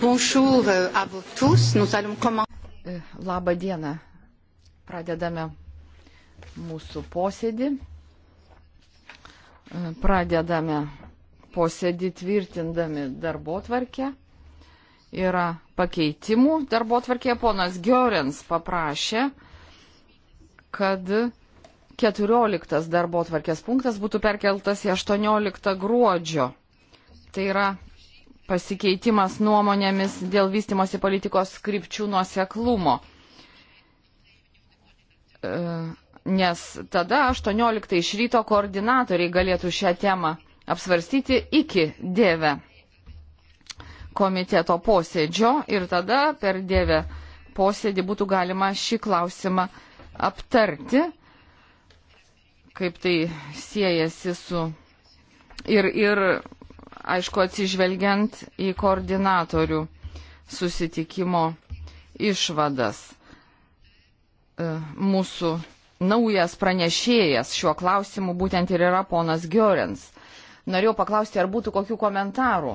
Bonjour euh, à vous tous. Nous allons commencer. Eh, labą dieną. Pradedame mūsų posėdį. Eh, pradedame posėdį tvirtindami darbo tvarkę. Yra pakeitimų darbo tvarkė. Ponas Giorens paprašė, kad 14 darbo tvarkės punktas būtų perkeltas į 18 gruodžio. Tai yra pasikeitimas nuomonėmis dėl vystimosi politikos skripčių nuoseklumo. E, nes tada 18 iš ryto koordinatoriai galėtų šią temą apsvarstyti iki dėvę komiteto posėdžio ir tada per dėvę posėdį būtų galima šį klausimą aptarti, kaip tai siejasi su ir, ir aišku, atsižvelgiant į koordinatorių susitikimo išvadas. E, mūsų naujas pranešėjas šiuo klausimu būtent ir yra ponas Giorens. Norėjau paklausti, ar būtų kokių komentarų.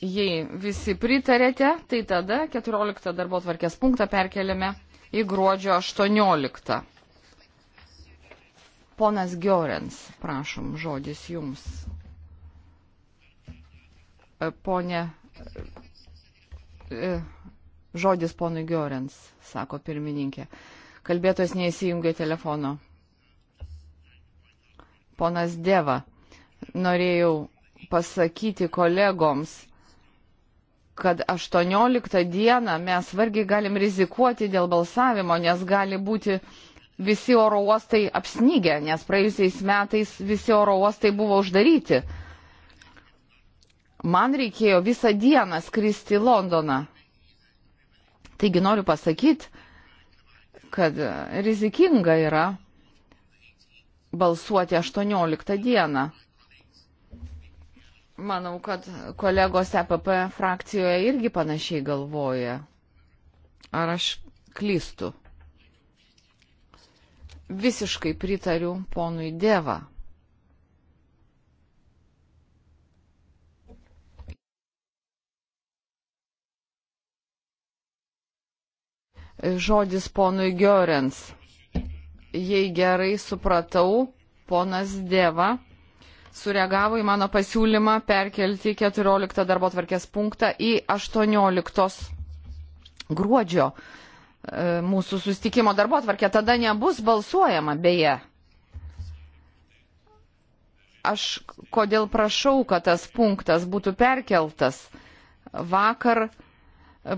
Jei visi pritarėte, tai tada 14 darbo tvarkės punktą perkeliame į gruodžio 18. Ponas Giorens, prašom, žodis jums. E, Pone, žodis ponui Giorens, sako pirmininkė. Kalbėtojas neįsijungia telefono. Ponas Deva, norėjau pasakyti kolegoms, kad 18 dieną mes vargiai galim rizikuoti dėl balsavimo, nes gali būti uh, visi oro uostai apsnygę, nes praėjusiais metais visi oro uostai buvo uždaryti. Man reikėjo visą dieną skristi į Londoną. Taigi noriu pasakyti, kad rizikinga yra balsuoti 18 dieną. Manau, kad kolegos EPP frakcijoje irgi panašiai galvoja. Ar aš klystu? visiškai pritariu ponui Deva. Žodis ponui Giorens. Jei gerai supratau, ponas Deva sureagavo į mano pasiūlymą perkelti 14 darbo tvarkės punktą į 18 gruodžio E, mūsų sustikimo darbo atvarkė, tada nebus balsuojama beje. Aš kodėl prašau, kad tas punktas būtų perkeltas. Vakar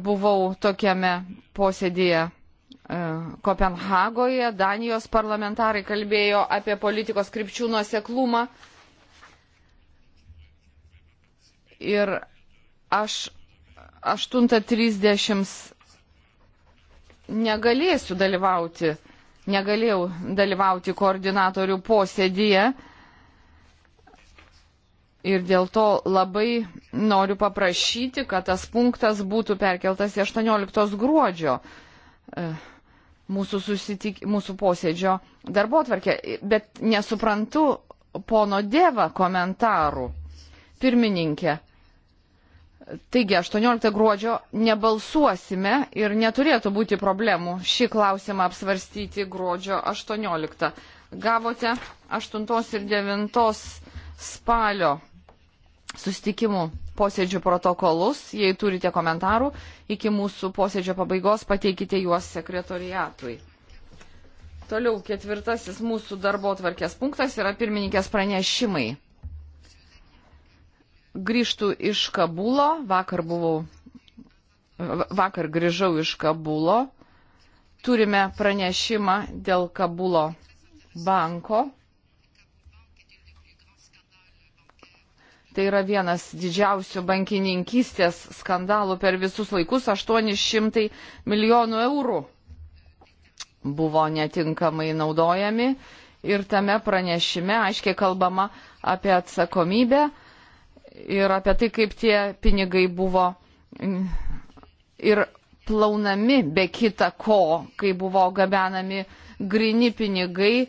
buvau tokiame posėdėje e, Kopenhagoje, Danijos parlamentarai kalbėjo apie politikos krypčių nuoseklumą. Ir aš 8.30 negalėsiu dalyvauti, negalėjau dalyvauti koordinatorių posėdyje. Ir dėl to labai noriu paprašyti, kad tas punktas būtų perkeltas į 18 gruodžio e, mūsų, susitik, mūsų posėdžio darbo atvarkę. Bet nesuprantu pono Dėva komentarų. Pirmininkė, Taigi 18 gruodžio nebalsuosime ir neturėtų būti problemų šį klausimą apsvarstyti gruodžio 18. Gavote 8 ir 9 spalio sustikimų posėdžių protokolus. Jei turite komentarų, iki mūsų posėdžio pabaigos pateikite juos sekretoriatui. Toliau ketvirtasis mūsų darbo tvarkės punktas yra pirmininkės pranešimai grįžtų iš Kabulo, vakar buvau, vakar grįžau iš Kabulo, turime pranešimą dėl Kabulo banko. Tai yra vienas didžiausių bankininkystės skandalų per visus laikus - 800 milijonų eurų buvo netinkamai naudojami ir tame pranešime aiškiai kalbama apie atsakomybę, ir apie tai, kaip tie pinigai buvo ir plaunami be kita ko, kai buvo gabenami grini pinigai,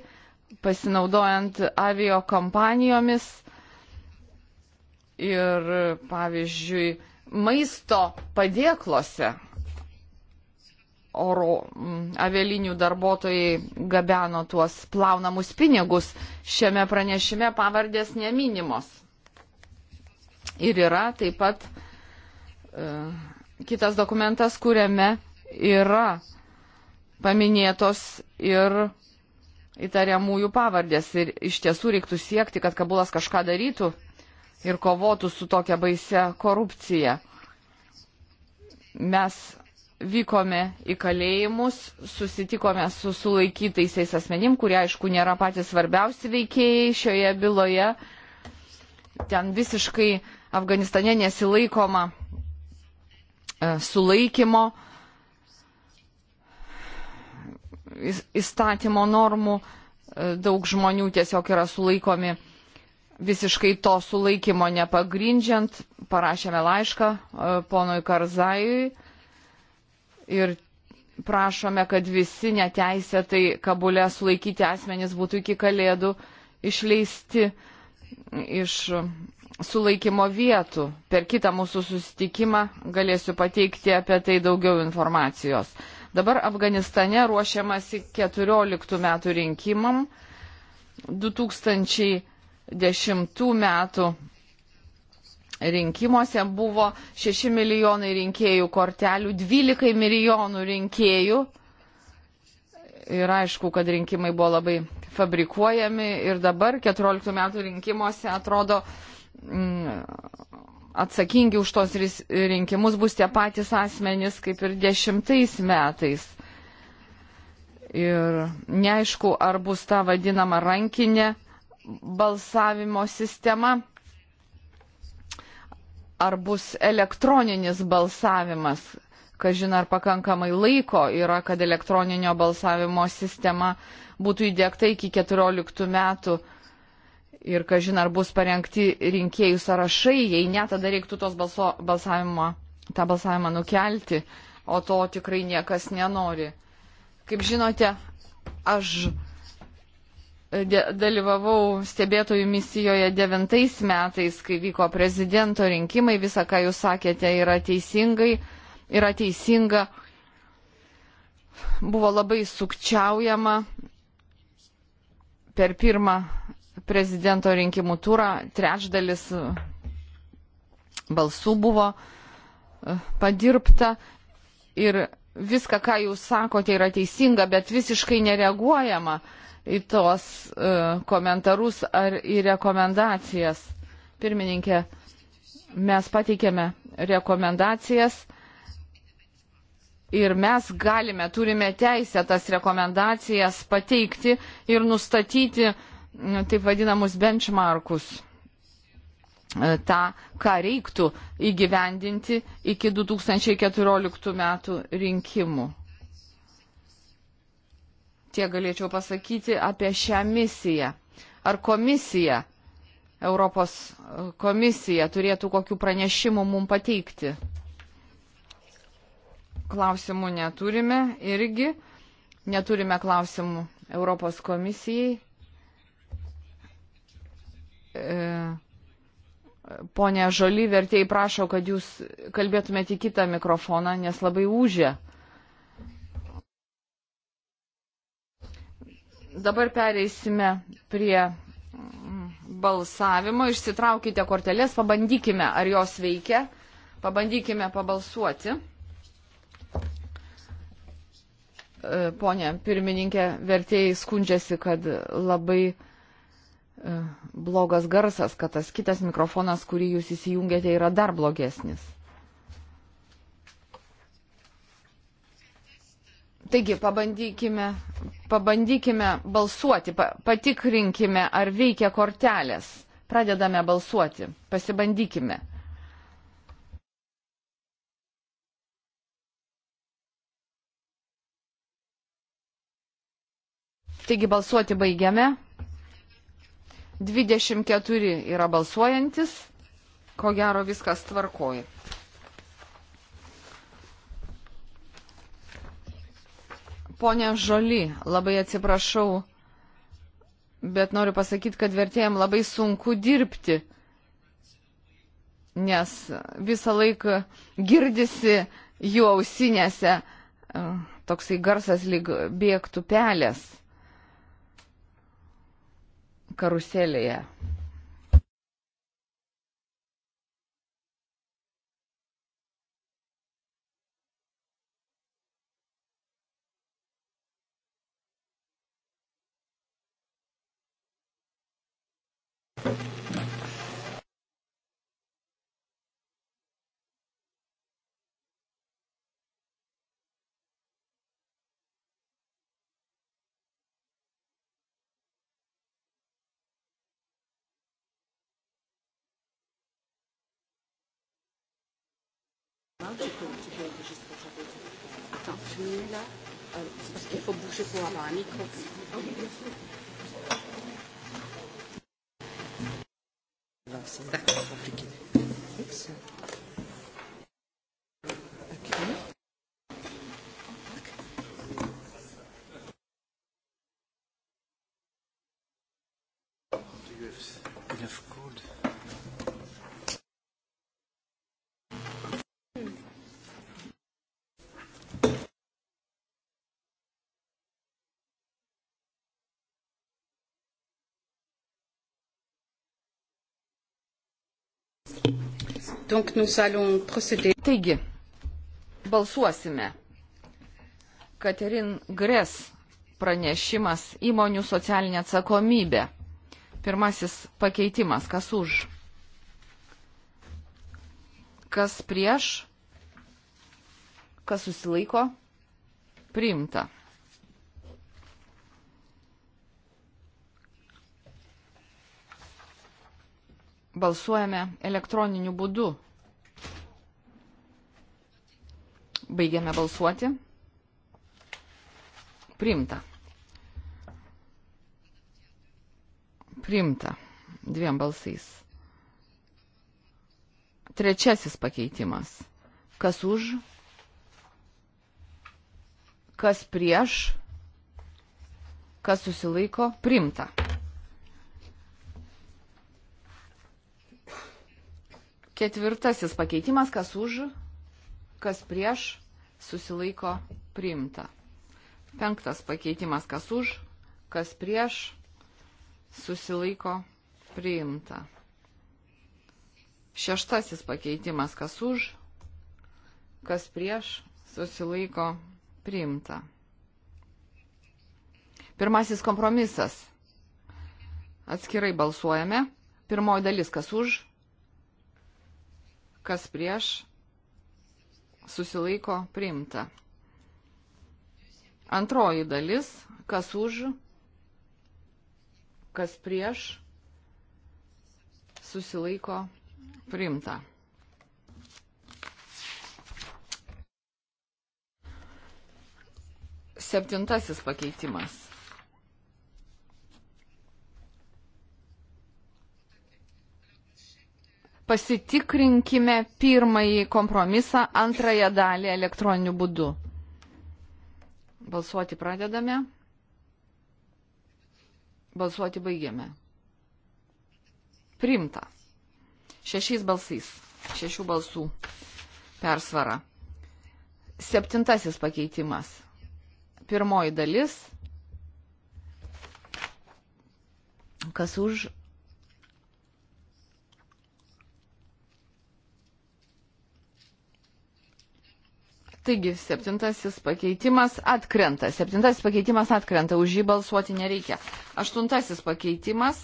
pasinaudojant avio kompanijomis ir, pavyzdžiui, maisto padėklose oro avelinių darbuotojai gabeno tuos plaunamus pinigus. Šiame pranešime pavardės neminimos. Ir yra taip pat e, kitas dokumentas, kuriame yra paminėtos ir įtariamųjų pavardės. Ir iš tiesų reiktų siekti, kad Kabulas kažką darytų ir kovotų su tokia baise korupcija. Mes vykome į kalėjimus, susitikome su sulaikytaisiais asmenim, kurie aišku nėra patys svarbiausi veikėjai šioje byloje. Ten visiškai uh, Afganistane nesilaikoma e, sulaikymo įstatymo normų, e, daug žmonių tiesiog yra sulaikomi visiškai to sulaikymo nepagrindžiant. Parašėme laišką e, ponui Karzajui ir prašome, kad visi neteisėtai kabulė sulaikyti asmenys būtų iki kalėdų išleisti iš sulaikymo vietų. Per kitą mūsų susitikimą galėsiu pateikti apie tai daugiau informacijos. Dabar Afganistane ruošiamasi 14 metų rinkimam. 2010 metų rinkimuose buvo 6 milijonai rinkėjų kortelių, 12 milijonų rinkėjų. Ir aišku, kad rinkimai buvo labai fabrikuojami ir dabar 14 metų rinkimuose atrodo Mm, atsakingi už tos rinkimus bus tie patys asmenys kaip ir dešimtais metais. Ir neaišku, ar bus ta vadinama rankinė balsavimo sistema, ar bus elektroninis balsavimas, kažin ar pakankamai laiko yra, kad elektroninio balsavimo sistema būtų įdėkta iki 14 metų ir kažin ar bus parengti rinkėjų sąrašai, jei ne, tada reiktų tos balso, balsavimo, tą balsavimą nukelti, o to tikrai niekas nenori. Kaip žinote, aš e, dalyvavau stebėtojų misijoje devintais metais, kai vyko prezidento rinkimai, visą, ką jūs sakėte, yra teisingai, yra teisinga, buvo labai sukčiaujama per pirmą prezidento rinkimų turą trečdalis balsų buvo e, padirbta ir viską, ką jūs sakote, yra teisinga, bet visiškai nereaguojama į tos e, komentarus ar į rekomendacijas. Pirmininkė, mes pateikėme rekomendacijas ir mes galime, turime teisę tas rekomendacijas pateikti ir nustatyti, taip vadinamus benchmarkus, e, tą, ką reiktų įgyvendinti iki 2014 metų rinkimų. Tie galėčiau pasakyti apie šią misiją. Ar komisija, Europos komisija turėtų kokių pranešimų mums pateikti? Klausimų neturime irgi. Neturime klausimų Europos komisijai. E, Pone Žoly, vertėjai prašo, kad jūs kalbėtumėte į kitą mikrofoną, nes labai užė. Dabar pereisime prie balsavimo. Išsitraukite kortelės, pabandykime, ar jos veikia. Pabandykime pabalsuoti. E, Pone pirmininkė, vertėjai skundžiasi, kad labai blogas garsas, kad tas kitas mikrofonas, kurį jūs įsijungėte, yra dar blogesnis. Taigi, pabandykime, pabandykime balsuoti, pa, patikrinkime, ar veikia kortelės. Pradedame balsuoti, pasibandykime. Taigi balsuoti baigiame. 24 yra balsuojantis, ko gero viskas tvarkoja. Pone Žoli, labai atsiprašau, bet noriu pasakyti, kad vertėjim labai sunku dirbti, nes visą laiką girdisi jų ausinėse e, toksai garsas lyg bėgtų pelės karuselėje. Thank you. tu peux, tu peux juste pour Attends, tu me mets là, euh, parce qu'il faut bouger pour avoir un micro. Oui, bien sûr. Là, c'est compliqué. Excellent. Taigi, balsuosime. Katerin Gres pranešimas įmonių socialinė atsakomybė. Pirmasis pakeitimas, kas už, kas prieš, kas susilaiko, priimta. Balsuojame elektroniniu būdu. Baigiame balsuoti. Primta. Primta. Dviem balsais. Trečiasis pakeitimas. Kas už? Kas prieš? Kas susilaiko? Primta. Ketvirtasis pakeitimas, kas už, kas prieš, susilaiko priimta. Penktas pakeitimas, kas už, kas prieš, susilaiko priimta. Šeštasis pakeitimas, kas už, kas prieš, susilaiko priimta. Pirmasis kompromisas. Atskirai balsuojame. Pirmoji dalis, kas už, kas prieš, susilaiko priimta. Antroji dalis, kas už, kas prieš, susilaiko priimta. Septintasis pakeitimas. pasitikrinkime pirmąjį kompromisą, antrąją dalį elektroniniu būdu. Balsuoti pradedame. Balsuoti baigiame. Primta. Šešiais balsais. Šešių balsų persvara. Septintasis pakeitimas. Pirmoji dalis. Kas už Taigi, septintasis pakeitimas atkrenta. Septintasis pakeitimas atkrenta, už jį balsuoti nereikia. Aštuntasis pakeitimas.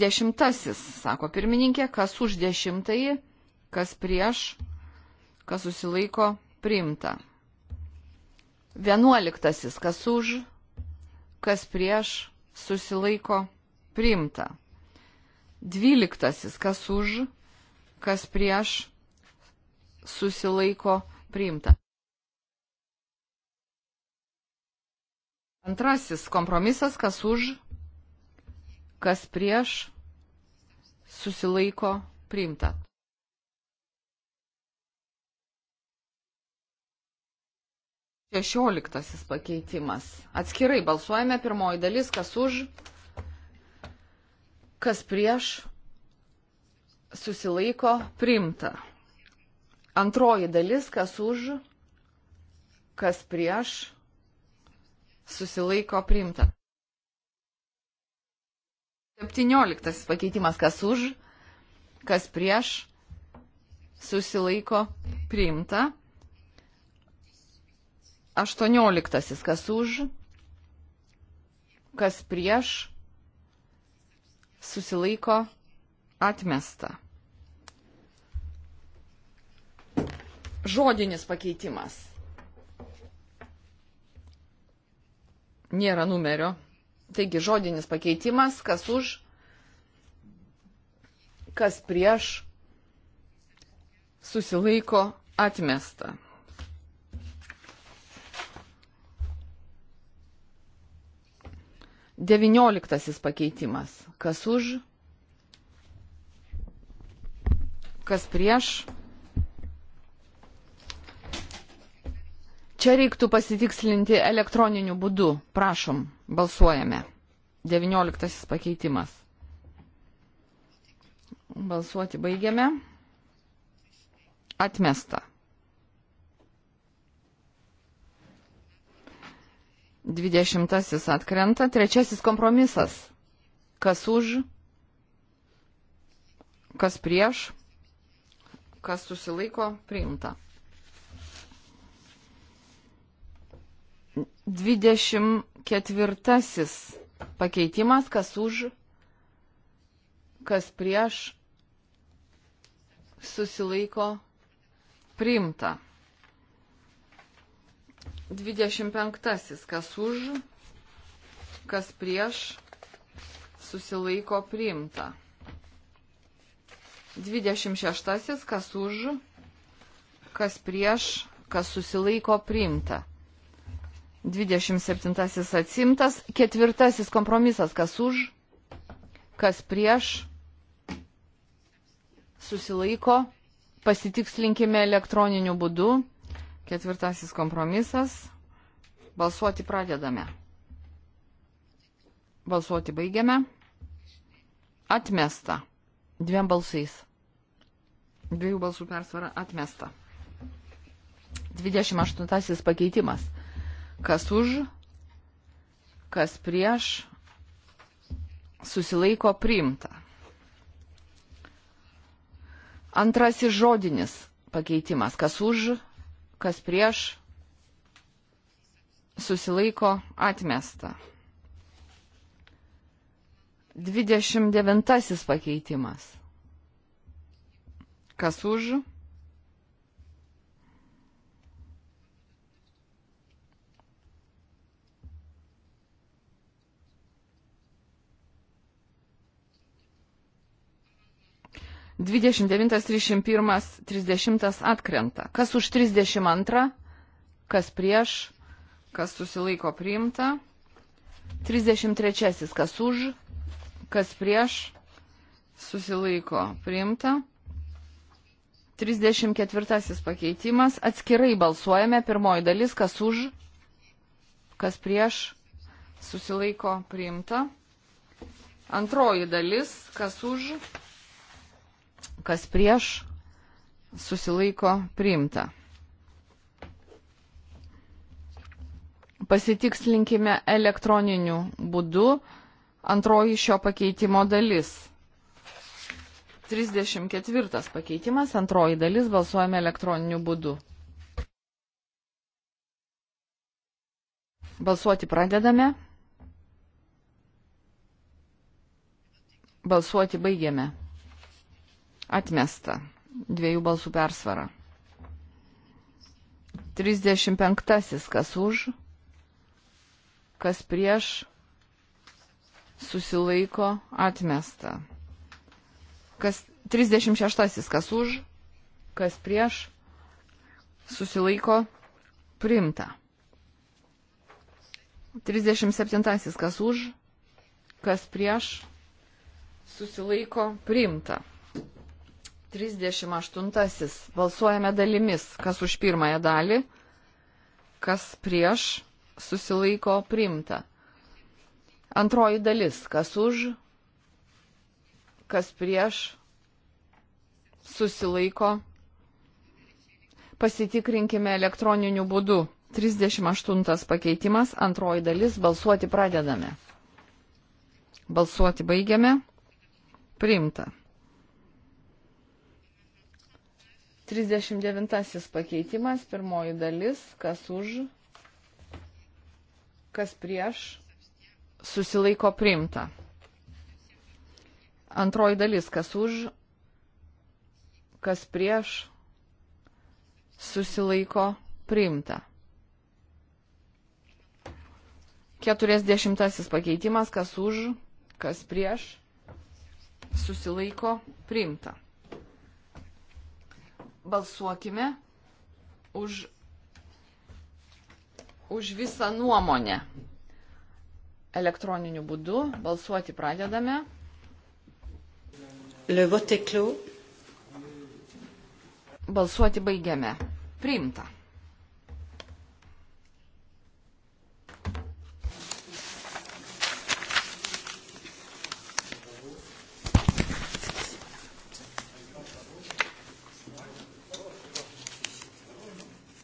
Dešimtasis, sako pirmininkė, kas už dešimtąjį, kas prieš, kas susilaiko, priimta. Vienuoliktasis, kas už, kas prieš, susilaiko, priimta. Dvyliktasis, kas už, kas prieš, susilaiko priimta. Antrasis kompromisas, kas už, kas prieš, susilaiko priimta. Šešioliktasis pakeitimas. Atskirai balsuojame pirmoji dalis, kas už, kas prieš, susilaiko priimta. Antroji dalis, kas už, kas prieš, susilaiko priimta. 17 pakeitimas, kas už, kas prieš, susilaiko priimta. 18 kas už, kas prieš, susilaiko atmesta. žodinis pakeitimas. Nėra numerio. Taigi žodinis pakeitimas, kas už, kas prieš, susilaiko atmesta. Devynioliktasis pakeitimas. Kas už, kas prieš, Čia reiktų pasitikslinti elektroniniu būdu. Prašom, balsuojame. 19 pakeitimas. Balsuoti baigiame. Atmesta. 20 atkrenta. Trečiasis kompromisas. Kas už, kas prieš, kas susilaiko, priimta. 24 pakeitimas, kas už, kas prieš, susilaiko priimta. 25. Kas už, kas prieš, susilaiko priimta. 26. Kas už, kas prieš, kas susilaiko priimta. 27 atsimtas. Ketvirtasis kompromisas, kas už, kas prieš, susilaiko. Pasitikslinkime elektroniniu būdu. Ketvirtasis kompromisas. Balsuoti pradedame. Balsuoti baigiame. Atmesta. Dviem balsais. Dviejų balsų persvara atmesta. 28 pakeitimas. Kas už, kas prieš, susilaiko priimta. Antrasis žodinis pakeitimas. Kas už, kas prieš, susilaiko atmesta. 29 pakeitimas. Kas už, 29, 31, 30 atkrenta. Kas už 32, kas prieš, kas susilaiko priimta. 33, kas už, kas prieš, susilaiko priimta. 34 pakeitimas. Atskirai balsuojame. Pirmoji dalis, kas už, kas prieš, susilaiko priimta. Antroji dalis, kas už, kas prieš, susilaiko priimta. Pasitikslinkime elektroniniu būdu antroji šio pakeitimo dalis. 34 pakeitimas, antroji dalis, balsuojame elektroniniu būdu. Balsuoti pradedame. Balsuoti baigiame. Atmesta. Dviejų balsų persvara. 35. Kas už, kas prieš, susilaiko, atmesta. Kas 36. Kas už, kas prieš, susilaiko, primta. 37. Kas už, kas prieš, susilaiko, primta. 38. Balsuojame dalimis. Kas už pirmąją dalį, kas prieš, susilaiko priimta. Antroji dalis. Kas už, kas prieš, susilaiko. Pasitikrinkime elektroniniu būdu. 38 pakeitimas, antroji dalis, balsuoti pradedame. Balsuoti baigiame. Priimta. 39 pakeitimas, pirmoji dalis, kas už, kas prieš, susilaiko primta. Antroji dalis, kas už, kas prieš, susilaiko primta. 40 pakeitimas, kas už, kas prieš, susilaiko primta. Balsuokime už, už visą nuomonę. Elektroniniu būdu balsuoti pradedame. Le vote clos. Balsuoti baigiame. Priimta.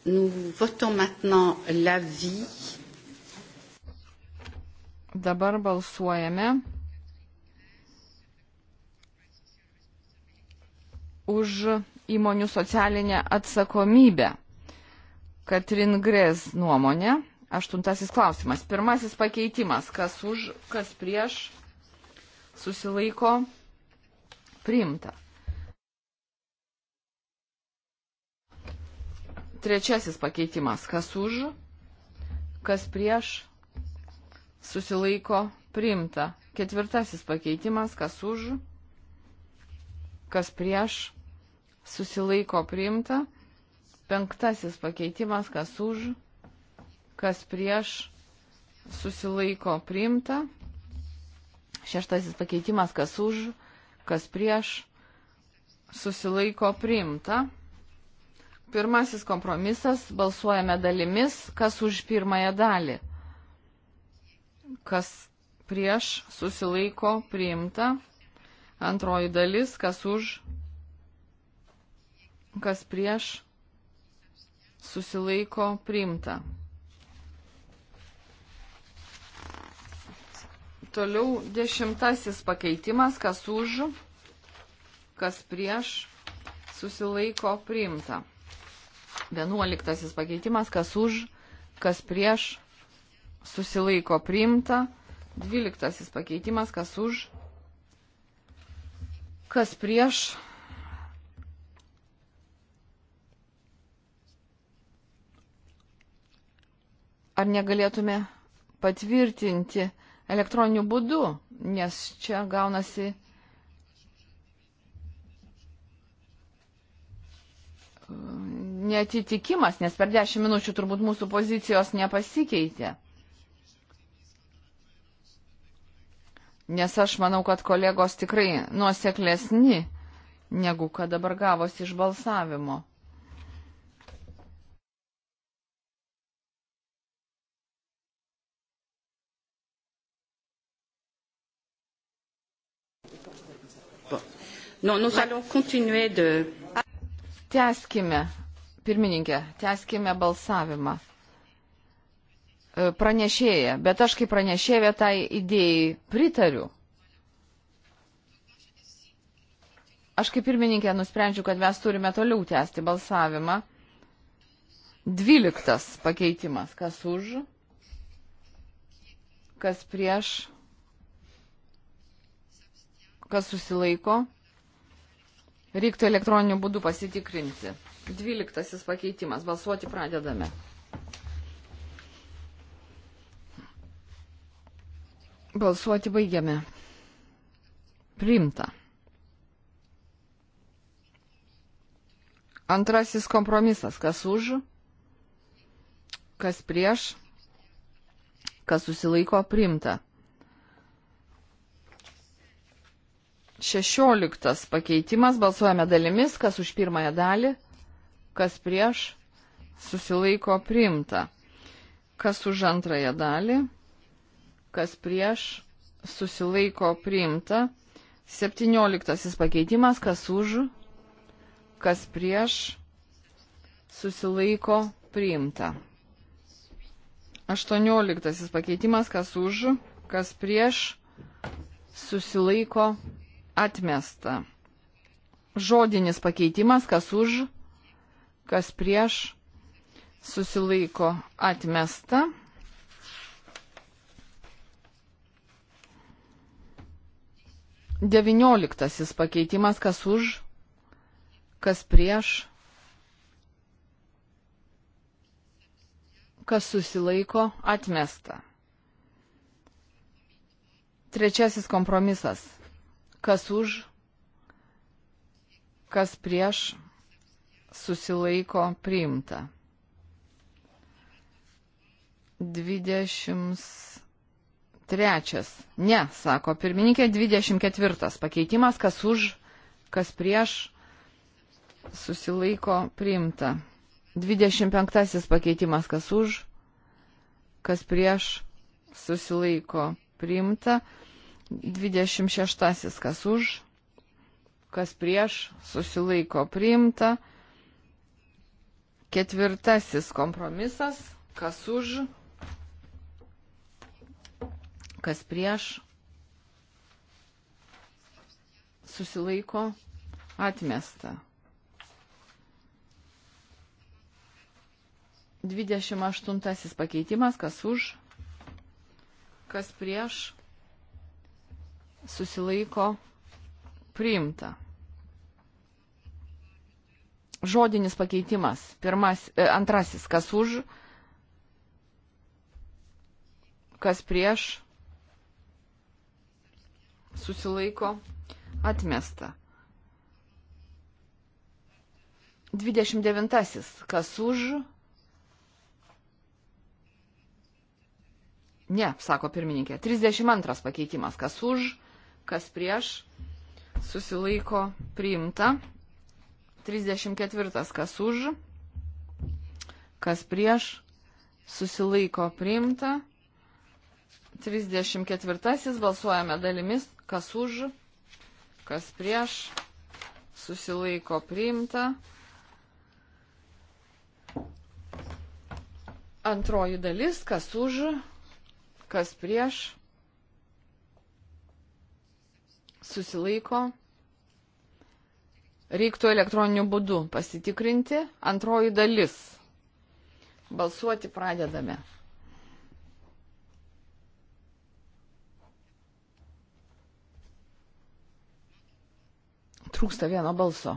Nous votons maintenant l'avis. Dabar balsuojame už įmonių socialinę atsakomybę. Katrin Grės nuomonė. Aštuntasis klausimas. Pirmasis pakeitimas. Kas už, kas prieš susilaiko priimta. Trečiasis pakeitimas. Kas už, kas prieš, susilaiko priimta. Ketvirtasis pakeitimas. Kas už, kas prieš, susilaiko priimta. Penktasis pakeitimas. Kas už, kas prieš, susilaiko priimta. Šeštasis pakeitimas. Kas už, kas prieš, susilaiko priimta. Pirmasis kompromisas, balsuojame dalimis, kas už pirmąją dalį, kas prieš susilaiko priimta, antroji dalis, kas už, kas prieš susilaiko priimta. Toliau dešimtasis pakeitimas, kas už, kas prieš susilaiko priimta. Vienuoliktasis pakeitimas, kas už, kas prieš, susilaiko priimta. Dvyliktasis pakeitimas, kas už, kas prieš. Ar negalėtume patvirtinti elektroniniu būdu, nes čia gaunasi netitikimas, nes per dešimt minučių turbūt mūsų pozicijos nepasikeitė. Nes aš manau, kad kolegos tikrai nuoseklesni, negu kad dabar gavosi iš balsavimo. Non, nous allons continuer de... Tęskime Pirmininkė, tęskime balsavimą. E, pranešėja, bet aš kaip pranešėja tai idėjai pritariu. Aš kaip pirmininkė nusprendžiu, kad mes turime toliau tęsti balsavimą. Dvyliktas pakeitimas. Kas už? Kas prieš? Kas susilaiko? Reiktų elektroniniu būdu pasitikrinti. Dvyliktasis pakeitimas. Balsuoti pradedame. Balsuoti baigiame. Primta. Antrasis kompromisas. Kas už, kas prieš, kas susilaiko primta. Šešioliktas pakeitimas. Balsuojame dalimis. Kas už pirmąją dalį, kas prieš, susilaiko priimta. Kas už antrąją dalį, kas prieš, susilaiko priimta. Septynioliktasis pakeitimas, kas už, kas prieš, susilaiko priimta. Aštuonioliktasis pakeitimas, kas už, kas prieš, susilaiko atmesta. Žodinis pakeitimas, kas už, kas prieš, susilaiko atmesta. Devinioliktasis pakeitimas, kas už, kas prieš, kas susilaiko atmesta. Trečiasis kompromisas, kas už, kas prieš, susilaiko priimta. 23. Ne, sako pirmininkė, 24. Pakeitimas, kas už, kas prieš, susilaiko priimta. 25. Pakeitimas, kas už, kas prieš, susilaiko priimta. 26. Kas už, kas prieš, susilaiko priimta. Ketvirtasis kompromisas. Kas už, kas prieš, susilaiko, atmesta. 28 pakeitimas, kas už, kas prieš, susilaiko, priimta. Žodinis pakeitimas. Pirmas, e, antrasis, kas už, kas prieš, susilaiko, atmesta. 29. Kas už? Ne, sako pirmininkė. 32 pakeitimas. Kas už, kas prieš, susilaiko priimta. 34 kas už, kas prieš, susilaiko priimta. 34 balsuojame dalimis, kas už, kas prieš, susilaiko priimta. Antroji dalis, kas už, kas prieš, susilaiko priimta reiktų elektroniniu būdu pasitikrinti. Antroji dalis. Balsuoti pradedame. Trūksta vieno balso.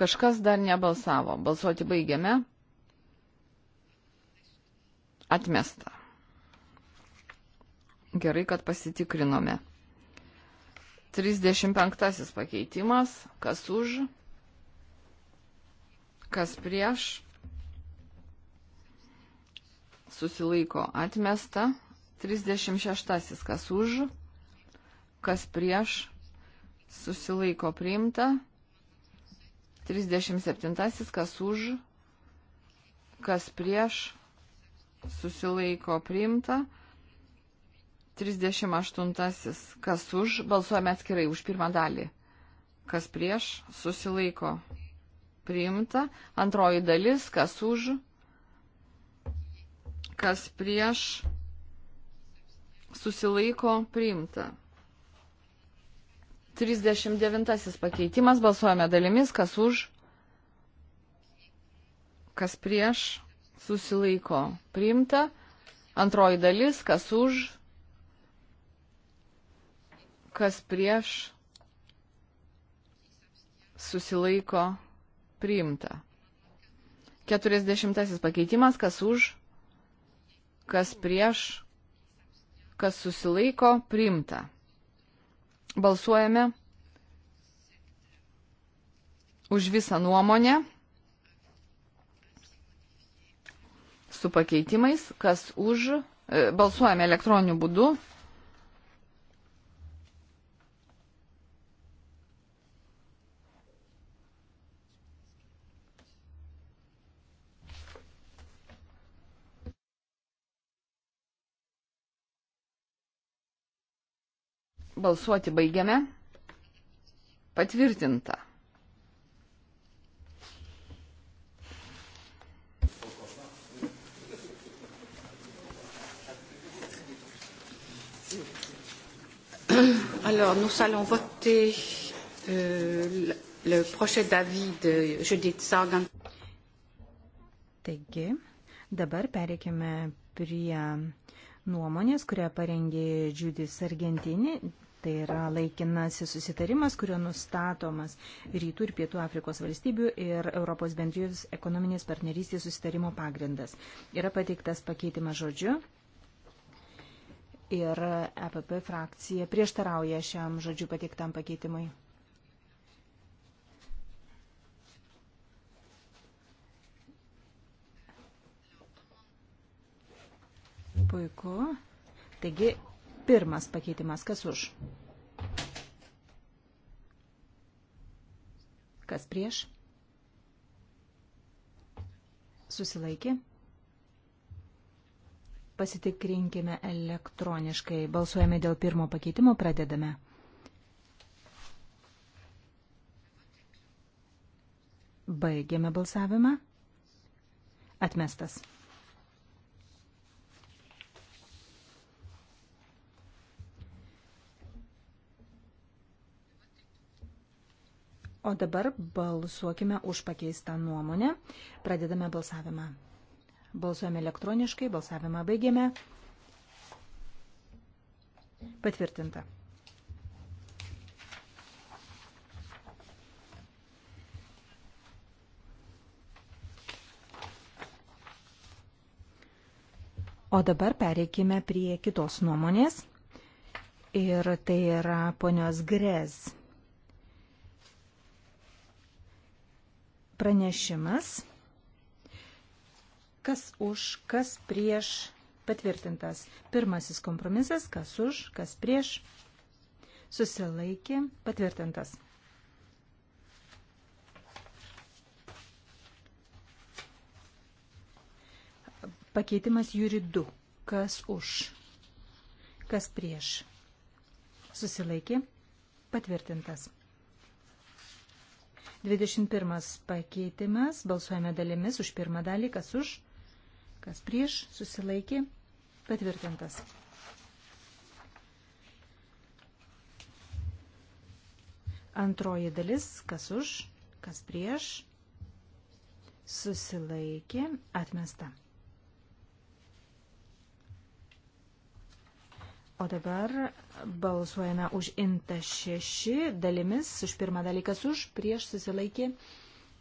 Kažkas dar nebalsavo. Balsuoti baigiame. Atmesta. Gerai, kad pasitikrinome. 35 pakeitimas, kas už, kas prieš, susilaiko atmesta, 36 kas už, kas prieš, susilaiko priimta, 37 kas už, kas prieš, susilaiko priimta, 38 38. Kas už? Balsuojame atskirai už pirmą dalį. Kas prieš? Susilaiko. Priimta. Antroji dalis. Kas už? Kas prieš? Susilaiko. Priimta. 39. Pakeitimas. Balsuojame dalimis. Kas už? Kas prieš? Susilaiko. Priimta. Antroji dalis. Kas už? kas prieš susilaiko priimta. 40 pakeitimas, kas už, kas prieš, kas susilaiko priimta. Balsuojame už visą nuomonę su pakeitimais, kas už, e, balsuojame elektroniniu būdu, Balsuoti baigiame. Patvirtinta. Alors, nous allons voter euh, le projet d'avis de Judith Sargan. Taigi, dabar pereikime prie nuomonės, kurią parengė Judith Sargentinė Tai yra laikinasis susitarimas, kurio nustatomas Rytų ir Pietų Afrikos valstybių ir Europos bendrijos ekonominės partnerystės susitarimo pagrindas. Yra pateiktas pakeitimas žodžiu. Ir EPP frakcija prieštarauja šiam žodžiu pateiktam pakeitimui. Puiku. Taigi Pirmas pakeitimas, kas už? Kas prieš? Susilaikė. Pasitikrinkime elektroniškai. Balsuojame dėl pirmo pakeitimo, pradedame. Baigėme balsavimą. Atmestas. O dabar balsuokime už pakeistą nuomonę. Pradedame balsavimą. Balsuojame elektroniškai, balsavimą baigėme. Patvirtinta. O dabar pereikime prie kitos nuomonės. Ir tai yra ponios Grez pranešimas. Kas už, kas prieš patvirtintas. Pirmasis kompromisas, kas už, kas prieš susilaikė patvirtintas. Pakeitimas juridu. Kas už? Kas prieš? Susilaikė? Patvirtintas. 21 pakeitimas. Balsuojame dalimis už pirmą dalį, kas už, kas prieš, susilaikė, patvirtintas. Antroji dalis, kas už, kas prieš, susilaikė, atmesta. O dabar balsuojame už intą 6 dalimis. Už pirmą dalį kas už, prieš susilaikė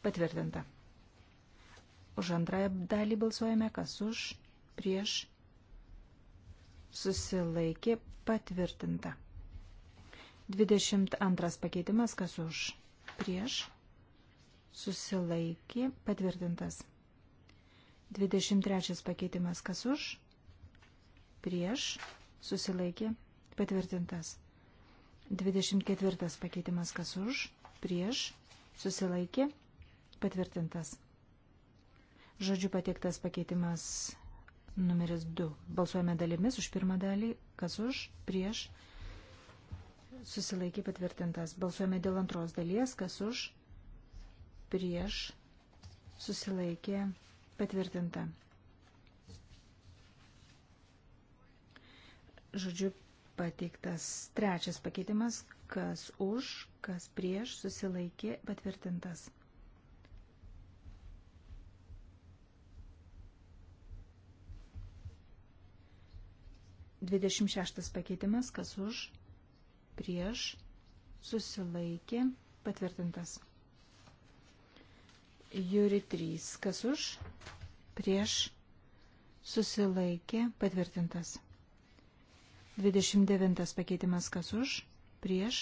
patvirtinta. Už antrąją dalį balsuojame kas už, prieš susilaikė patvirtinta. 22 pakeitimas kas už, prieš susilaikė patvirtintas. 23 pakeitimas kas už, prieš susilaikė patvirtintas susilaikė, patvirtintas. 24 pakeitimas kas už, prieš, susilaikė, patvirtintas. Žodžiu pateiktas pakeitimas numeris 2. Balsuojame dalimis už pirmą dalį, kas už, prieš, susilaikė, patvirtintas. Balsuojame dėl antros dalies, kas už, prieš, susilaikė, patvirtinta. Žodžiu, pateiktas trečias pakeitimas, kas už, kas prieš, susilaikė, patvirtintas. Dvidešimt šeštas pakeitimas, kas už, prieš, susilaikė, patvirtintas. Jūri 3, kas už, prieš, susilaikė, patvirtintas. 29 pakeitimas kas už, prieš,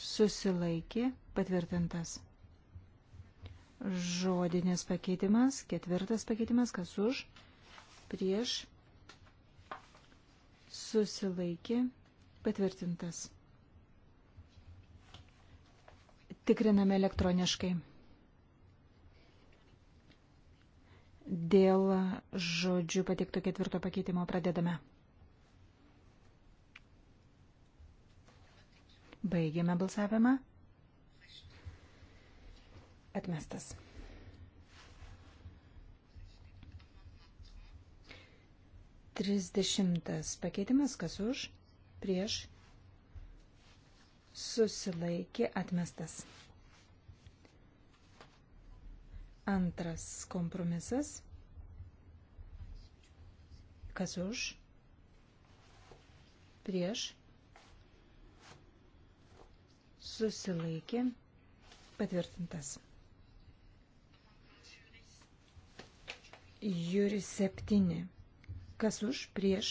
susilaikė, patvirtintas. Žodinis pakeitimas, ketvirtas pakeitimas kas už, prieš, susilaikė, patvirtintas. Tikriname elektroniškai. Dėl žodžių pateikto ketvirto pakeitimo pradedame. Baigėme balsavimą. Atmestas. Trisdešimtas pakeitimas, kas už, prieš, susilaikė atmestas. Antras kompromisas, kas už, prieš, susilaikė, patvirtintas. Jūri 7. Kas už, prieš,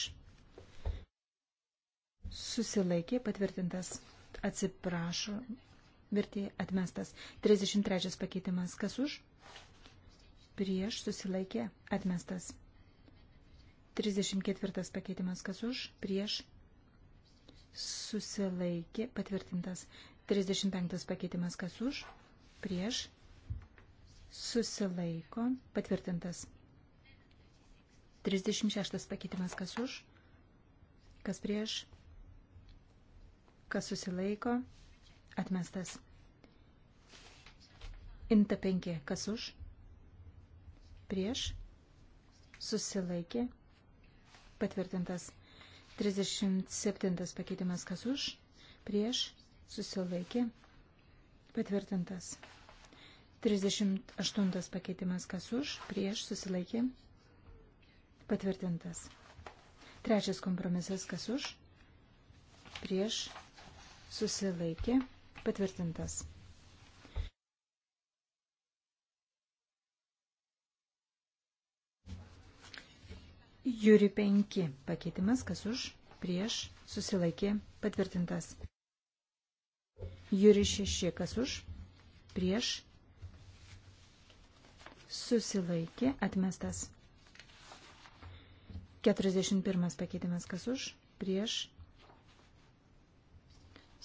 susilaikė, patvirtintas. Atsiprašo, vertė atmestas. 33 pakeitimas. Kas už, prieš, susilaikė, atmestas. 34 pakeitimas. Kas už, prieš, susilaikė, patvirtintas. 35 pakeitimas kas už, prieš, susilaiko, patvirtintas. 36 pakeitimas kas už, kas prieš, kas susilaiko, atmestas. Inta 5 kas už, prieš, susilaikė, patvirtintas. 37 pakeitimas kas už, prieš, susilaikė, patvirtintas. 38 pakeitimas kas už, prieš susilaikė, patvirtintas. Trečias kompromisas kas už, prieš susilaikė, patvirtintas. Jūri 5 pakeitimas kas už, prieš susilaikė, patvirtintas. Jūri 6, kas už, prieš, susilaikė, atmestas. 41 pakeitimas, kas už, prieš,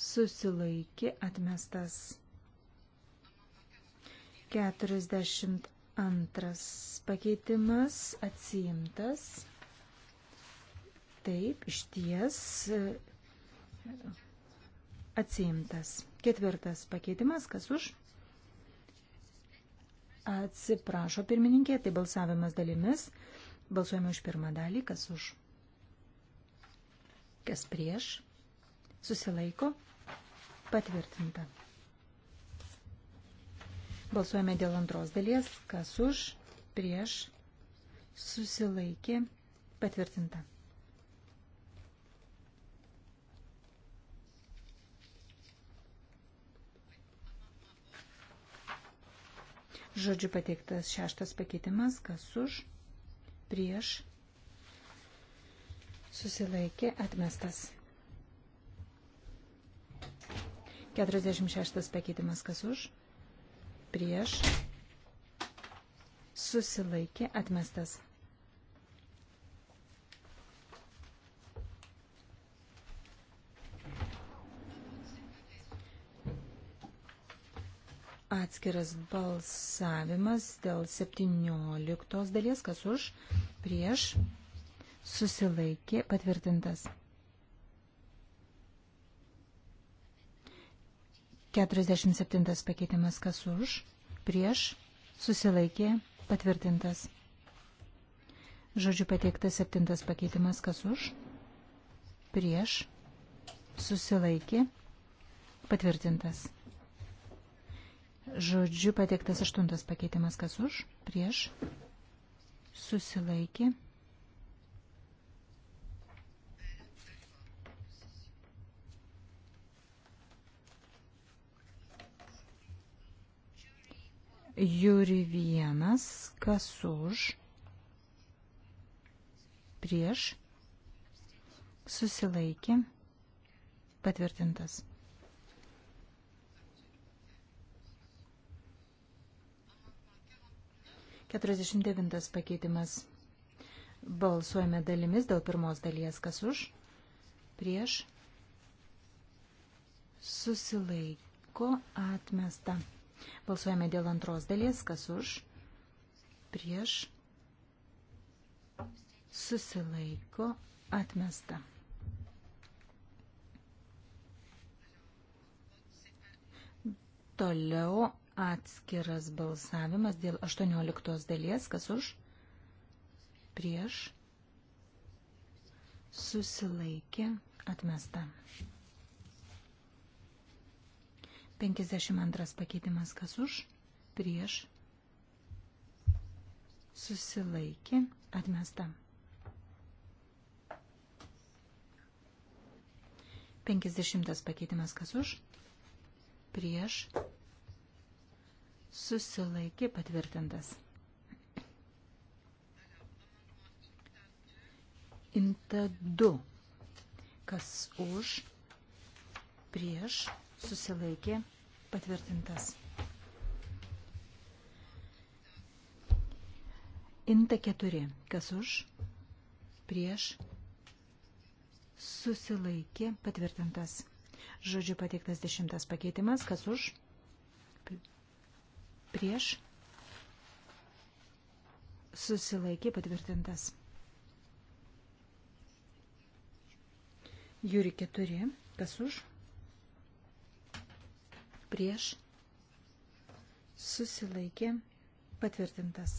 susilaikė, atmestas. 42 pakeitimas, atsiimtas. Taip, išties. ties Atsiimtas. Ketvirtas pakeitimas, kas už? Atsiprašo pirmininkė, tai balsavimas dalimis. Balsuojame už pirmą dalį, kas už? Kas prieš? Susilaiko? Patvirtinta. Balsuojame dėl antros dalies, kas už, prieš, susilaikė, patvirtinta. Žodžiu pateiktas šeštas pakeitimas, kas už, prieš, susilaikė, atmestas. 46 pakeitimas, kas už, prieš, susilaikė, atmestas. atskiras balsavimas dėl 17 dalies, kas už, prieš, susilaikė, patvirtintas. 47 pakeitimas, kas už, prieš, susilaikė, patvirtintas. Žodžiu pateiktas 7 pakeitimas, kas už, prieš, susilaikė, patvirtintas. Žodžiu pateiktas aštuntas pakeitimas, kas už, prieš, susilaikė. Jūri vienas, kas už, prieš, susilaikė, patvirtintas. 49 pakeitimas. Balsuojame dalimis dėl pirmos dalies. Kas už? Prieš. Susilaiko atmesta. Balsuojame dėl antros dalies. Kas už? Prieš. Susilaiko atmesta. Toliau atskiras balsavimas dėl 18 dalies, kas už, prieš, susilaikė, atmesta. 52 pakeitimas, kas už, prieš, susilaikė, atmesta. 50 pakeitimas, kas už, prieš, susilaikė susilaikė patvirtintas. Inta 2. Kas už, prieš, susilaikė patvirtintas. Inta 4. Kas už, prieš, susilaikė patvirtintas. Žodžiu pateiktas dešimtas pakeitimas. Kas už? prieš, susilaikė patvirtintas. Jūri 4, kas už, prieš, susilaikė patvirtintas.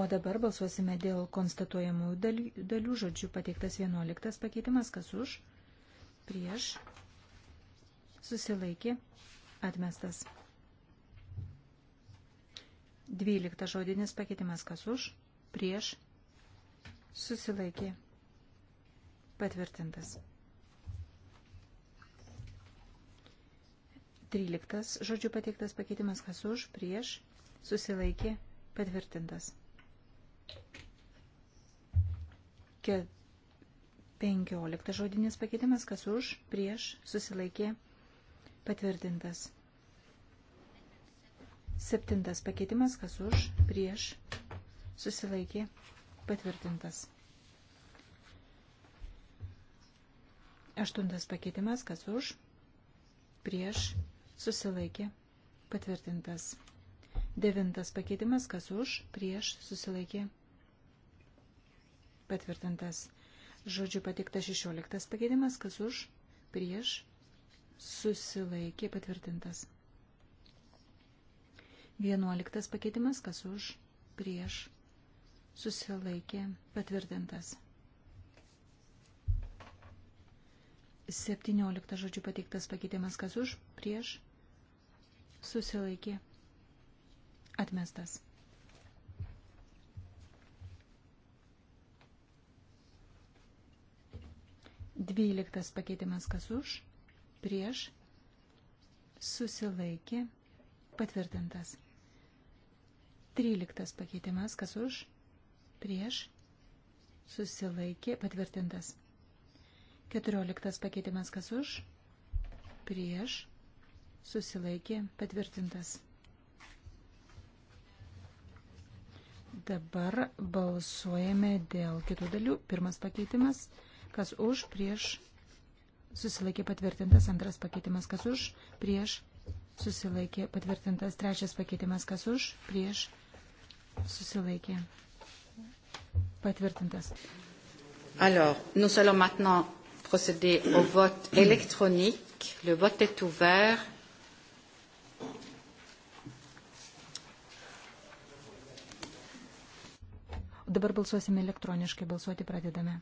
O dabar balsuosime dėl konstatuojamų dalių žodžių pateiktas 11 pakeitimas, kas už, prieš, susilaikė, atmestas. Dvyliktas žodinis pakeitimas kas už, prieš, susilaikė, patvirtintas. Tryliktas žodžių pateiktas pakeitimas kas už, prieš, susilaikė, patvirtintas. Ket... Penkioliktas žodinis pakeitimas kas už, prieš, susilaikė, patvirtintas. Patvirtintas. Septintas pakeitimas, kas už, prieš, susilaikė, patvirtintas. Aštuntas pakeitimas, kas už, prieš, susilaikė, patvirtintas. Devintas pakeitimas, kas už, prieš, susilaikė, patvirtintas. Žodžiu patiktas šešioliktas pakeitimas, kas už, prieš, susilaikė patvirtintas. Vienuoliktas pakeitimas, kas už, prieš, susilaikė patvirtintas. Septynioliktas žodžių pateiktas pakeitimas, kas už, prieš, susilaikė atmestas. Dvyliktas pakeitimas, kas už, prieš, susilaikė, patvirtintas. Tryliktas pakeitimas, kas už, prieš, susilaikė, patvirtintas. Keturioliktas pakeitimas, kas už, prieš, susilaikė, patvirtintas. Dabar balsuojame dėl kitų dalių. Pirmas pakeitimas, kas už, prieš, susilaikė patvirtintas antras pakeitimas, kas už, prieš, susilaikė patvirtintas trečias pakeitimas, kas už, prieš, susilaikė patvirtintas. Alors, nous allons maintenant procéder au vote électronique. Le vote est ouvert. Dabar balsuosime elektroniškai, balsuoti pradedame.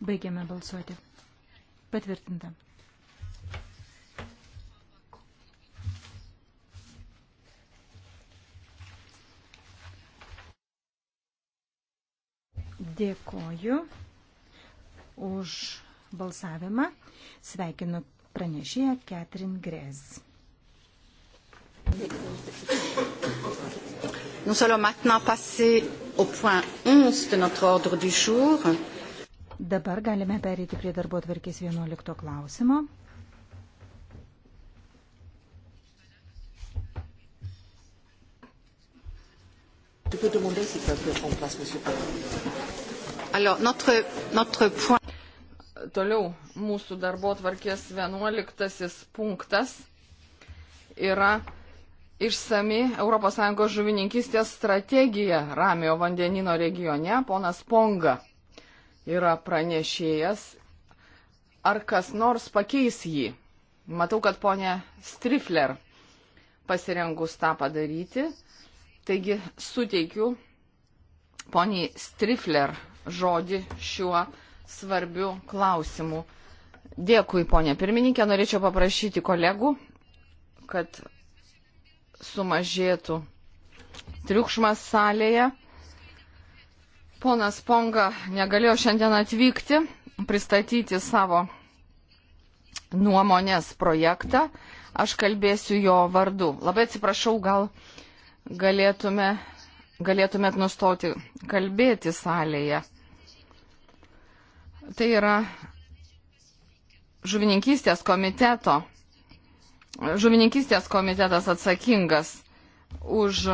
Baigiame balsuoti. Patvirtinta. Dėkoju už balsavimą. Sveikinu pranešėją Ketrin Grez. Nous allons maintenant passer au point 11 de notre ordre du jour. Dabar galime perėti prie darbo atvarkės 11 klausimo. Tu peux demander s'ils peuvent prendre place, monsieur Alors, notre, notre point... Toliau mūsų darbo tvarkės 11 punktas yra išsami ES žuvininkystės strategija Ramio vandenino regione, ponas Ponga yra pranešėjas. Ar kas nors pakeis jį? Matau, kad ponė Strifler pasirengus tą padaryti. Taigi suteikiu poniai Strifler žodį šiuo svarbiu klausimu. Dėkui, ponė pirmininkė. Norėčiau paprašyti kolegų, kad sumažėtų triukšmas salėje. Ponas Ponga negalėjo šiandien atvykti, pristatyti savo nuomonės projektą. Aš kalbėsiu jo vardu. Labai atsiprašau, gal galėtume, galėtumėt nustoti kalbėti salėje. Tai yra žuvininkystės komiteto. Žuvininkystės komitetas atsakingas už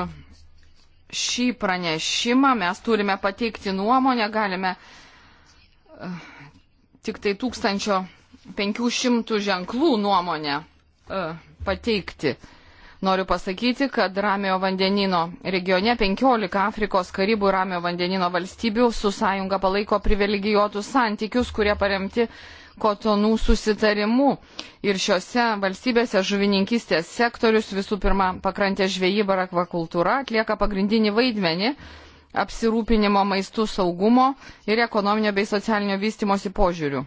šį pranešimą, mes turime pateikti nuomonę, galime eh, tik tai 1500 ženklų nuomonę eh, pateikti. Noriu pasakyti, kad Ramio vandenino regione 15 Afrikos karibų Ramio vandenino valstybių su sąjunga palaiko privilegijuotus santykius, kurie paremti kotonų susitarimu. Ir šiuose valstybėse žuvininkystės sektorius, visų pirma, pakrantė žvejyba ir akvakultūra atlieka pagrindinį vaidmenį apsirūpinimo maistų saugumo ir ekonominio bei socialinio vystimosi požiūrių.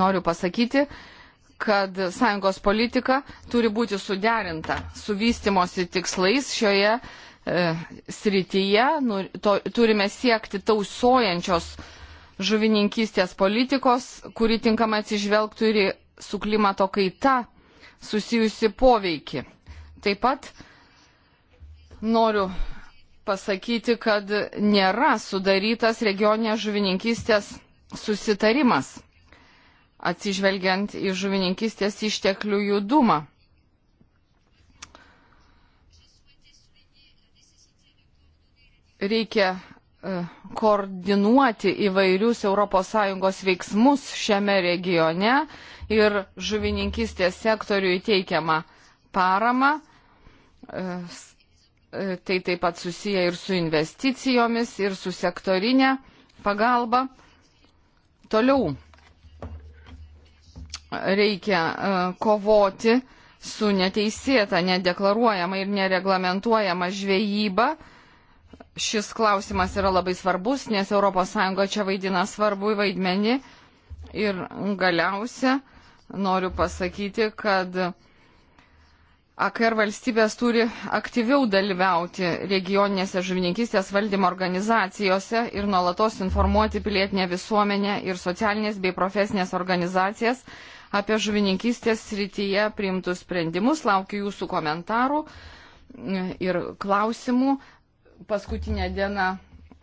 Noriu pasakyti, kad sąjungos politika turi būti suderinta su vystimosi tikslais šioje e, srityje. Nu, to, turime siekti tausojančios e, žuvininkystės politikos, kuri tinkamai atsižvelgtų ir į su klimato kaita susijusi poveikį. Taip pat noriu pasakyti, kad nėra sudarytas regioninės žuvininkystės susitarimas, atsižvelgiant į žuvininkystės išteklių judumą. Reikia E, koordinuoti įvairius ES veiksmus šiame regione ir žuvininkistės sektoriui teikiamą paramą. E, e, tai taip pat susiję ir su investicijomis, ir su sektorinė pagalba. Toliau reikia kovoti su neteisėta, nedeklaruojama ir nereglamentuojama žvejyba šis klausimas yra labai svarbus, nes ES čia vaidina svarbų vaidmenį. Ir galiausia noriu pasakyti, kad AKR valstybės turi aktyviau dalyvauti regioninėse žuvininkistės valdymo organizacijose ir nuolatos informuoti pilietinę visuomenę ir socialinės bei profesinės organizacijas apie žuvininkistės srityje priimtus sprendimus. Laukiu jūsų komentarų ir klausimų paskutinė diena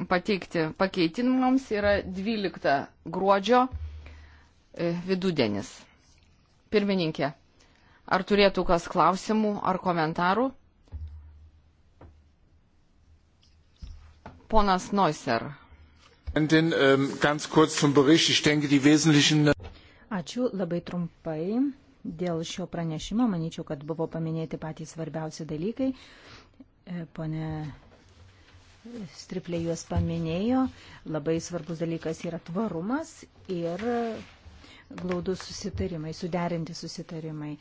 pateikti pakeitinimams yra 12 gruodžio e, vidudienis. Pirmininkė, ar turėtų kas klausimų ar komentarų? Ponas Neusser. Ähm, Ačiū labai trumpai. Dėl šio pranešimo manyčiau, kad buvo paminėti patys svarbiausi dalykai. E, pone Striplė juos paminėjo, labai svarbus dalykas yra tvarumas ir glaudus susitarimai, suderinti susitarimai.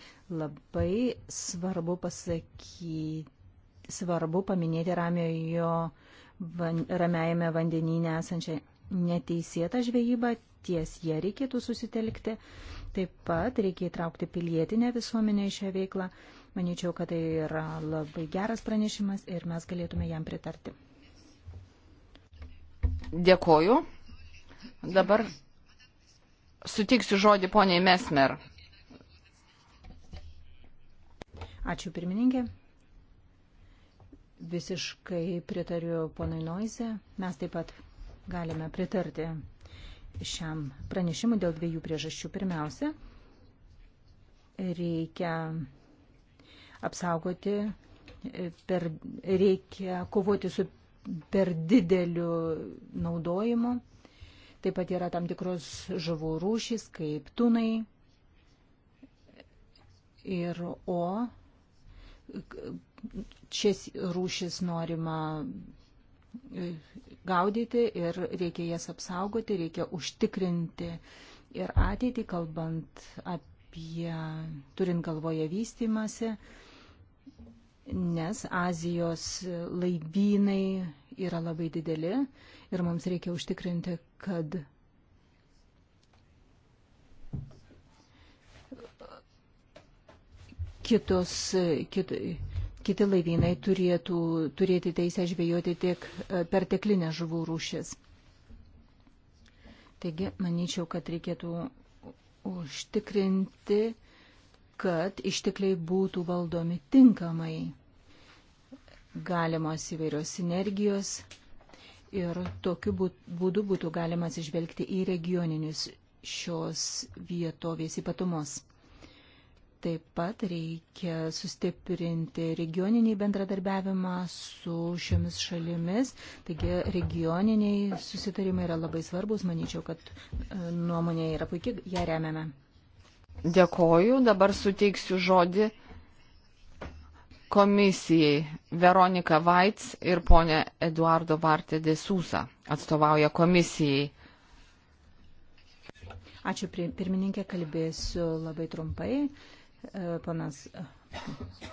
Labai svarbu pasakyti, svarbu paminėti ramiojo, van, ramiajame vandenyne esančią neteisėtą žvejybą, ties jie reikėtų susitelkti. Taip pat reikia įtraukti pilietinę visuomenę į šią veiklą. Manyčiau, kad tai yra labai geras pranešimas ir mes galėtume jam pritarti. Dėkoju. Dabar sutiksiu žodį poniai Mesmer. Ačiū pirmininkė. Visiškai pritariu ponui Noize. Mes taip pat galime pritarti šiam pranešimui dėl dviejų priežasčių. Pirmiausia, reikia apsaugoti, per, reikia kovoti su per dideliu naudojimu. Taip pat yra tam tikros žuvų rūšys, kaip tunai ir o. Šias rūšis norima gaudyti ir reikia jas apsaugoti, reikia užtikrinti ir ateitį, kalbant apie, turint galvoje vystimąsi, nes Azijos laivynai yra labai dideli ir mums reikia užtikrinti, kad kitos, kit, kiti laivynai turėtų turėti teisę žvejoti tiek e, perteklinę žuvų rūšis. Taigi, manyčiau, kad reikėtų užtikrinti, kad ištekliai būtų valdomi tinkamai galimos įvairios sinergijos ir tokiu būdu būtų galima atsižvelgti į regioninius šios vietovės ypatumus. Taip pat reikia sustiprinti regioninį bendradarbiavimą su šiomis šalimis. Taigi regioniniai susitarimai yra labai svarbus. Manyčiau, kad e, nuomonė yra puikiai, ją remiame. Dėkoju. Dabar suteiksiu žodį komisijai Veronika Vaits ir ponė Eduardo Bartė de Susa atstovauja komisijai. Ačiū pirmininkė, kalbėsiu labai trumpai. E, Panas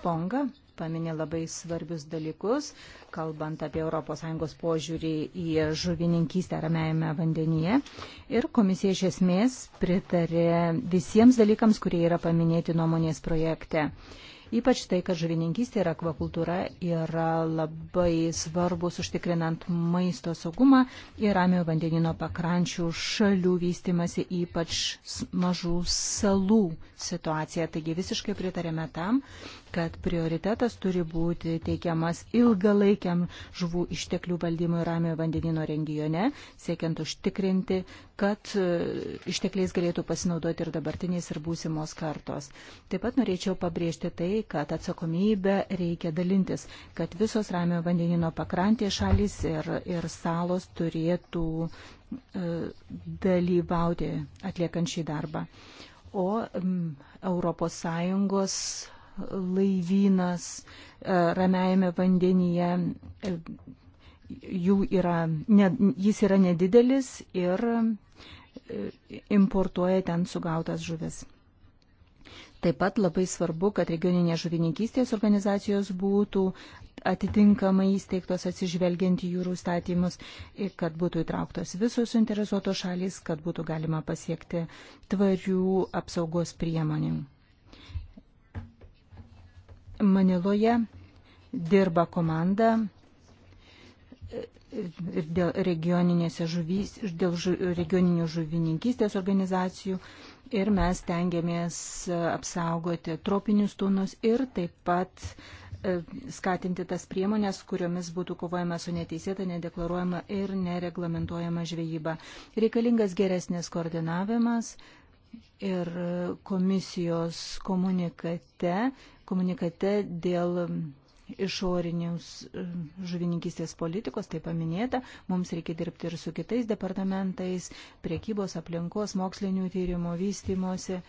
Ponga paminė labai svarbius dalykus, kalbant apie ES požiūrį į žuvininkystę ramiajame vandenyje. Ir komisija iš esmės pritarė visiems dalykams, kurie yra paminėti nuomonės projekte. Ypač tai, kad žuvininkystė ir akvakultūra yra labai svarbus užtikrinant maisto saugumą ir ramio vandenino pakrančių šalių vystimasi, ypač mažų salų situacija. Taigi visiškai pritarėme tam, kad prioritetas turi būti teikiamas ilgalaikiam žuvų išteklių valdymui ramio vandenino regione, siekiant užtikrinti kad e, ištekliais galėtų pasinaudoti ir dabartinės ir būsimos kartos. Taip pat norėčiau pabrėžti tai, kad atsakomybę reikia dalintis, kad visos ramio vandenino pakrantės šalis ir, ir salos turėtų e, dalyvauti atliekant šį darbą. O ES laivynas e, ramiajame vandenyje, jų yra, ne, jis yra nedidelis ir importuoja ten sugautas žuvis. Taip pat labai svarbu, kad regioninės žuvininkystės organizacijos būtų atitinkamai įsteigtos atsižvelgiant į jūrų statymus ir kad būtų įtrauktos visos suinteresuotos šalys, kad būtų galima pasiekti tvarių apsaugos priemonių. Maniloje dirba komanda ir dėl, žuvys, ir dėl žu, regioninių žuvininkystės organizacijų ir mes tengiamės apsaugoti tropinius tūnus ir taip pat e, skatinti tas priemonės, kuriomis būtų kovojama su neteisėta, nedeklaruojama ir nereglamentuojama žvejyba. Reikalingas geresnis koordinavimas ir komisijos komunikate, komunikate dėl išorinius e, žuvininkystės politikos, tai paminėta, mums reikia dirbti ir su kitais departamentais, priekybos, aplinkos, mokslinių tyrimų, vystymosi,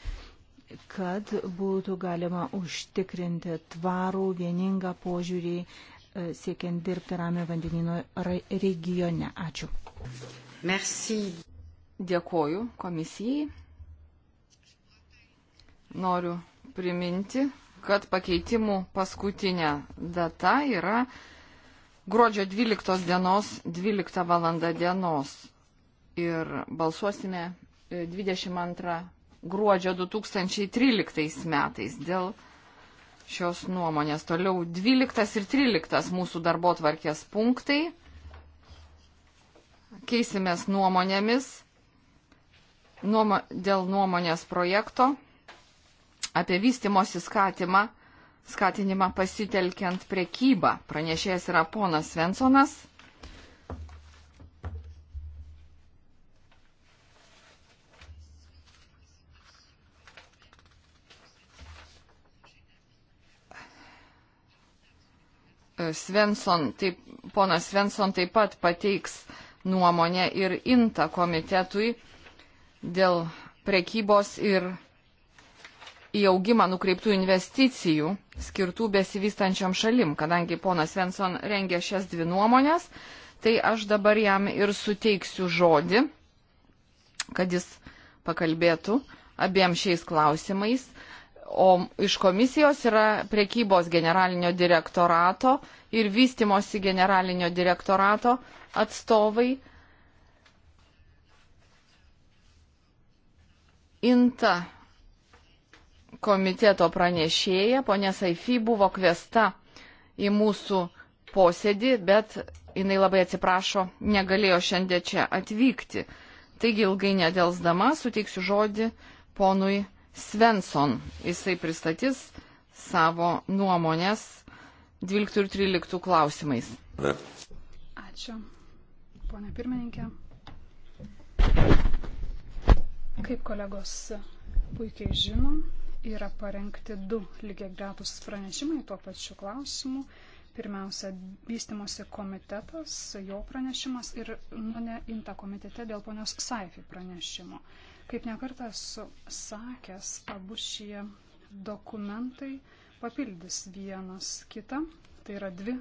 kad būtų galima užtikrinti tvarų, vieningą požiūrį e, siekiant dirbti Ramio vandenino regione. Ačiū. Merci. Dėkoju komisijai. Noriu priminti kad pakeitimų paskutinė data yra gruodžio 12 dienos 12 val. dienos. Ir balsuosime 22 e, gruodžio 2013 metais dėl šios nuomonės. Toliau 12 ir 13 mūsų darbo tvarkės punktai. Keisimės nuomonėmis nuomo, dėl nuomonės projekto apie vystimosi skatimą, skatinimą pasitelkiant prekybą. Pranešėjas yra ponas Svensonas. Svensson, taip, ponas Svensson taip pat pateiks nuomonę ir inta komitetui dėl prekybos ir į augimą nukreiptų investicijų skirtų besivystančiam šalim, kadangi ponas Svensson rengė šias dvi nuomonės, tai aš dabar jam ir suteiksiu žodį, kad jis pakalbėtų abiem šiais klausimais. O iš komisijos yra priekybos generalinio direktorato ir vystimosi generalinio direktorato atstovai. INTA komiteto pranešėja, ponė Saifi, buvo kvesta į mūsų posėdį, bet jinai labai atsiprašo, negalėjo šiandien čia atvykti. Taigi ilgai nedelsdama suteiksiu žodį ponui Svensson. Jisai pristatys savo nuomonės 12 ir 13 klausimais. Ačiū, ponė pirmininkė. Kaip kolegos puikiai žinom, yra parengti du lygiai gretus pranešimai tuo pačiu klausimu. Pirmiausia, vystimosi komitetas, jo pranešimas ir mane inta komitete dėl ponios Saifi pranešimo. Kaip nekartą esu sakęs, abu šie dokumentai papildys vienas kitą. Tai yra dvi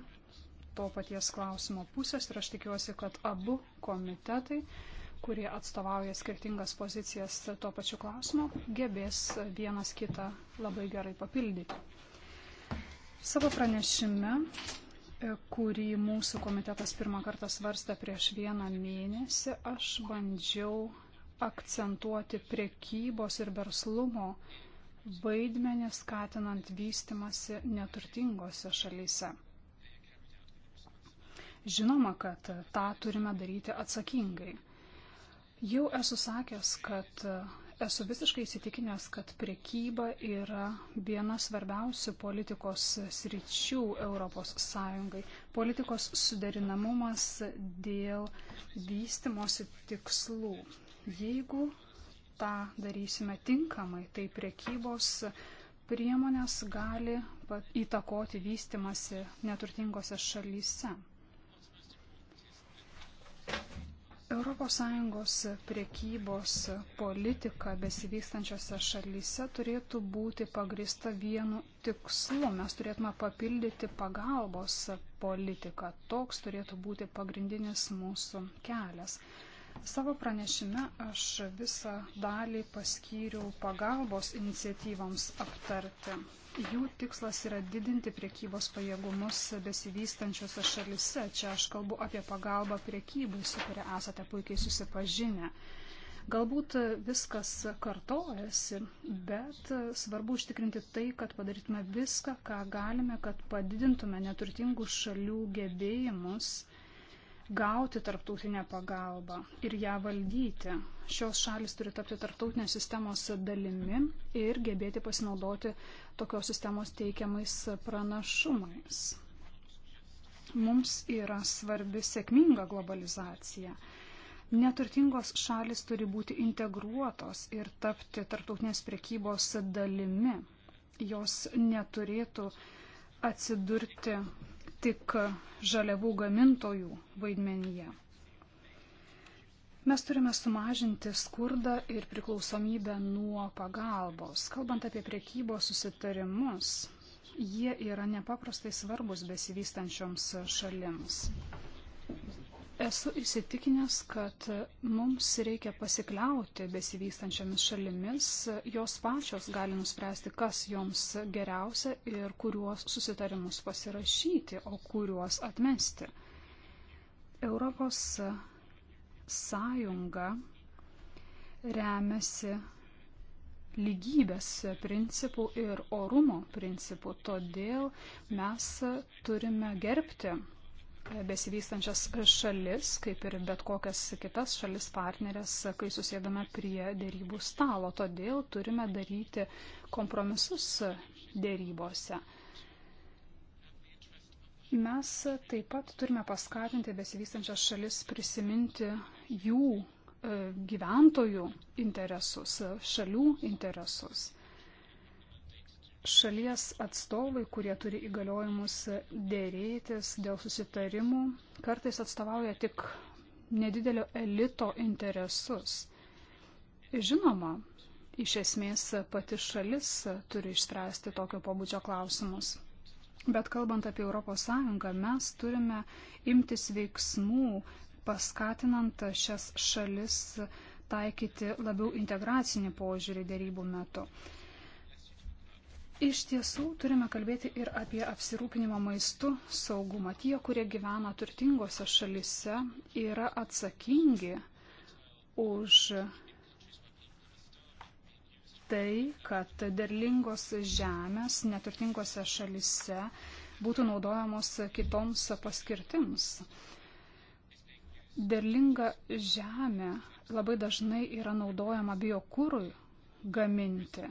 to paties klausimo pusės ir aš tikiuosi, kad abu komitetai uh, kurie atstovauja skirtingas pozicijas tuo pačiu klausimu, gebės vienas kitą labai gerai papildyti. Savo pranešime, e, kurį mūsų komitetas pirmą kartą svarstė prieš vieną mėnesį, aš bandžiau akcentuoti priekybos ir verslumo vaidmenį skatinant vystimasi neturtingose šalyse. Žinoma, kad tą turime daryti atsakingai. Jau esu sakęs, kad e, esu visiškai įsitikinęs, kad priekyba yra viena svarbiausių politikos sričių ES. Politikos suderinamumas dėl vystimosi tikslų. Jeigu tą darysime tinkamai, tai priekybos priemonės gali įtakoti vystimasi neturtingose šalyse. ES priekybos politika besivystančiose šalyse turėtų būti pagrista vienu tikslu. Mes turėtume papildyti pagalbos politiką. Toks turėtų būti pagrindinis mūsų kelias. Savo pranešime aš visą dalį paskyriau pagalbos iniciatyvams aptarti. Jų tikslas yra didinti priekybos pajėgumus besivystančiose šalise. Čia aš kalbu apie pagalbą priekybai, su kuria esate puikiai susipažinę. Galbūt viskas kartojasi, bet svarbu užtikrinti tai, kad padarytume viską, ką galime, kad padidintume neturtingų šalių gebėjimus gauti tarptautinę pagalbą ir ją valdyti. Šios šalis turi tapti tarptautinės sistemos dalimi ir gebėti pasinaudoti tokios sistemos teikiamais pranašumais. Mums yra svarbi sėkminga globalizacija. Neturtingos šalis turi būti integruotos ir tapti tarptautinės priekybos dalimi. Jos neturėtų atsidurti tik žaliavų gamintojų vaidmenyje. Mes turime sumažinti skurdą ir priklausomybę nuo pagalbos. Kalbant apie priekybos susitarimus, jie yra nepaprastai svarbus besivystančioms šalims. Esu įsitikinęs, kad mums reikia pasikliauti besivystančiamis šalimis. Jos pačios gali nuspręsti, kas joms geriausia ir kuriuos susitarimus pasirašyti, o kuriuos atmesti. Europos sąjunga remiasi lygybės principų ir orumo principų, todėl mes turime gerbti besivystančias šalis, kaip ir bet kokias kitas šalis partnerės, kai susėdame prie dėrybų stalo. Todėl turime daryti kompromisus dėrybose. Mes taip pat turime paskatinti besivystančias šalis prisiminti jų e, gyventojų interesus, šalių interesus šalies atstovai, kurie turi įgaliojimus dėrėtis dėl susitarimų, kartais atstovauja tik nedidelio elito interesus. Žinoma, iš esmės pati šalis turi išspręsti tokio pobūdžio klausimus. Bet kalbant apie ES, mes turime imtis veiksmų, paskatinant šias šalis taikyti labiau integracinį požiūrį dėrybų metu. Iš tiesų turime kalbėti ir apie apsirūpinimo maistu saugumą. Tie, kurie gyvena turtingose šalise, yra atsakingi už tai, kad derlingos žemės neturtingose šalise būtų naudojamos kitoms paskirtims. Derlinga žemė labai dažnai yra naudojama biokūrui gaminti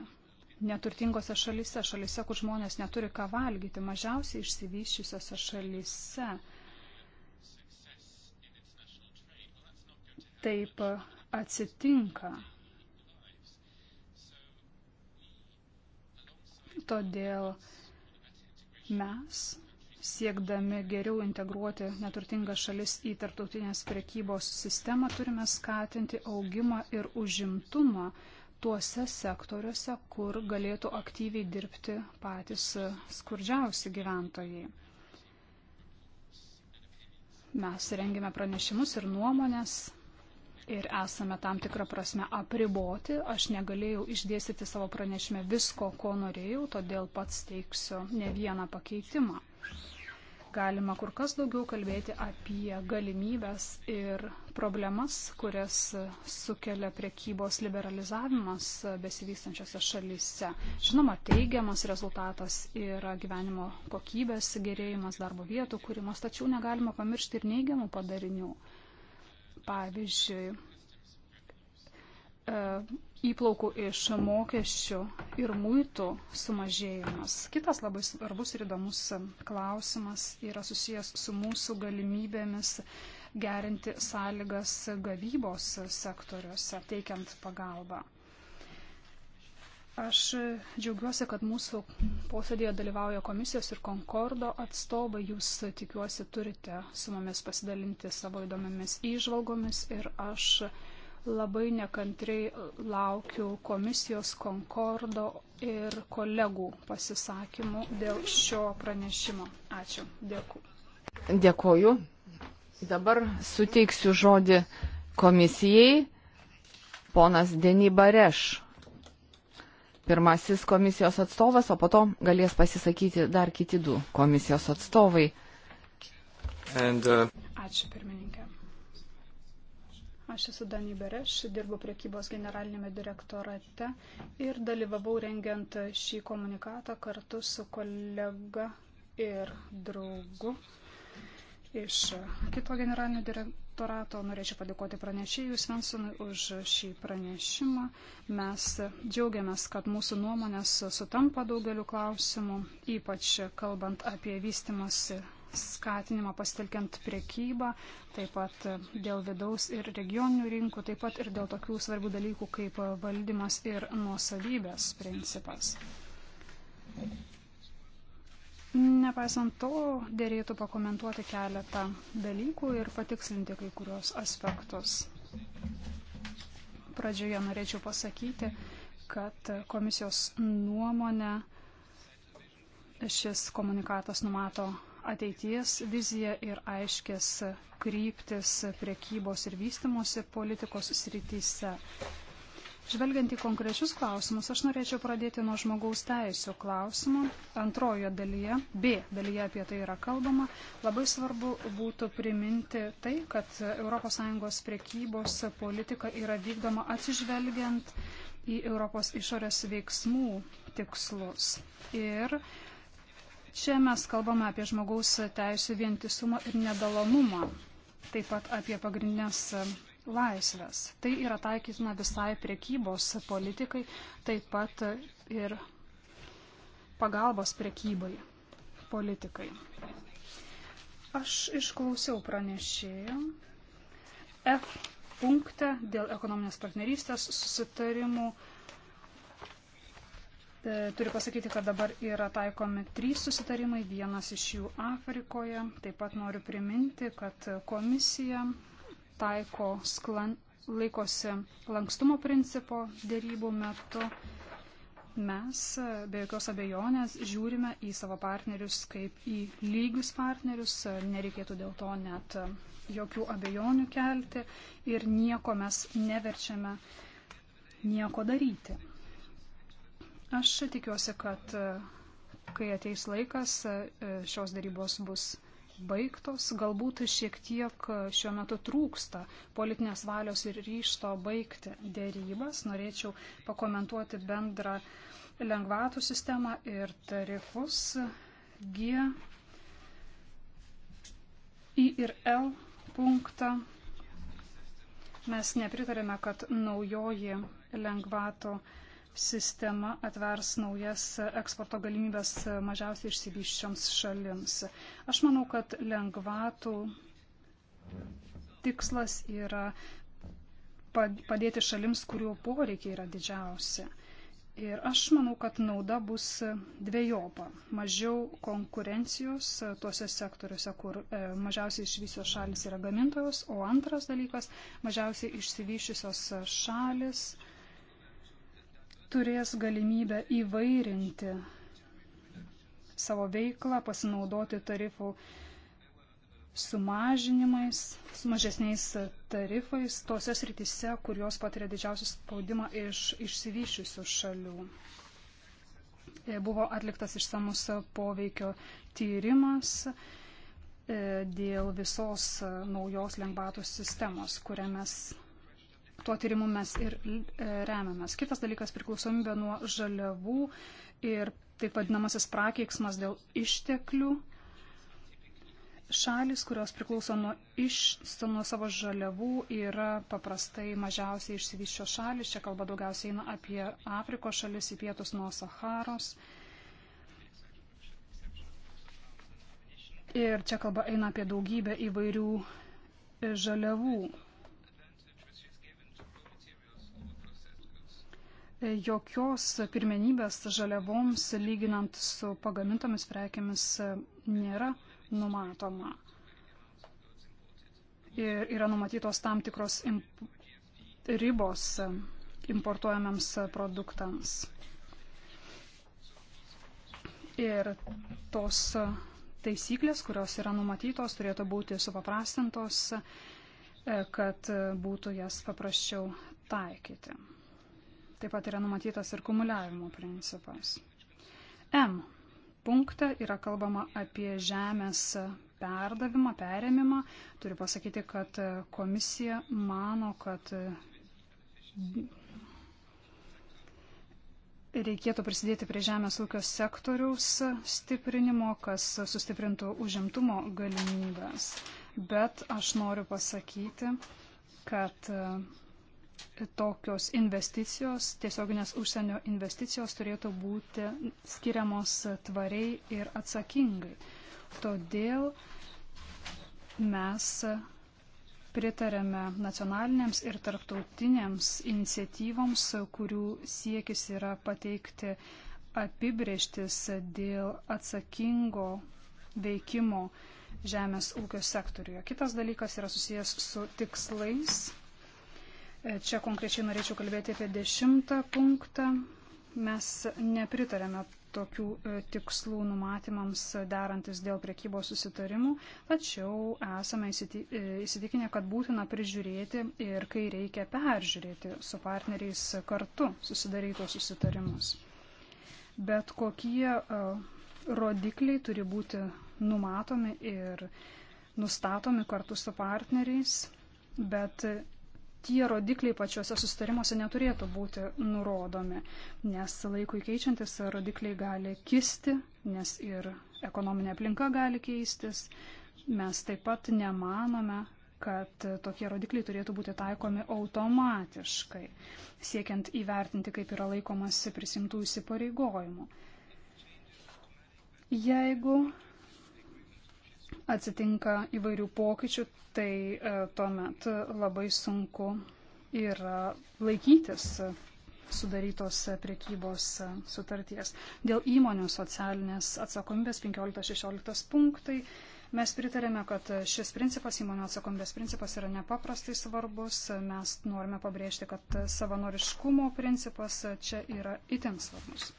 neturtingose šalise, šalise, kur žmonės neturi ką valgyti, mažiausiai išsivyščiusiose šalise. Taip atsitinka. Todėl mes, siekdami geriau integruoti neturtingas šalis į tarptautinės prekybos sistemą, turime skatinti augimą ir užimtumą tuose sektoriuose, kur galėtų aktyviai dirbti patys skurdžiausi gyventojai. Mes rengime pranešimus ir nuomonės ir esame tam tikrą prasme apriboti. Aš negalėjau išdėstyti savo pranešime visko, ko norėjau, todėl pats teiksiu ne vieną pakeitimą galima kur kas daugiau kalbėti apie galimybės ir problemas, kurias sukelia priekybos liberalizavimas besivystančiose šalyse. Žinoma, teigiamas rezultatas yra gyvenimo kokybės gerėjimas, darbo vietų kūrimas, tačiau negalima pamiršti ir neigiamų padarinių. Pavyzdžiui, E, įplaukų iš mokesčių ir muitų sumažėjimas. Kitas labai svarbus ir įdomus klausimas yra susijęs su mūsų galimybėmis gerinti sąlygas gavybos sektoriuose, teikiant pagalbą. Aš džiaugiuosi, kad mūsų posėdėje dalyvauja komisijos ir Konkordo atstovai. Jūs, tikiuosi, turite su mumis pasidalinti savo įdomiamis įžvalgomis ir aš Labai nekantriai e, laukiu komisijos Konkordo ir kolegų pasisakymų dėl šio pranešimo. Ačiū. Dėkui. Dėkoju. Dabar suteiksiu žodį komisijai. Ponas Denį Bareš pirmasis komisijos atstovas, o po to galės pasisakyti dar kiti du komisijos atstovai. And, uh... Ačiū pirmininkė. Aš esu Dani Bereš, dirbu priekybos generalinėme direktorate ir dalyvavau rengiant šį komunikatą kartu su kolega ir draugu iš kito generalinio direktorato. Norėčiau padėkoti pranešėjui Svensonui už šį pranešimą. Mes džiaugiamės, kad mūsų nuomonės sutampa daugeliu klausimų, ypač kalbant apie vystimasi skatinimą pasitelkiant priekybą, taip pat dėl vidaus ir regioninių rinkų, taip pat ir dėl tokių svarbių dalykų kaip valdymas ir nuosavybės principas. Nepaisant to, dėrėtų pakomentuoti keletą dalykų ir patikslinti kai kurios aspektus. Pradžioje norėčiau pasakyti, kad komisijos nuomonė šis komunikatas numato ateities viziją ir aiškės kryptis priekybos ir vystimosi politikos srityse. Žvelgiant į konkrečius klausimus, aš norėčiau pradėti nuo žmogaus teisų klausimų. Antrojoje dalyje, B dalyje apie tai yra kalbama. Labai svarbu būtų priminti tai, kad ES priekybos politika yra vykdoma atsižvelgiant į Europos išorės veiksmų tikslus. Ir uh, Čia mes kalbame apie žmogaus teisų vientisumą ir nedalomumą, taip pat apie pagrindinės laisvės. Tai yra taikytina visai priekybos politikai, taip pat ir pagalbos priekybai politikai. Aš išklausiau pranešėją. F punkte dėl ekonominės partnerystės susitarimų E, turiu pasakyti, kad dabar yra taikomi trys susitarimai, vienas iš jų Afrikoje. Taip pat noriu priminti, kad komisija taiko sklan, laikosi lankstumo principo dėrybų metu. Mes be jokios abejonės žiūrime į savo partnerius kaip į lygius partnerius, nereikėtų dėl to net jokių abejonių kelti ir nieko mes neverčiame nieko daryti. Aš tikiuosi, kad e, kai ateis laikas, e, šios darybos bus baigtos. Galbūt šiek tiek e, šiuo metu trūksta politinės valios ir ryšto baigti dėrybas. Norėčiau pakomentuoti bendrą lengvatų sistemą ir tarifus G, I ir L punktą. Mes nepritarėme, kad naujoji lengvato sistema sistema atvers naujas eksporto galimybės mažiausiai išsivyščioms šalims. Aš manau, kad lengvatų tikslas yra padėti šalims, kurių poreikiai yra didžiausia. Ir aš manau, kad nauda bus dviejopa. Mažiau konkurencijos tuose sektoriuose, kur e, mažiausiai išvysios šalis yra gamintojos, o antras dalykas - mažiausiai išsivyšiusios šalis turės galimybę įvairinti savo veiklą, pasinaudoti tarifų sumažinimais, su mažesniais tarifais tose srityse, kur jos patiria didžiausią spaudimą iš išsivyšiusių šalių. E, buvo atliktas išsamus poveikio tyrimas e, dėl visos naujos lengvatos sistemos, kurią mes tuo tyrimu mes ir e, remiamės. Kitas dalykas - priklausomybė nuo žaliavų ir taip vadinamasis prakeiksmas dėl išteklių. Šalis, kurios priklauso nuo, iš, nuo savo žaliavų, yra paprastai mažiausiai išsivyščio šalis. Čia kalba daugiausiai eina apie Afrikos šalis į pietus nuo Saharos. Ir čia kalba eina apie daugybę įvairių e, žaliavų jokios pirmenybės žaliavoms lyginant su pagamintomis prekėmis nėra numatoma. Ir yra numatytos tam tikros imp ribos importuojamiams produktams. Ir tos taisyklės, kurios yra numatytos, turėtų būti supaprastintos, kad būtų jas paprasčiau taikyti. Taip pat yra numatytas ir kumuliavimo principas. M. Punkte yra kalbama apie žemės perdavimą, perėmimą. Turiu pasakyti, kad komisija mano, kad reikėtų prisidėti prie žemės ūkio sektoriaus stiprinimo, kas sustiprintų užimtumo galimybės. Bet aš noriu pasakyti, kad uh, tokios investicijos, tiesioginės užsienio investicijos turėtų būti skiriamos tvariai ir atsakingai. Todėl mes pritarėme nacionalinėms ir tarptautinėms iniciatyvoms, kurių siekis yra pateikti apibrieštis dėl atsakingo veikimo žemės ūkio sektoriuje. Kitas dalykas yra susijęs su tikslais E, čia konkrečiai norėčiau kalbėti apie dešimtą punktą. Mes nepritarėme tokių e, tikslų numatymams derantis dėl priekybos susitarimų, tačiau esame e, įsitikinę, kad būtina prižiūrėti ir kai reikia peržiūrėti su partneriais kartu susidarytos susitarimus. Bet kokie rodikliai turi būti numatomi ir nustatomi kartu su partneriais, bet tie rodikliai pačiuose sustarimuose neturėtų būti nurodomi, nes laikui keičiantis rodikliai gali kisti, nes ir ekonominė aplinka gali keistis. Mes taip pat nemanome, kad tokie rodikliai turėtų būti taikomi automatiškai, siekiant įvertinti, kaip yra laikomasi prisimtų įsipareigojimų. Jeigu atsitinka įvairių pokyčių, tai e, tuomet labai sunku yra laikytis sudarytos priekybos sutarties. Dėl įmonių socialinės atsakomybės 15-16 punktai mes pritarėme, kad šis principas, įmonių atsakomybės principas yra nepaprastai svarbus. Mes norime pabrėžti, kad savanoriškumo principas čia yra itin svarbus.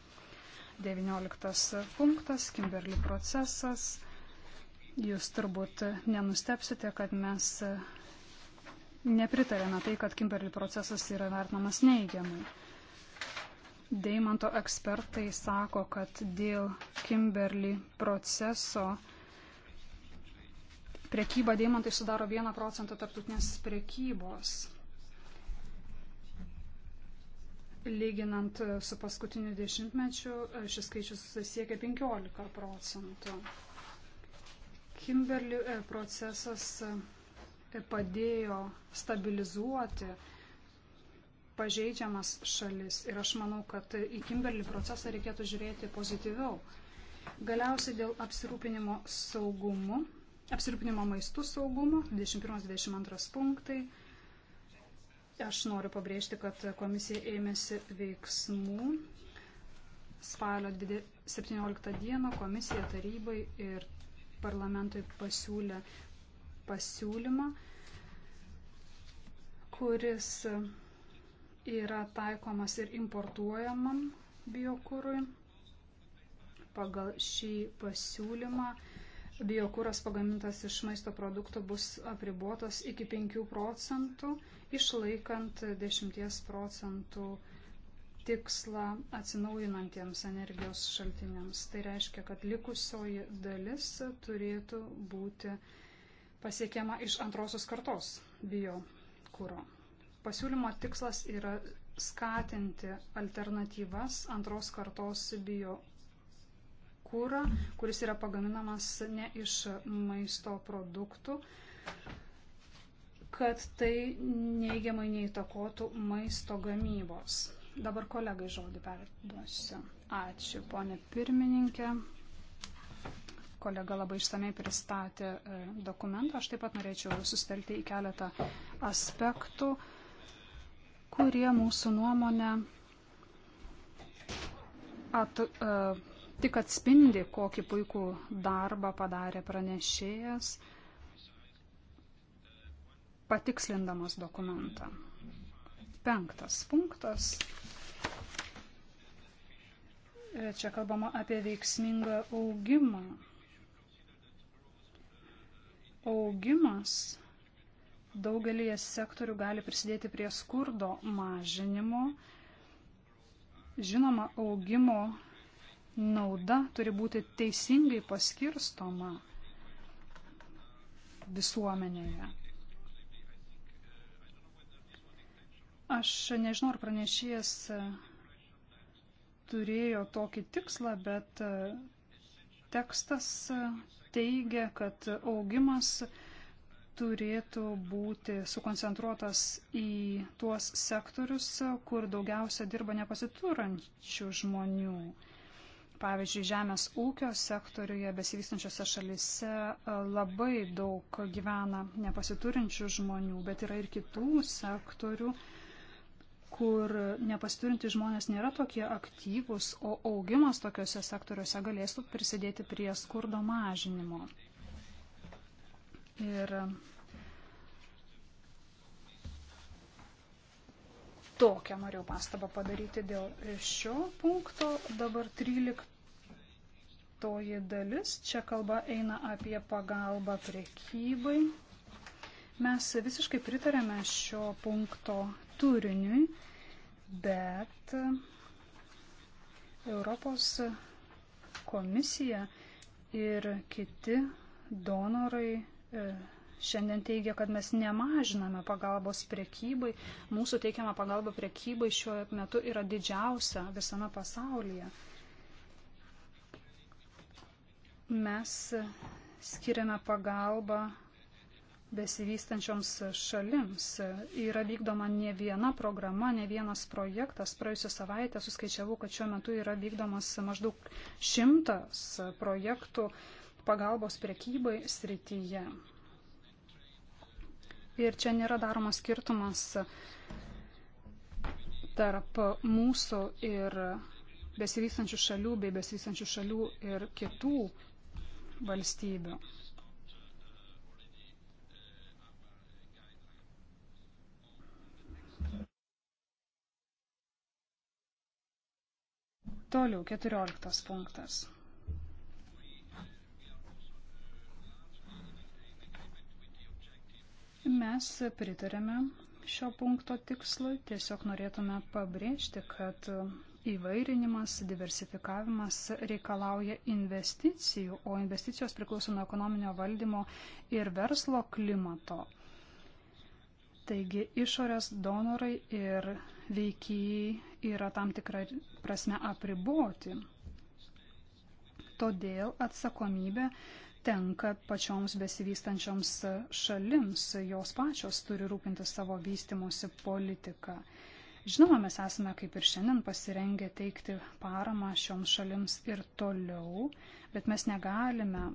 19 punktas, Kimberly procesas Jūs turbūt nenustepsite, kad mes nepritarėme tai, kad Kimberly procesas yra vertinamas neigiamai. Deimanto ekspertai sako, kad dėl Kimberly proceso prekyba deimantai sudaro 1 procentą tarptautinės prekybos. Lyginant su paskutiniu dešimtmečiu, šis skaičius siekia 15 procentų. Kimberly e, procesas e, padėjo stabilizuoti pažeidžiamas šalis ir aš manau, kad į Kimberly procesą reikėtų žiūrėti pozityviau. Galiausiai dėl apsirūpinimo saugumu, apsirūpinimo maistų saugumu, 21-22 punktai. Aš noriu pabrėžti, kad komisija ėmėsi veiksmų. Spalio 17 dieną komisija tarybai ir parlamentui pasiūlė pasiūlymą, kuris yra taikomas ir importuojamam biokūrui. Pagal šį pasiūlymą biokūras pagamintas iš maisto produktų bus apribuotas iki 5 procentų, išlaikant 10 procentų tikslą atsinaujinantiems energijos šaltiniams. Tai reiškia, kad likusioji dalis turėtų būti pasiekiama iš antrosios kartos bio kūro. Pasiūlymo tikslas yra skatinti alternatyvas antros kartos bio kūrą, kuris yra pagaminamas ne iš maisto produktų, kad tai neigiamai neįtakotų maisto gamybos. Dabar kolegai žodį perduosiu. Ačiū, ponė pirmininkė. Kolega labai išsamei pristatė e, dokumentą. Aš taip pat norėčiau sustelti į keletą aspektų, kurie mūsų nuomonė at, uh, tik atspindi, kokį puikų darbą padarė pranešėjas, patikslindamas dokumentą. Penktas punktas Čia kalbama apie veiksmingą augimą. Augimas daugelį sektorių gali prisidėti prie skurdo mažinimo. Žinoma, augimo nauda turi būti teisingai paskirstoma visuomenėje. Aš nežinau, ar pranešėjas turėjo tokį tikslą, bet e, tekstas e, teigia, kad augimas turėtų būti sukoncentruotas į tuos sektorius, kur daugiausia dirba nepasiturančių žmonių. Pavyzdžiui, žemės ūkio sektoriuje besivystančiose šalise e, labai daug gyvena nepasiturinčių žmonių, bet yra ir kitų sektorių, uh, kur nepasiturinti žmonės nėra tokie aktyvūs, o augimas tokiuose sektoriuose galėsų prisidėti prie skurdo mažinimo. Ir tokią norėjau pastabą padaryti dėl šio punkto. Dabar 13 dalis. Čia kalba eina apie pagalbą prekybai. Mes visiškai pritarėme šio punkto turiniui, bet Europos komisija ir kiti donorai e, šiandien teigia, kad mes nemažiname pagalbos priekybai. Mūsų teikiama pagalba priekybai šiuo metu yra didžiausia visame pasaulyje. Mes skiriame pagalbą besivystančioms šalims. Yra vykdoma ne viena programa, ne vienas projektas. Praėjusią savaitę suskaičiavau, kad šiuo metu yra vykdomas maždaug šimtas projektų pagalbos priekybai srityje. Ir čia nėra daromas skirtumas tarp mūsų ir besivystančių šalių bei besivystančių šalių ir kitų valstybių. Toliau 14 punktas. Mes pritarėme šio punkto tikslui, tiesiog norėtume pabrėžti, kad įvairinimas, diversifikavimas reikalauja investicijų, o investicijos priklauso nuo ekonominio valdymo ir verslo klimato. Taigi išorės donorai ir veikėjai yra tam tikrą prasme apriboti. Todėl atsakomybė tenka pačioms besivystančioms šalims, jos pačios turi rūpintis savo vystimosi politiką. Žinoma, mes esame kaip ir šiandien pasirengę teikti paramą šioms šalims ir toliau, bet mes negalime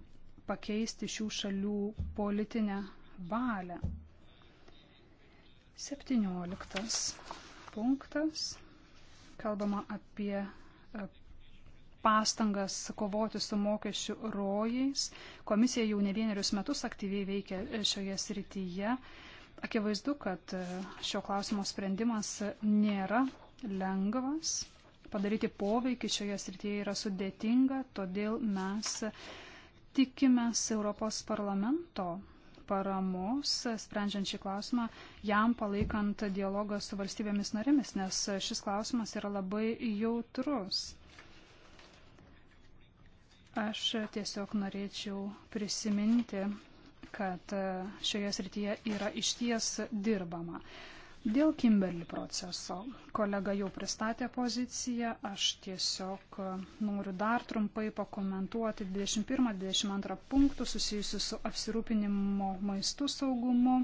pakeisti šių šalių politinę valią. 17 punktas. Kalbama apie e, pastangas kovoti su mokesčių rojais. Komisija jau ne vienerius metus aktyviai veikia e, šioje srityje. Akivaizdu, kad e, šio klausimo sprendimas nėra lengvas. Padaryti poveikį šioje srityje yra sudėtinga, todėl mes tikimės Europos parlamento paramos, sprendžiant šį klausimą, jam palaikant dialogą su valstybėmis narėmis, nes šis klausimas yra labai jautrus. Aš tiesiog norėčiau prisiminti, kad šioje srityje yra išties dirbama. Dėl Kimberly proceso kolega jau pristatė poziciją, aš tiesiog e, noriu dar trumpai pakomentuoti 21-22 punktų susijusių su apsirūpinimo maistų saugumu.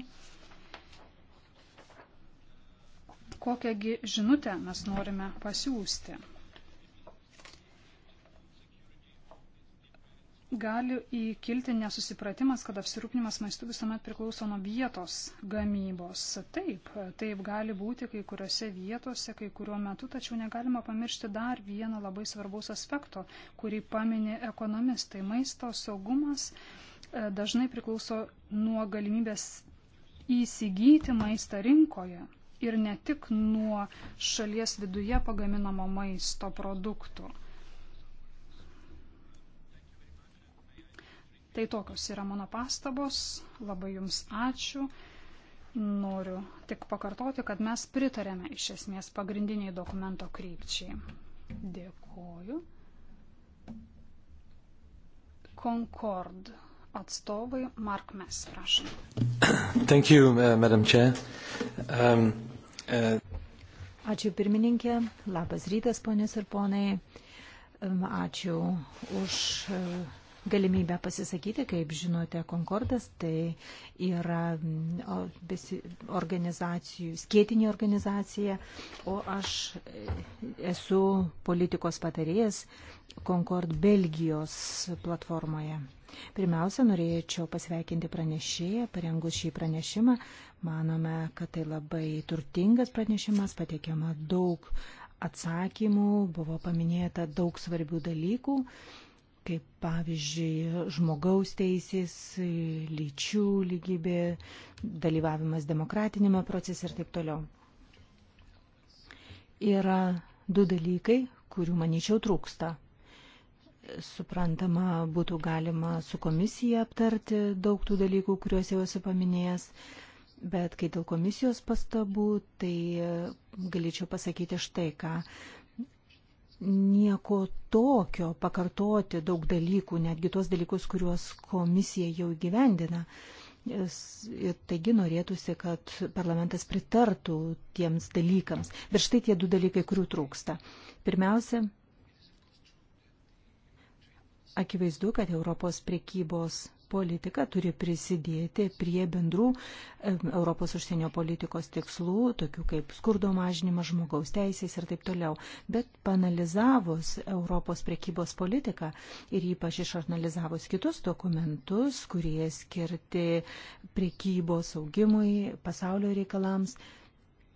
Kokiagi žinutę mes norime pasiūsti? gali įkilti nesusipratimas, kad apsirūpinimas maistu visuomet priklauso nuo vietos gamybos. Taip, taip gali būti kai kuriuose vietose, kai kuriuo metu, tačiau negalima pamiršti dar vieno labai svarbaus aspekto, kurį paminė ekonomistai. Maisto saugumas e, dažnai priklauso nuo galimybės įsigyti maistą rinkoje ir ne tik nuo šalies viduje pagaminamo maisto produktų. Tai tokios yra mano pastabos. Labai Jums ačiū. Noriu tik pakartoti, kad mes pritarėme iš esmės pagrindiniai dokumento krypčiai. Dėkoju. Concord atstovai Mark Mes, prašom. Thank you, uh, Madam Chair. Um, uh... Ačiū pirmininkė, labas rytas, ponės ir ponai. Um, ačiū už uh, galimybę pasisakyti. Kaip žinote, Konkordas tai yra mm, organizacijų, skėtinė organizacija, o aš e, esu politikos patarėjas Konkord Belgijos platformoje. Pirmiausia, norėčiau pasveikinti pranešėją, parengus šį pranešimą. Manome, kad tai labai turtingas pranešimas, pateikiama daug atsakymų, buvo paminėta daug svarbių dalykų kaip pavyzdžiui žmogaus teisės, lyčių lygybė, dalyvavimas demokratinėme procese ir taip toliau. Yra du dalykai, kurių, manyčiau, trūksta. Suprantama, būtų galima su komisija aptarti daug tų dalykų, kuriuos jau esu paminėjęs, bet kai dėl komisijos pastabų, tai galėčiau pasakyti štai ką nieko tokio pakartoti daug dalykų, netgi tuos dalykus, kuriuos komisija jau gyvendina. Ir taigi norėtųsi, kad parlamentas pritartų tiems dalykams. Bet štai tie du dalykai, kurių trūksta. Pirmiausia, akivaizdu, kad Europos priekybos politika turi prisidėti prie bendrų Europos užsienio politikos tikslų, tokių kaip skurdo mažinimas, žmogaus teisės ir taip toliau. Bet panalizavus Europos prekybos politiką ir ypač išanalizavus kitus dokumentus, kurie skirti prekybos augimui, pasaulio reikalams,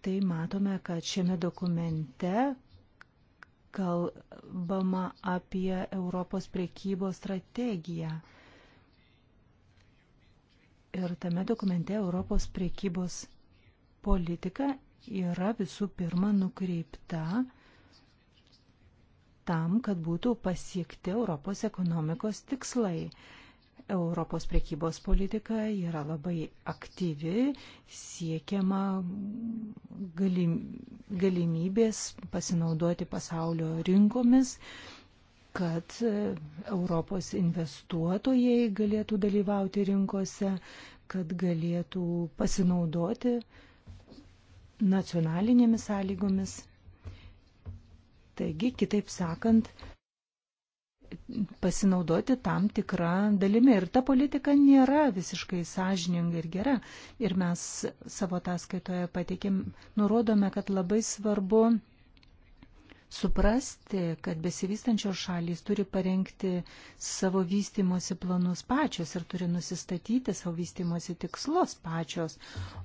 tai matome, kad šiame dokumente kalbama apie Europos priekybos strategiją. Ir tame dokumente Europos priekybos politika yra visų pirma nukreipta tam, kad būtų pasiekti Europos ekonomikos tikslai. Europos priekybos politika yra labai aktyvi, siekiama galim, galimybės pasinaudoti pasaulio rinkomis, uh, kad e, Europos investuotojai galėtų dalyvauti rinkose, kad galėtų pasinaudoti nacionalinėmis sąlygomis. Taigi, kitaip sakant, pasinaudoti tam tikrą dalimi. Ir ta politika nėra visiškai sąžininga ir gera. Ir mes savo ataskaitoje pateikėm, nurodome, kad labai svarbu suprasti, kad besivystančios šalys turi parengti savo vystimosi planus pačios ir turi nusistatyti savo vystimosi tikslus pačios.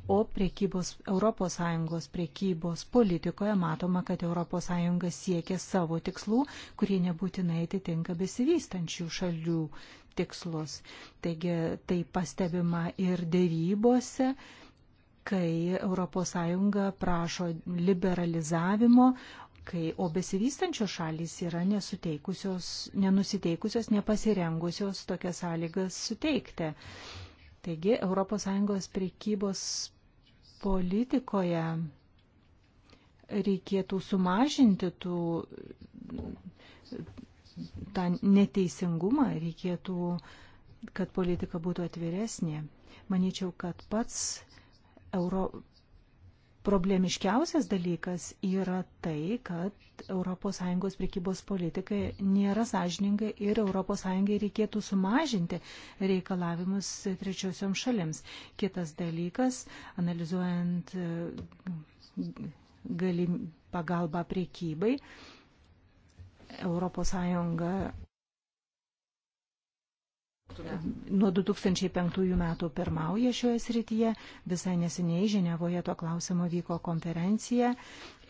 O priekybos, ES priekybos politikoje matoma, kad ES siekia savo tikslų, kurie nebūtinai atitinka besivystančių šalių tikslus. Taigi tai pastebima ir dėrybose kai ES prašo liberalizavimo, kai, o besivystančios šalys yra nenusiteikusios, nepasirengusios tokias sąlygas suteikti. Taigi ES priekybos politikoje reikėtų sumažinti tų, tą neteisingumą, reikėtų, kad politika būtų atviresnė. Manyčiau, kad pats Euro, Problemiškiausias dalykas yra tai, kad ES prekybos politika nėra sąžininga ir ES reikėtų sumažinti reikalavimus trečiosiom šalims. Kitas dalykas, analizuojant e, galim, pagalbą prekybai, ES nuo 2005 metų pirmauja šioje srityje. Visai neseniai Ženevoje to klausimo vyko konferencija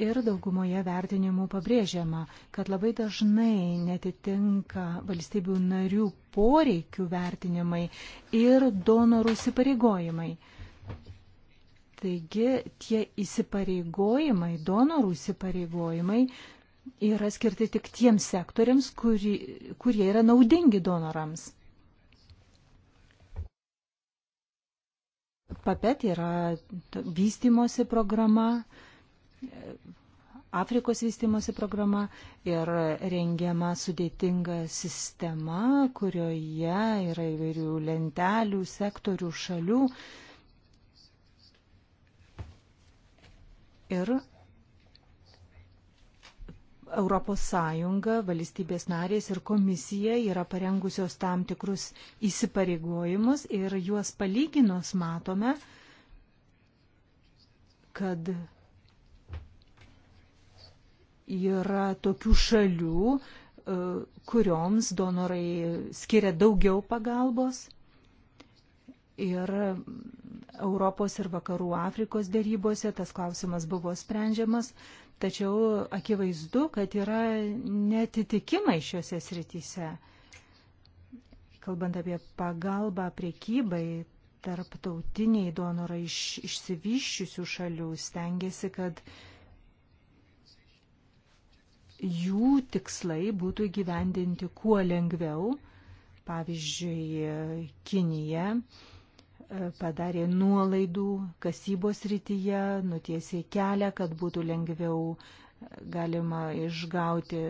ir daugumoje vertinimų pabrėžiama, kad labai dažnai netitinka valstybių narių poreikių vertinimai ir donorų įsipareigojimai. Taigi tie įsipareigojimai, donorų įsipareigojimai yra skirti tik tiems sektoriams, kurie yra naudingi donorams. PAPET yra vystimosi programa, Afrikos vystimosi programa ir rengiama sudėtinga sistema, kurioje yra įvairių lentelių, sektorių, šalių. Ir Europos Sąjunga, valstybės narės ir komisija yra parengusios tam tikrus įsipareigojimus ir juos palyginus matome, kad yra tokių šalių, e, kurioms donorai skiria daugiau pagalbos. Ir Europos ir Vakarų Afrikos dėrybose tas klausimas buvo sprendžiamas. Tačiau akivaizdu, kad yra netitikimai šiuose srityse. Kalbant apie pagalbą priekybai, tarptautiniai donorai iš, išsivyščiusių šalių stengiasi, kad jų tikslai būtų gyvendinti kuo lengviau. Pavyzdžiui, Kinija padarė nuolaidų kasybos rytyje, nutiesė kelią, kad būtų lengviau galima išgauti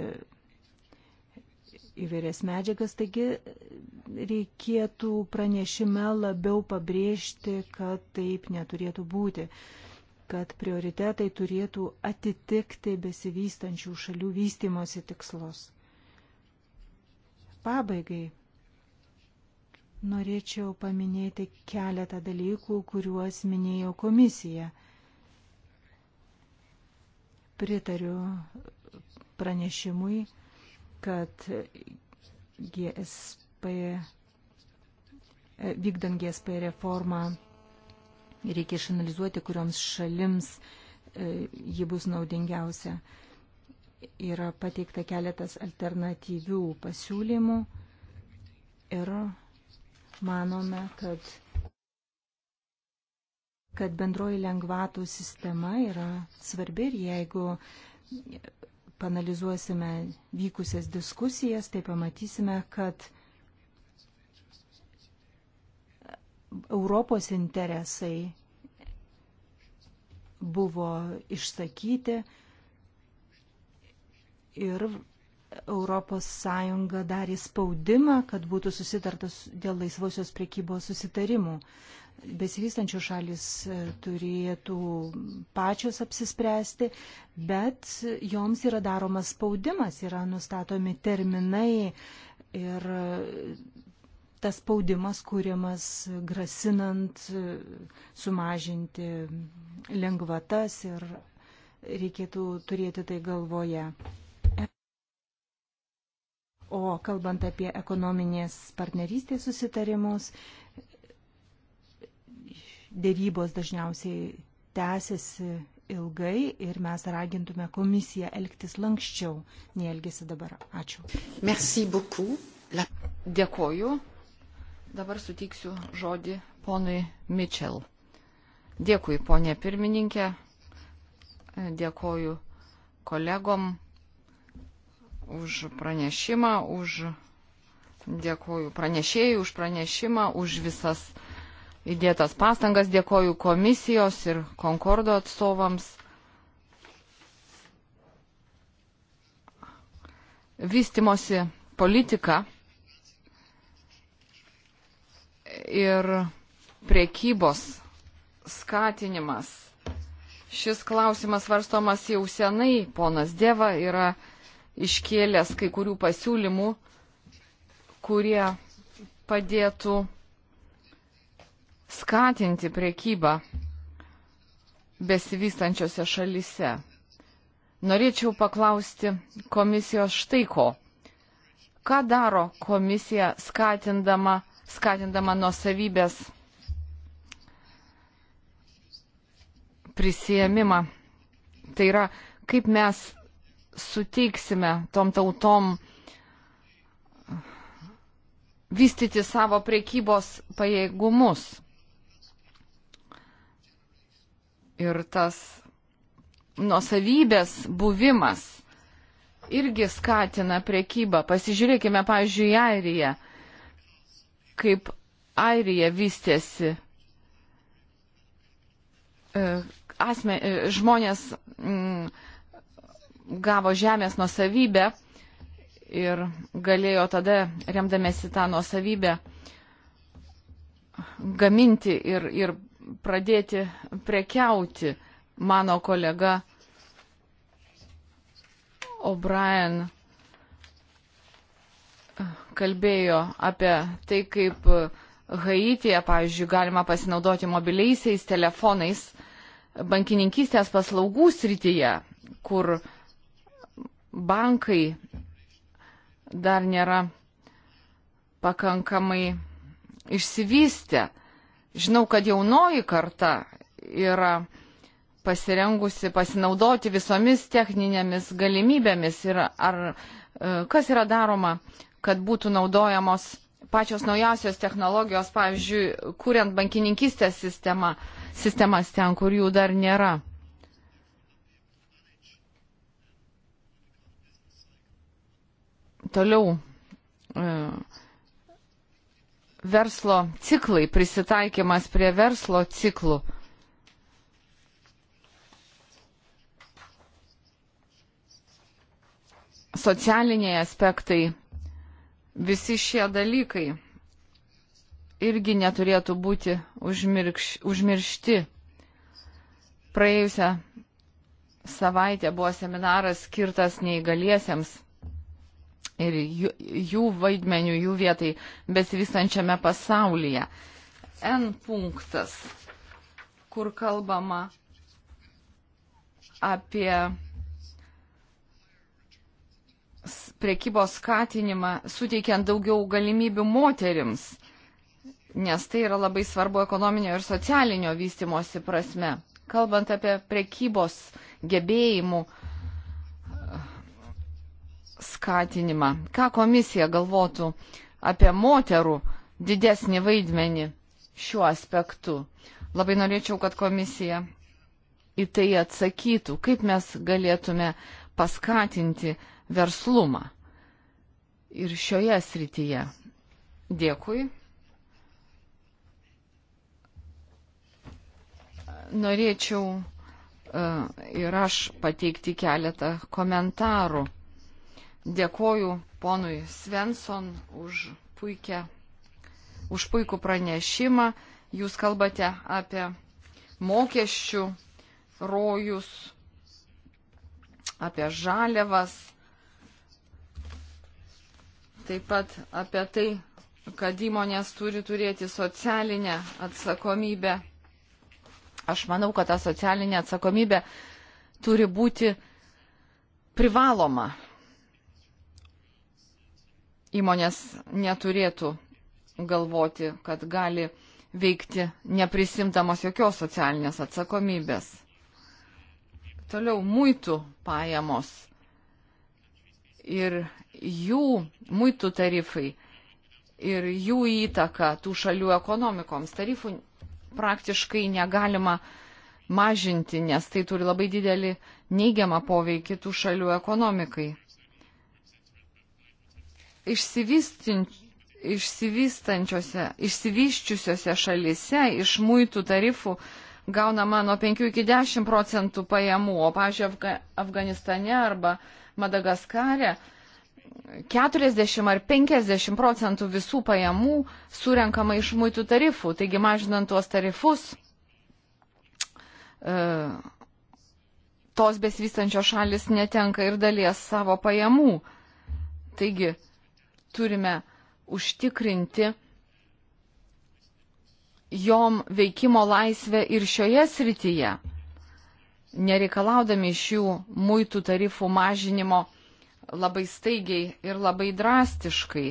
įvairias medžiagas. Taigi reikėtų pranešime labiau pabrėžti, kad taip neturėtų būti, kad prioritetai turėtų atitikti besivystančių šalių vystimosi tikslus. Pabaigai Norėčiau paminėti keletą dalykų, kuriuos minėjo komisija. Pritariu pranešimui, kad GSP, vykdant GSP reformą reikia išanalizuoti, kurioms šalims e, ji bus naudingiausia. Yra pateikta keletas alternatyvių pasiūlymų ir manome, kad kad bendroji lengvatų sistema yra svarbi ir jeigu panalizuosime vykusias diskusijas, tai pamatysime, kad Europos interesai buvo išsakyti ir ES darė spaudimą, kad būtų susitartas dėl laisvosios priekybos susitarimų. Besivystančių šalis e, turėtų pačios apsispręsti, bet joms yra daromas spaudimas, yra nustatomi terminai ir e, tas spaudimas kūriamas grasinant e, sumažinti lengvatas ir reikėtų turėti tai galvoje. O kalbant apie ekonominės partnerystės susitarimus, dėrybos dažniausiai tęsiasi ilgai ir mes ragintume komisiją elgtis lankščiau, nei elgesi dabar. Ačiū. Merci beaucoup. La... Dėkoju. Dabar suteiksiu žodį ponui Mitchell. Dėkui, ponė pirmininkė. Dėkoju kolegom už pranešimą, už dėkoju pranešėjai, už pranešimą, už visas įdėtas pastangas, dėkoju komisijos ir Konkordo atstovams. Vystimosi politika ir priekybos skatinimas. Šis klausimas varstomas jau senai, ponas Dėva yra iškėlęs kai kurių pasiūlymų, kurie padėtų skatinti priekybą besivystančiose šalise. Norėčiau paklausti komisijos štai ko. Ką daro komisija skatindama, skatindama nuosavybės prisėmimą? Tai yra, kaip mes suteiksime tom tautom vystyti savo priekybos pajėgumus. Ir tas nuosavybės buvimas irgi skatina priekybą. Pasižiūrėkime, pavyzdžiui, į Airiją, kaip Airija vystėsi. E, asme, e, žmonės mm, gavo žemės nusavybę ir galėjo tada, remdamėsi tą nusavybę, gaminti ir, ir pradėti prekiauti. Mano kolega O'Brien kalbėjo apie tai, kaip Haityje, pavyzdžiui, galima pasinaudoti mobiliaisiais telefonais bankininkystės paslaugų srityje, kur uh, bankai dar nėra pakankamai išsivystę. Žinau, kad jaunoji karta yra pasirengusi pasinaudoti visomis techninėmis galimybėmis ir ar e, kas yra daroma, kad būtų naudojamos pačios naujausios technologijos, pavyzdžiui, kuriant bankininkystės sistema, sistemas ten, kur jų dar nėra. Toliau e, verslo ciklai, prisitaikymas prie verslo ciklų. Socialiniai aspektai, visi šie dalykai irgi neturėtų būti užmirkš, užmiršti. Praėjusią savaitę buvo seminaras skirtas neįgaliesiems ir jų, jų vaidmenių, jų vietai besivystančiame pasaulyje. N punktas, kur kalbama apie priekybos skatinimą, suteikiant daugiau galimybių moterims, nes tai yra labai svarbu ekonominio ir socialinio vystimosi prasme. Kalbant apie priekybos gebėjimų uh, skatinimą. Ką komisija galvotų apie moterų didesnį vaidmenį šiuo aspektu? Labai norėčiau, kad komisija į tai atsakytų, kaip mes galėtume paskatinti verslumą ir šioje srityje. Dėkui. Norėčiau uh, ir aš pateikti keletą komentarų. Dėkoju ponui Svensson už, puikia, už puikų pranešimą. Jūs kalbate apie mokesčių rojus, apie žaliavas, taip pat apie tai, kad įmonės turi turėti socialinę atsakomybę. Aš manau, kad ta socialinė atsakomybė turi būti privaloma įmonės neturėtų galvoti, kad gali veikti neprisimdamos jokios socialinės atsakomybės. Toliau muitų pajamos ir jų muitų tarifai ir jų įtaka tų šalių ekonomikoms. Tarifų praktiškai negalima mažinti, nes tai turi labai didelį neigiamą poveikį tų šalių ekonomikai išsivyščiusiose šalise iš muitų tarifų gaunama nuo 5 iki 10 procentų pajamų, o, pažiūrėjau, Afga Afganistane arba Madagaskare 40 ar 50 procentų visų pajamų surenkama iš muitų tarifų. Taigi, mažinant tuos tarifus, e, tos besivystančios šalis netenka ir dalies savo pajamų. Taigi, turime užtikrinti jom veikimo laisvę ir šioje srityje, nereikalaudami iš jų muitų tarifų mažinimo labai staigiai ir labai drastiškai.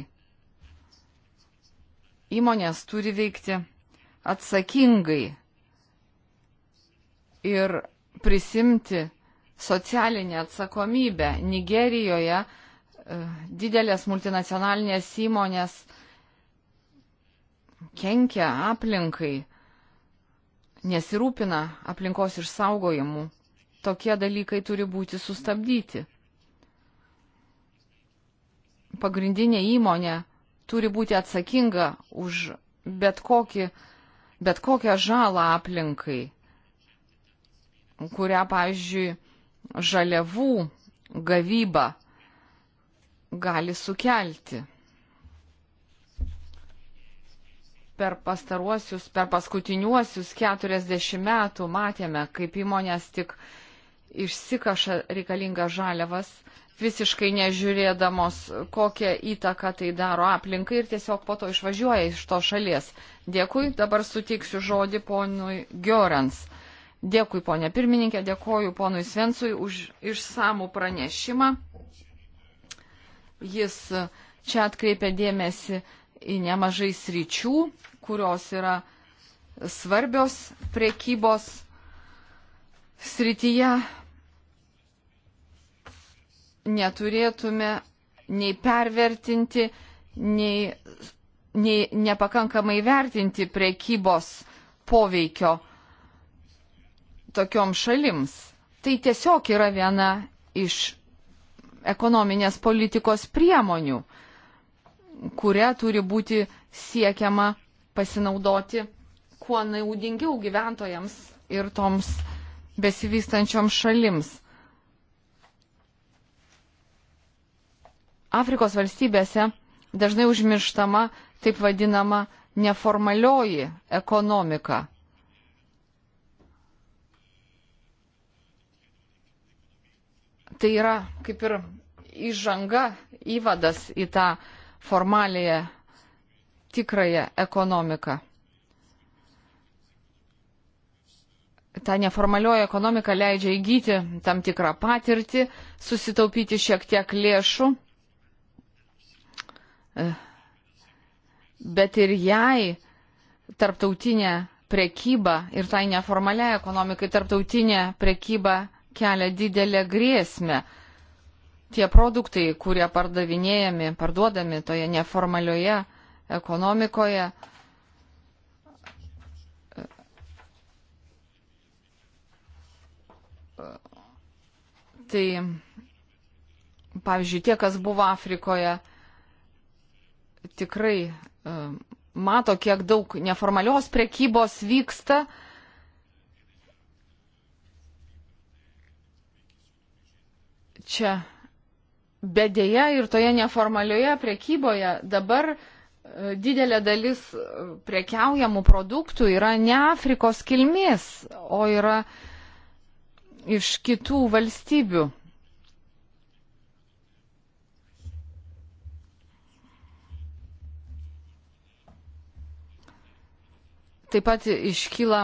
Įmonės turi veikti atsakingai ir prisimti socialinę atsakomybę. Nigerijoje didelės multinacionalinės įmonės kenkia aplinkai, nesirūpina aplinkos išsaugojimu. Tokie dalykai turi būti sustabdyti. Pagrindinė įmonė turi būti atsakinga už bet, kokį, bet kokią žalą aplinkai, kurią, pavyzdžiui, žaliavų gavyba gali sukelti. Per pastaruosius, per paskutiniuosius 40 metų matėme, kaip įmonės tik išsikaša reikalingas žaliavas, visiškai nežiūrėdamos, kokią įtaką tai daro aplinkai ir tiesiog po to išvažiuoja iš to šalies. Dėkui, dabar sutiksiu žodį ponui Giorans. Dėkui, ponė pirmininkė, dėkoju ponui Svensui už išsamų pranešimą. Jis e, čia atkreipia dėmesį į nemažai sričių, kurios yra svarbios prekybos srityje. Neturėtume nei pervertinti, nei, nei nepakankamai vertinti prekybos poveikio tokiom šalims. Tai tiesiog yra viena iš ekonominės politikos priemonių, kuria turi būti siekiama pasinaudoti kuo naudingiau gyventojams ir toms besivystančioms šalims. Afrikos valstybėse dažnai užmirštama taip vadinama neformalioji ekonomika. tai yra kaip ir įžanga, įvadas į tą formalėje tikrąją ekonomiką. Ta neformalioji ekonomika leidžia įgyti tam tikrą patirtį, susitaupyti šiek tiek lėšų, bet ir jai tarptautinė prekyba ir tai neformaliai ekonomikai tarptautinė prekyba kelia didelę grėsmę. Tie produktai, kurie pardavinėjami, parduodami toje neformalioje ekonomikoje, tai pavyzdžiui, tie, kas buvo Afrikoje, tikrai e, mato, kiek daug neformalios prekybos vyksta čia bedėja ir toje neformalioje prekyboje dabar e, didelė dalis e, prekiaujamų produktų yra ne Afrikos kilmės, o yra iš kitų valstybių. Taip pat iškyla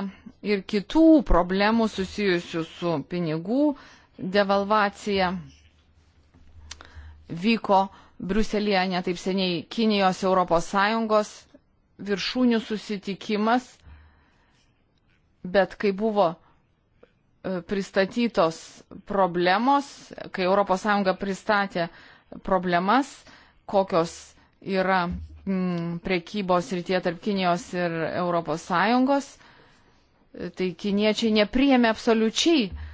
ir kitų problemų susijusių su pinigų devalvacija vyko Bruselėje netaip seniai Kinijos ES viršūnių susitikimas, bet kai buvo e, pristatytos problemos, kai ES pristatė problemas, kokios yra m, priekybos rytie tarp Kinijos ir ES, e, tai kiniečiai nepriemė absoliučiai uh,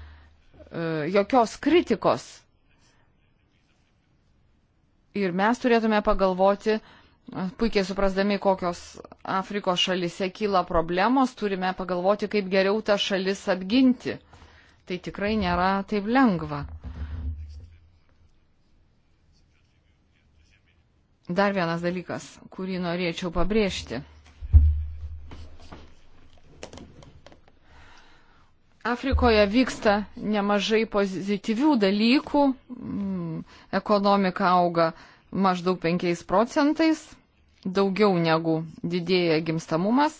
E, jokios kritikos. Ir mes turėtume pagalvoti, e, puikiai suprasdami, kokios Afrikos šalise kyla problemos, turime pagalvoti, kaip geriau tą šalis apginti. Tai tikrai nėra taip lengva. Dar vienas dalykas, kurį norėčiau pabrėžti. Afrikoje vyksta nemažai pozityvių dalykų, mm, ekonomika auga maždaug 5 procentais, daugiau negu didėja gimstamumas,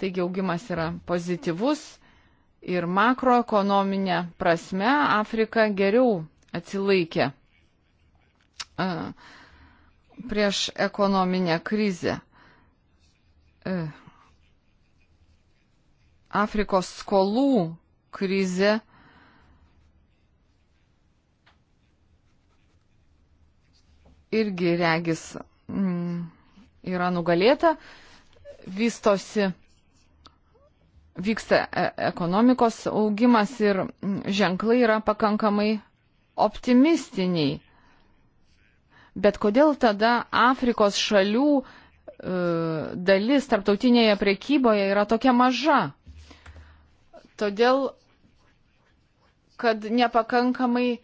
taigi augimas yra pozityvus ir makroekonominė prasme Afrika geriau atsilaikė prieš ekonominę krizę. Uh Afrikos skolų krize irgi regis mm, yra nugalėta, vystosi, vyksta e, ekonomikos augimas ir mm, ženklai yra pakankamai optimistiniai. Bet kodėl tada Afrikos šalių e, dalis tarptautinėje prekyboje yra tokia maža? Todėl, kad nepakankamai e,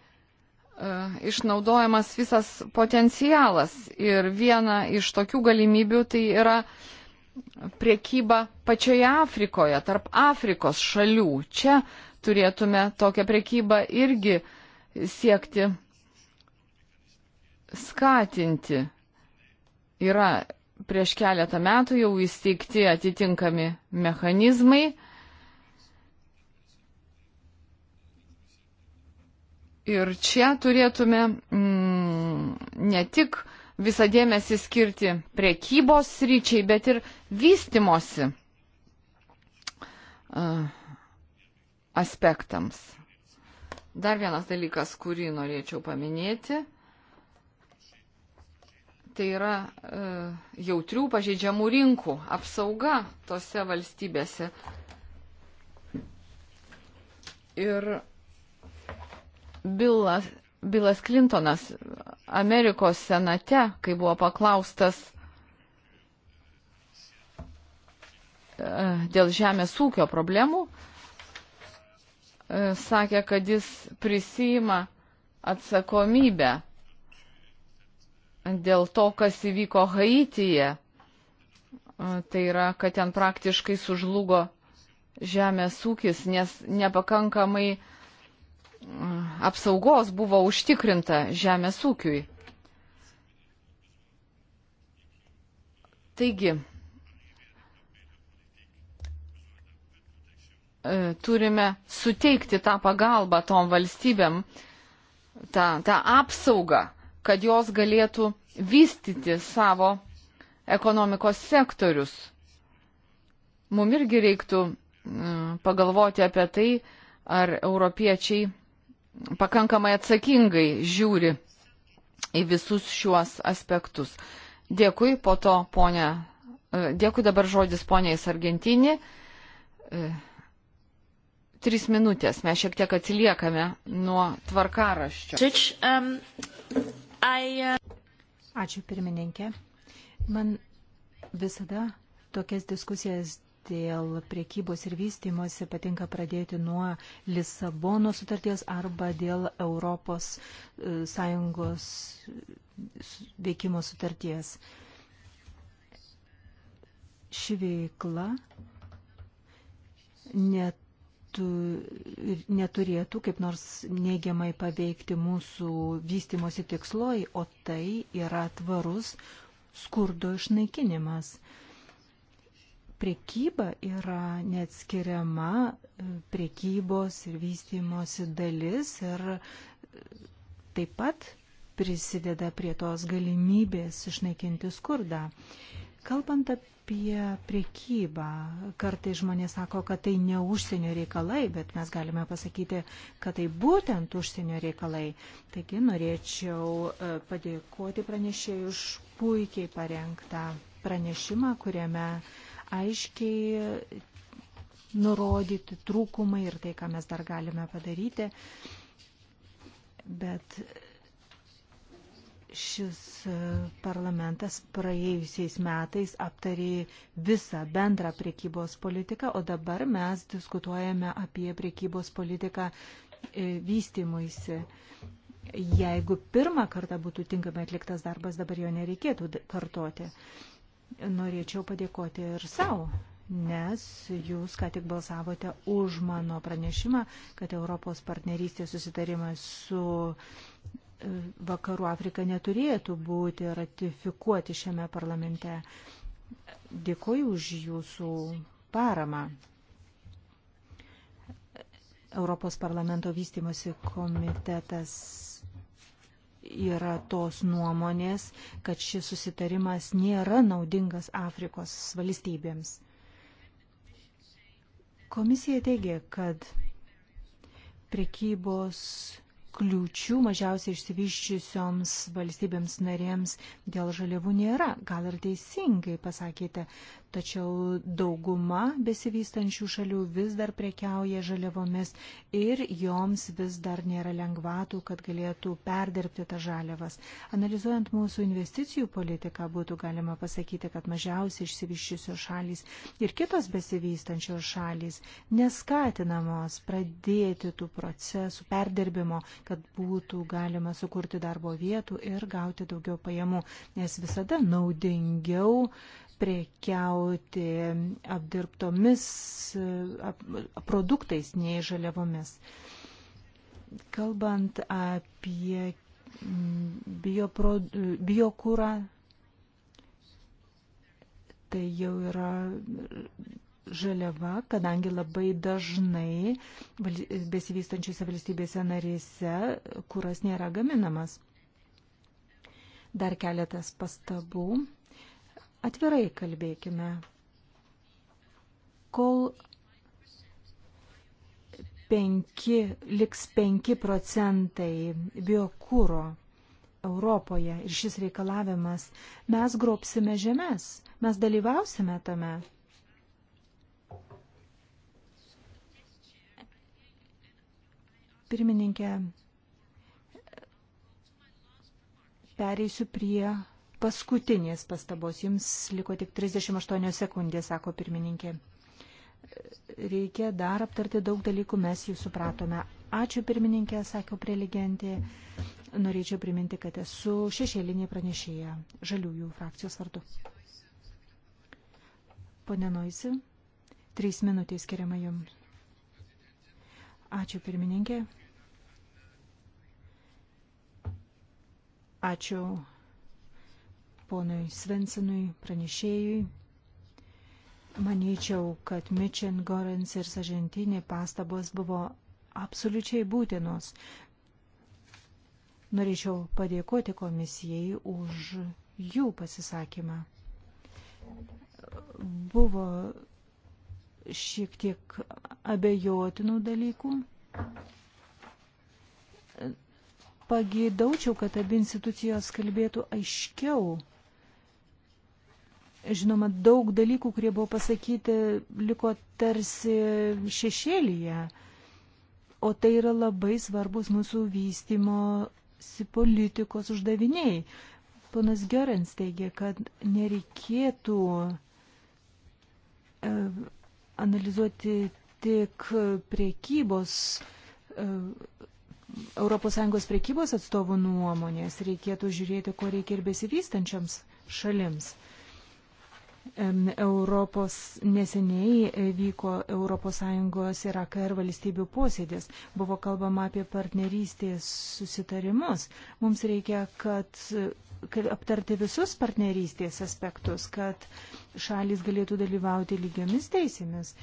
išnaudojamas visas potencialas. Ir viena iš tokių galimybių tai yra priekyba pačioje Afrikoje, tarp Afrikos šalių. Čia turėtume tokią priekybą irgi siekti skatinti. Yra prieš keletą metų jau įsteigti atitinkami mechanizmai Ir čia turėtume mm, ne tik visą dėmesį skirti prekybos ryčiai, bet ir vystimosi uh, aspektams. Dar vienas dalykas, kurį norėčiau paminėti, tai yra uh, jautrių pažeidžiamų rinkų apsauga tose valstybėse. Ir Bilas, Bilas Clintonas Amerikos senate, kai buvo paklaustas e, dėl žemės ūkio problemų, e, sakė, kad jis prisima atsakomybę dėl to, kas įvyko Haityje. E, tai yra, kad ten praktiškai sužlugo žemės ūkis, nes nepakankamai uh, apsaugos buvo užtikrinta žemės ūkiui. Taigi, e, turime suteikti tą pagalbą tom valstybėm, tą, tą apsaugą, kad jos galėtų vystyti savo ekonomikos sektorius. Mum irgi reiktų e, pagalvoti apie tai, ar europiečiai pakankamai atsakingai žiūri į visus šiuos aspektus. Dėkui po to, ponė. E, dėkui dabar žodis poniais Argentinį. E, Tris minutės, mes šiek tiek atsiliekame nuo tvarkaraščio. Um, uh, Ačiū pirmininkė. Man visada tokias diskusijas dėl priekybos ir vystimosi patinka pradėti nuo Lisabono sutarties arba dėl Europos e, Sąjungos e, veikimo sutarties. Ši veikla netu, neturėtų kaip nors neigiamai paveikti mūsų vystimosi tiksloj, o tai yra tvarus skurdo išnaikinimas priekyba yra neatskiriama e, priekybos ir vystymosi dalis ir e, taip pat prisideda prie tos galimybės išnaikinti skurdą. Kalbant apie priekybą, kartai žmonės sako, kad tai ne užsienio reikalai, bet mes galime pasakyti, kad tai būtent užsienio reikalai. Taigi norėčiau e, padėkoti pranešėjui už puikiai parengtą pranešimą, kuriame uh, aiškiai nurodyti trūkumai ir tai, ką mes dar galime padaryti. Bet šis parlamentas praėjusiais metais aptarė visą bendrą priekybos politiką, o dabar mes diskutuojame apie priekybos politiką e, vystymuisi. Jeigu pirmą kartą būtų tinkamai atliktas darbas, dabar jo nereikėtų kartoti norėčiau padėkoti ir savo, nes jūs ką tik balsavote už mano pranešimą, kad Europos partnerystės susitarimas su e, Vakarų Afrika neturėtų būti ratifikuoti šiame parlamente. Dėkuoju už jūsų paramą. Europos parlamento vystimosi komitetas yra tos nuomonės, kad šis susitarimas nėra naudingas Afrikos valstybėms. Komisija teigia, kad prekybos kliūčių mažiausiai išsivyščiusioms valstybėms narėms dėl žaliavų nėra. Gal ir teisingai pasakėte, tačiau dauguma besivystančių šalių vis dar prekiauja žaliavomis ir joms vis dar nėra lengvatų, kad galėtų perdirbti tas žaliavas. Analizuojant mūsų investicijų politiką, būtų galima pasakyti, kad mažiausiai išsivyščiusios šalys ir kitos besivystančios šalys neskatinamos pradėti tų procesų perdirbimo, kad būtų galima sukurti darbo vietų ir gauti daugiau pajamų, nes visada naudingiau prekiauti apdirbtomis ap, produktais, nei žaliavomis. Kalbant apie biokūrą, bio tai jau yra žaliava, kadangi labai dažnai besivystančiose valstybėse narėse kuras nėra gaminamas. Dar keletas pastabų Atvirai kalbėkime. Kol 5, liks 5 procentai biokūro Europoje ir šis reikalavimas, mes grobsime žemės, mes dalyvausime tame. Pirmininkė, pereisiu prie paskutinės pastabos. Jums liko tik 38 sekundės, sako pirmininkė. Reikia dar aptarti daug dalykų, mes jų supratome. Ačiū pirmininkė, sakiau prelegentė. Norėčiau priminti, kad esu šešėlinė pranešėja žaliųjų frakcijos vardu. Pone Noisi, trys minutės skiriama jums. Ačiū pirmininkė. Ačiū ponui Svensenui, pranešėjui. Manyčiau, kad Mičin, Gorens ir Sažentinė pastabos buvo absoliučiai būtinos. Norėčiau padėkoti komisijai už jų pasisakymą. Buvo šiek tiek abejotinų dalykų. Pagėdaučiau, kad abi institucijos kalbėtų aiškiau Žinoma, daug dalykų, kurie buvo pasakyti, liko tarsi šešėlyje, o tai yra labai svarbus mūsų vystimosi politikos uždaviniai. Ponas Gerens teigia, kad nereikėtų e, analizuoti tik priekybos ES priekybos atstovų nuomonės reikėtų žiūrėti, ko reikia ir besivystančiams šalims. Europos neseniai vyko ES ir AKR valstybių posėdis. Buvo kalbama apie partnerystės susitarimus. Mums reikia, kad, kad aptarti visus partnerystės aspektus, kad šalis galėtų dalyvauti lygiamis teisėmis.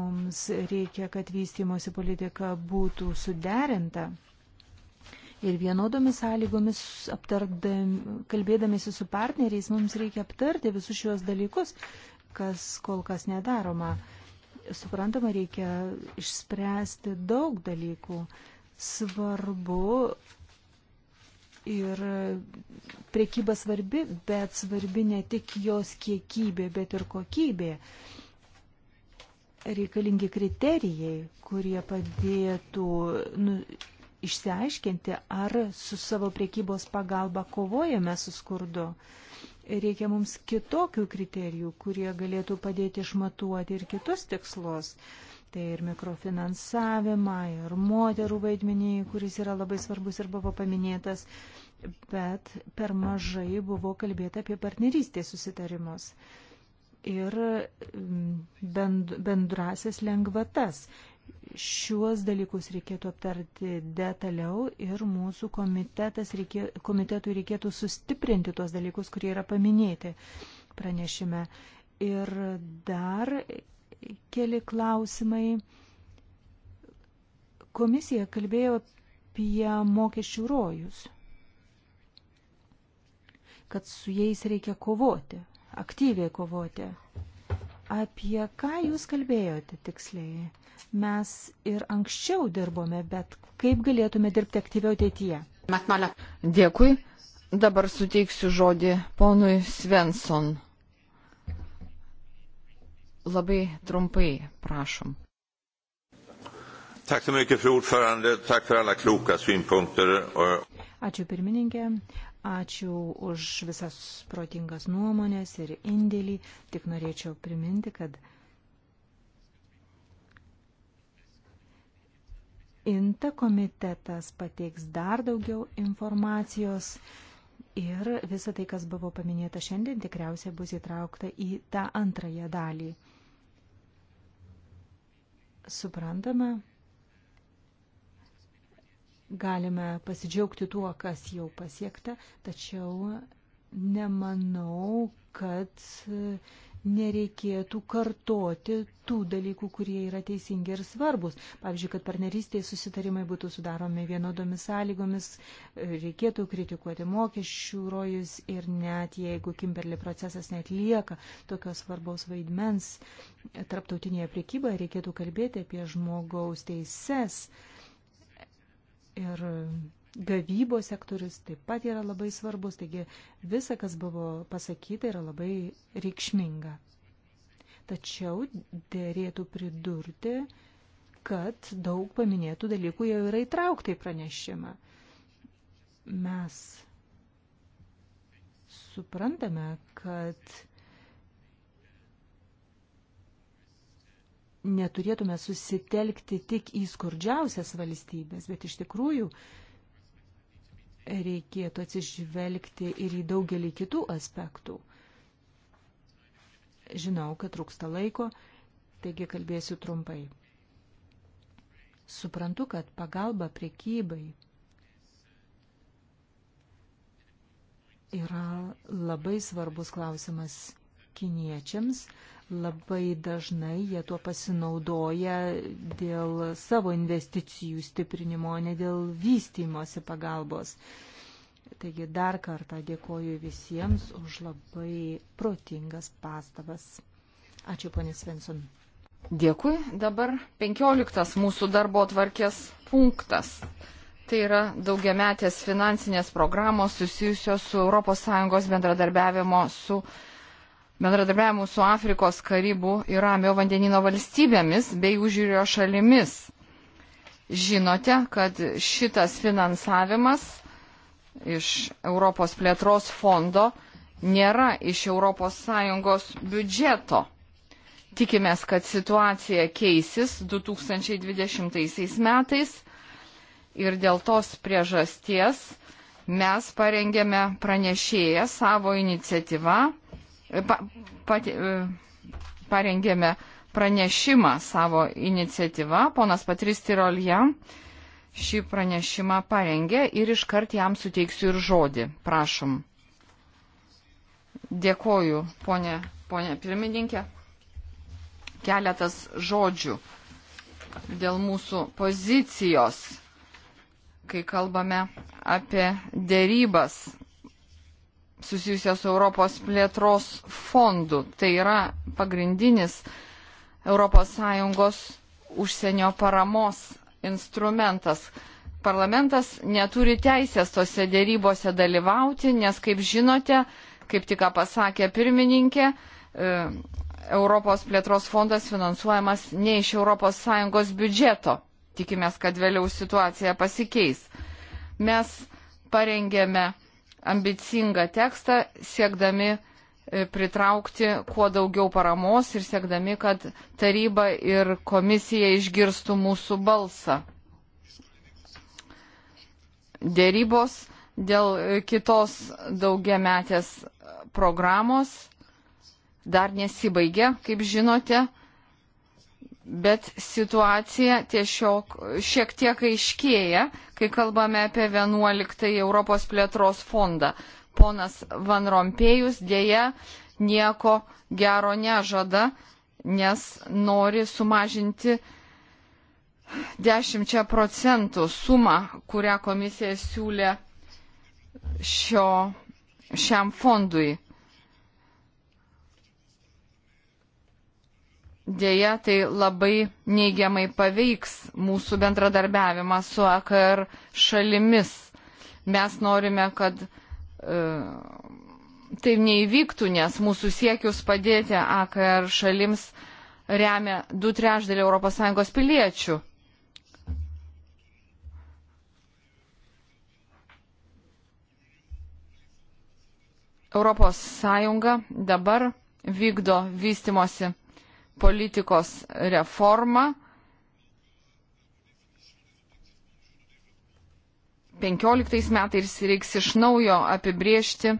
Mums reikia, kad vystimosi politika būtų suderinta ir vienodomis sąlygomis kalbėdamėsi su partneriais mums reikia aptarti visus šios dalykus, kas kol kas nedaroma. Suprantama, reikia išspręsti daug dalykų. Svarbu ir priekyba svarbi, bet svarbi ne tik jos kiekybė, bet ir kokybė. Reikalingi kriterijai, kurie padėtų nu, išsiaiškinti, ar su savo priekybos pagalba kovojame su skurdu. Reikia mums kitokių kriterijų, kurie galėtų padėti išmatuoti ir kitus tikslus. Tai ir mikrofinansavimą, ir moterų vaidmenį, kuris yra labai svarbus ir buvo paminėtas, bet per mažai buvo kalbėta apie partnerystės susitarimus ir mm, bendrasias lengvatas šiuos dalykus reikėtų aptarti detaliau ir mūsų reikė, komitetui reikėtų sustiprinti tuos dalykus, kurie yra paminėti pranešime. Ir dar keli klausimai. Komisija kalbėjo apie mokesčių rojus, kad su jais reikia kovoti, aktyviai kovoti. Apie ką jūs kalbėjote tiksliai? Mes ir anksčiau dirbome, bet kaip galėtume dirbti aktyviau ateityje? Dėkui. Dabar suteiksiu žodį ponui Svensson. Labai trumpai, prašom. Tack så mycket, fru ordförande. Tack för alla kloka synpunkter. Ačiū pirmininkė, ačiū už visas protingas nuomonės ir indėlį. Tik norėčiau priminti, kad INTA komitetas pateiks dar daugiau informacijos ir visa tai, kas buvo paminėta šiandien, tikriausiai bus įtraukta į tą antrąją dalį. Suprantama, galime pasidžiaugti tuo, kas jau pasiekta, tačiau nemanau, kad uh, nereikėtų kartoti tų dalykų, kurie yra teisingi ir svarbus. Pavyzdžiui, kad partnerystėje susitarimai būtų sudaromi vienodomis sąlygomis, reikėtų kritikuoti mokesčių rojus ir net jeigu Kimberly procesas netlieka tokios svarbaus vaidmens tarptautinėje priekyboje, reikėtų kalbėti apie žmogaus teises. Ir gavybos sektorius taip pat yra labai svarbus, taigi visa, kas buvo pasakyta, yra labai reikšminga. Tačiau dėrėtų pridurti, kad daug paminėtų dalykų jau yra įtraukta į pranešimą. Mes suprantame, kad neturėtume susitelkti tik į skurdžiausias valstybės, bet iš tikrųjų reikėtų atsižvelgti ir į daugelį kitų aspektų. Žinau, kad trūksta laiko, taigi kalbėsiu trumpai. Suprantu, kad pagalba priekybai yra labai svarbus klausimas kiniečiams, Labai dažnai jie tuo pasinaudoja dėl savo investicijų stiprinimo, ne dėl vystymosi pagalbos. Taigi dar kartą dėkoju visiems už labai protingas pastabas. Ačiū, ponė Svensson. Dėkui. Dabar penkioliktas mūsų darbo tvarkės punktas. Tai yra daugiametės finansinės programos susijusios su ES bendradarbiavimo su bendradarbiavimu su Afrikos, Karibų ir Ramio vandenino valstybėmis bei užžiūrio šalimis. Žinote, kad šitas finansavimas iš Europos plėtros fondo nėra iš ES biudžeto. Tikimės, kad situacija keisis 2020 metais ir dėl tos priežasties mes parengėme pranešėją savo iniciatyvą E, pa, pat, e, parengėme pranešimą savo iniciatyvą. Ponas Patris Tirolje šį pranešimą parengė ir iškart jam suteiksiu ir žodį. Prašom. Dėkoju, ponė, ponė pirmininkė. Keletas žodžių dėl mūsų pozicijos, kai kalbame apie dėrybas susijusios su Europos plėtros fondu. Tai yra pagrindinis ES užsienio paramos instrumentas. Parlamentas neturi teisės tose dėrybose dalyvauti, nes, kaip žinote, kaip tik pasakė pirmininkė, e, Europos plėtros fondas finansuojamas ne iš ES biudžeto. Tikimės, kad vėliau situacija pasikeis. Mes parengėme ambicingą tekstą, siekdami e, pritraukti kuo daugiau paramos ir siekdami, kad taryba ir komisija išgirstų mūsų balsą. Dėrybos dėl e, kitos daugiametės programos dar nesibaigė, kaip žinote bet situacija tiesiog šiek tiek aiškėja, kai kalbame apie 11 Europos plėtros fondą. Ponas Van Rompėjus dėja nieko gero nežada, nes nori sumažinti 10 procentų sumą, kurią komisija siūlė šio, šiam fondui. dėja tai labai neigiamai paveiks mūsų bendradarbiavimą su AKR šalimis. Mes norime, kad e, tai neįvyktų, nes mūsų siekius padėti AKR šalims remia du trešdėlį ES piliečių. ES dabar vykdo vystimosi politikos reformą. 15 metais reiks iš naujo apibriežti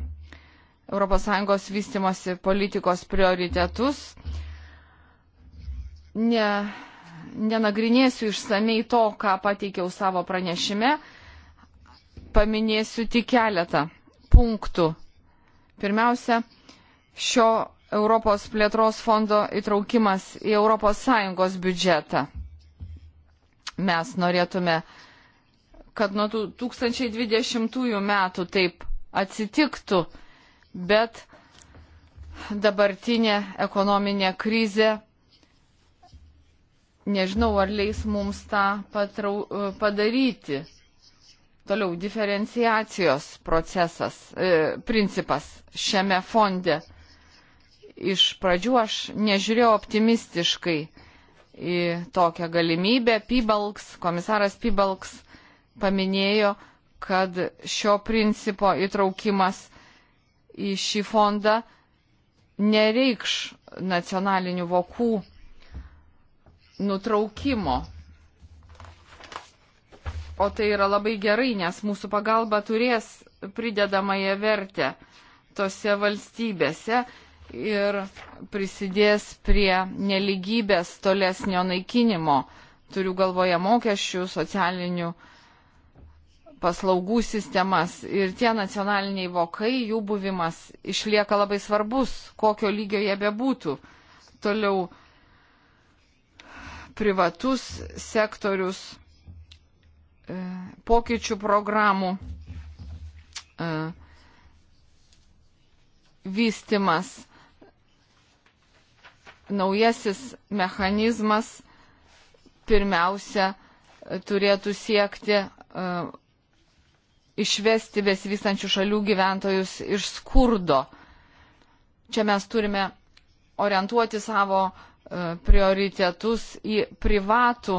ES vystimosi politikos prioritetus. Ne, nenagrinėsiu išsamei to, ką pateikiau savo pranešime, paminėsiu tik keletą punktų. Pirmiausia, šio Europos plėtros fondo įtraukimas į ES biudžetą. Mes norėtume, kad nuo 2020 metų taip atsitiktų, bet dabartinė ekonominė krizė, nežinau, ar leis mums tą patrau, padaryti. Toliau diferenciacijos procesas, e, principas šiame fonde iš pradžių aš nežiūrėjau optimistiškai į tokią galimybę. Pybalks, komisaras Pybalks paminėjo, kad šio principo įtraukimas į šį fondą nereikš nacionalinių vokų nutraukimo. O tai yra labai gerai, nes mūsų pagalba turės pridedamąją vertę tose valstybėse ir prisidės prie neligybės tolesnio naikinimo. Turiu galvoje mokesčių, socialinių paslaugų sistemas ir tie nacionaliniai vokai, jų buvimas išlieka labai svarbus, kokio lygio jie bebūtų. Toliau privatus sektorius, e, pokyčių programų e, vystimas naujasis mechanizmas pirmiausia e, turėtų siekti uh, išvesti besivystančių šalių gyventojus iš skurdo. Čia mes turime orientuoti savo uh, prioritetus į privatų,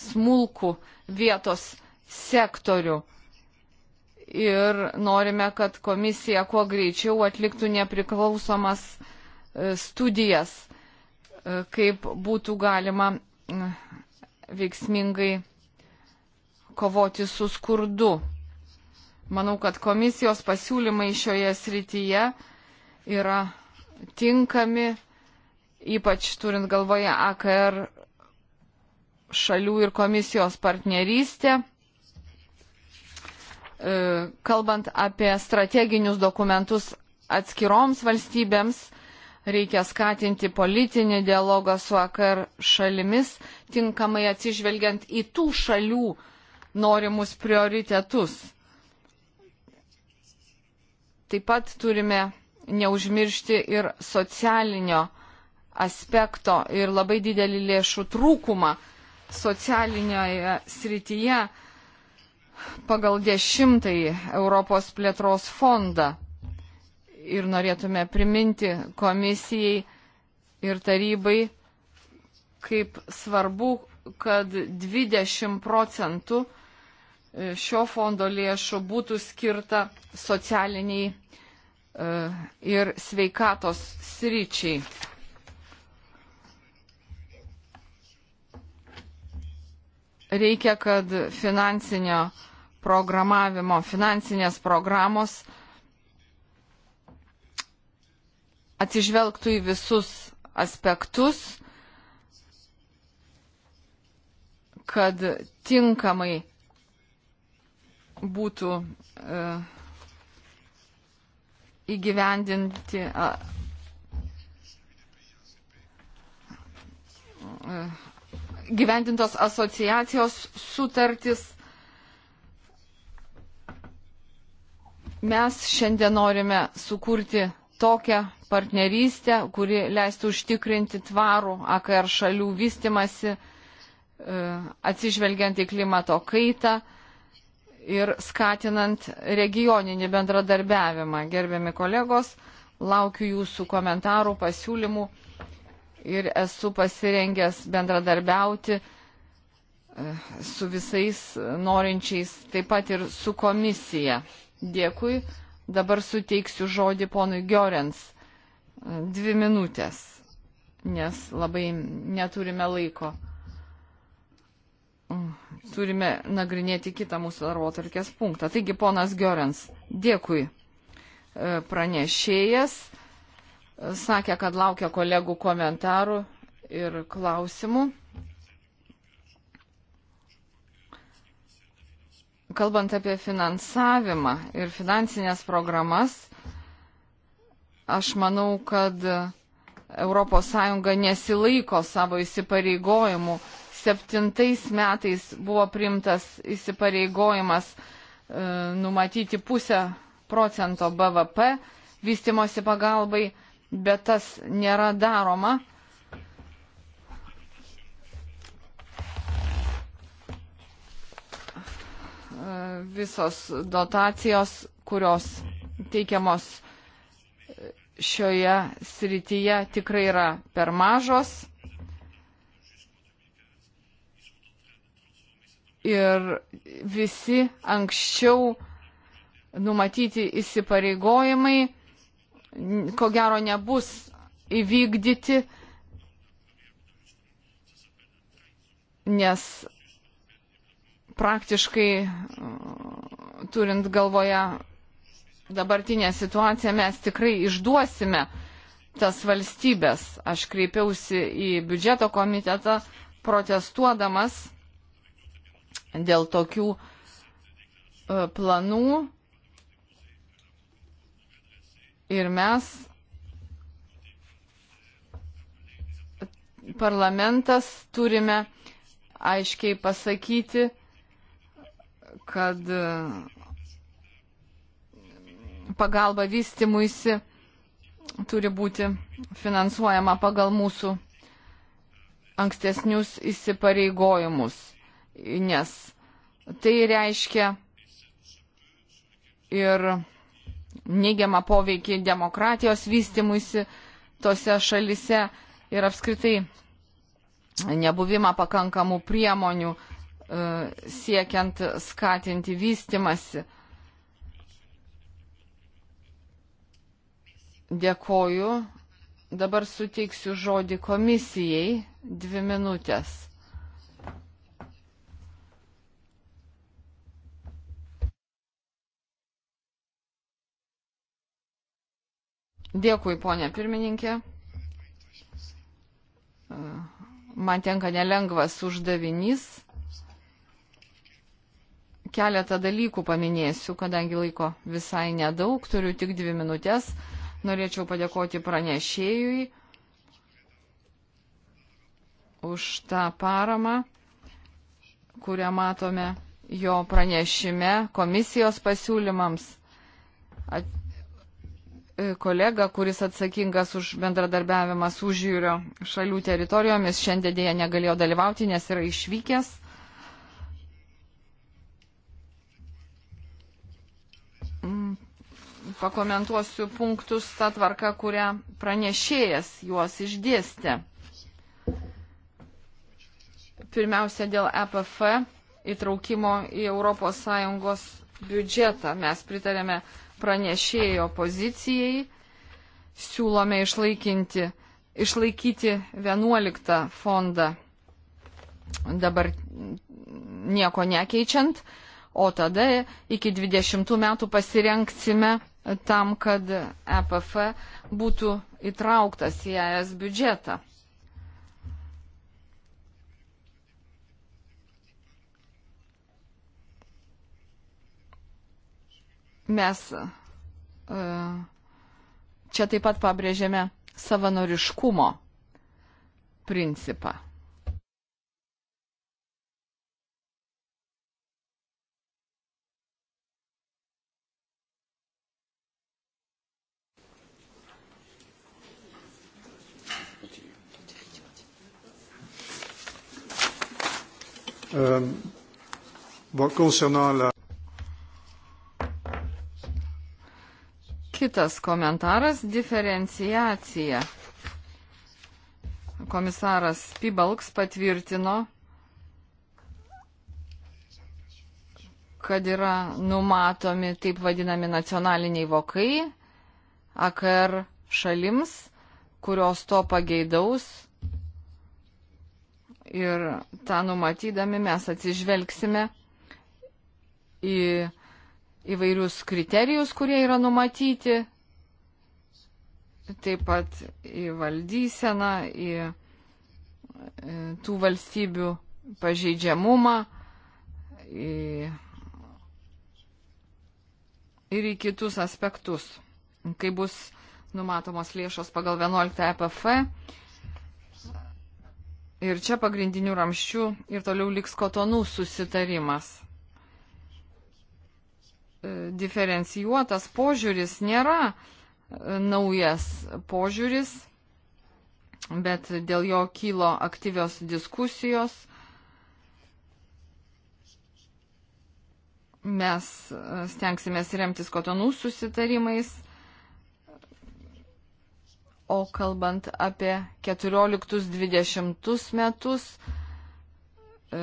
smulkų vietos sektorių. Ir norime, kad komisija kuo greičiau atliktų nepriklausomas uh, studijas E, kaip būtų galima e, veiksmingai kovoti su skurdu. Manau, kad komisijos pasiūlymai šioje srityje yra tinkami, ypač turint galvoje AKR šalių ir komisijos partnerystę. E, kalbant apie strateginius dokumentus atskiroms valstybėms, reikia skatinti politinį dialogą su AKR šalimis, tinkamai atsižvelgiant į tų šalių norimus prioritetus. Taip pat turime neužmiršti ir socialinio aspekto ir labai didelį lėšų trūkumą socialinėje srityje pagal dešimtąjį Europos plėtros fondą ir norėtume priminti komisijai ir tarybai, kaip svarbu, kad 20 procentų šio fondo lėšų būtų skirta socialiniai e, ir sveikatos sryčiai. Reikia, kad finansinio programavimo, finansinės programos atsižvelgtų į visus aspektus, kad tinkamai būtų e, įgyvendinti a, e, gyvendintos asociacijos sutartis. Mes šiandien norime sukurti tokią partnerystę, kuri leistų užtikrinti tvarų AKR šalių vystimasi, e, atsižvelgiant į klimato kaitą ir skatinant regioninį bendradarbiavimą. Gerbiami kolegos, laukiu jūsų komentarų, pasiūlymų ir esu pasirengęs bendradarbiauti e, su visais norinčiais, taip pat ir su komisija. Dėkui. Dabar suteiksiu žodį ponui Giorens. Dvi minutės, nes labai neturime laiko. Turime nagrinėti kitą mūsų darbo tarkės punktą. Taigi, ponas Giorens, dėkui e, pranešėjas sakė, kad laukia kolegų komentarų ir klausimų. kalbant apie finansavimą ir finansinės programas, aš manau, kad ES nesilaiko savo įsipareigojimų. Septintais metais buvo primtas įsipareigojimas e, numatyti pusę procento BVP vystimosi pagalbai, bet tas nėra daroma. visos dotacijos, kurios teikiamos šioje srityje, tikrai yra per mažos. Ir visi anksčiau numatyti įsipareigojimai, ko gero, nebus įvykdyti, nes praktiškai mm, turint galvoje dabartinę situaciją mes tikrai išduosime tas valstybės. Aš kreipiausi į biudžeto komitetą protestuodamas dėl tokių e, planų ir mes parlamentas turime aiškiai pasakyti, kad e, pagalba vystimuisi turi būti finansuojama pagal mūsų ankstesnius įsipareigojimus, nes tai reiškia ir neigiamą poveikį demokratijos vystimuisi tose šalise ir apskritai nebuvimą pakankamų priemonių siekiant skatinti vystimasi. Dėkoju. Dabar suteiksiu žodį komisijai dvi minutės. Dėkui, ponė pirmininkė. Man tenka nelengvas uždavinys keletą dalykų paminėsiu, kadangi laiko visai nedaug, turiu tik dvi minutės. Norėčiau padėkoti pranešėjui už tą paramą, kurią matome jo pranešime komisijos pasiūlymams. At, e, kolega, kuris atsakingas už bendradarbiavimą su užjūrio šalių teritorijomis, šiandien dėja negalėjo dalyvauti, nes yra išvykęs. pakomentuosiu punktus tą tvarką, kurią pranešėjas juos išdėstė. Pirmiausia, dėl EPF įtraukimo į ES biudžetą. Mes pritarėme pranešėjo pozicijai, siūlome išlaikyti 11 fondą dabar nieko nekeičiant, o tada iki 20 metų pasirenksime tam, kad EPF būtų įtrauktas į ES biudžetą. Mes e, čia taip pat pabrėžėme savanoriškumo principą. Euh, bon, concernant la... Kitas komentaras - diferenciacija. Komisaras Pibalks patvirtino, kad yra numatomi taip vadinami nacionaliniai vokai AKR šalims, kurios to pageidaus Ir tą numatydami mes atsižvelgsime į įvairius kriterijus, kurie yra numatyti, taip pat į valdyseną, į e, tų valstybių pažeidžiamumą į, ir į kitus aspektus. Kai bus numatomos lėšos pagal 11 EPF, Ir čia pagrindinių ramščių ir toliau liks kotonų susitarimas. E, diferencijuotas požiūris nėra e, naujas požiūris, bet dėl jo kylo aktyvios diskusijos. Mes e, stengsimės remtis kotonų susitarimais O kalbant apie 14-20 metus, e,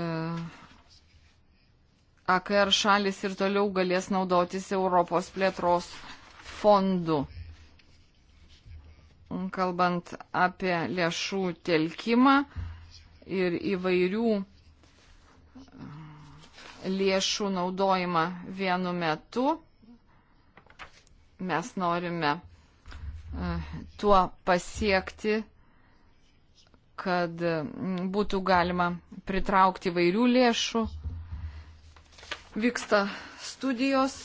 AKR šalis ir toliau galės naudotis Europos plėtros fondu. Kalbant apie lėšų telkimą ir įvairių e, lėšų naudojimą vienu metu, mes norime tuo pasiekti, kad mm, būtų galima pritraukti vairių lėšų. Vyksta studijos,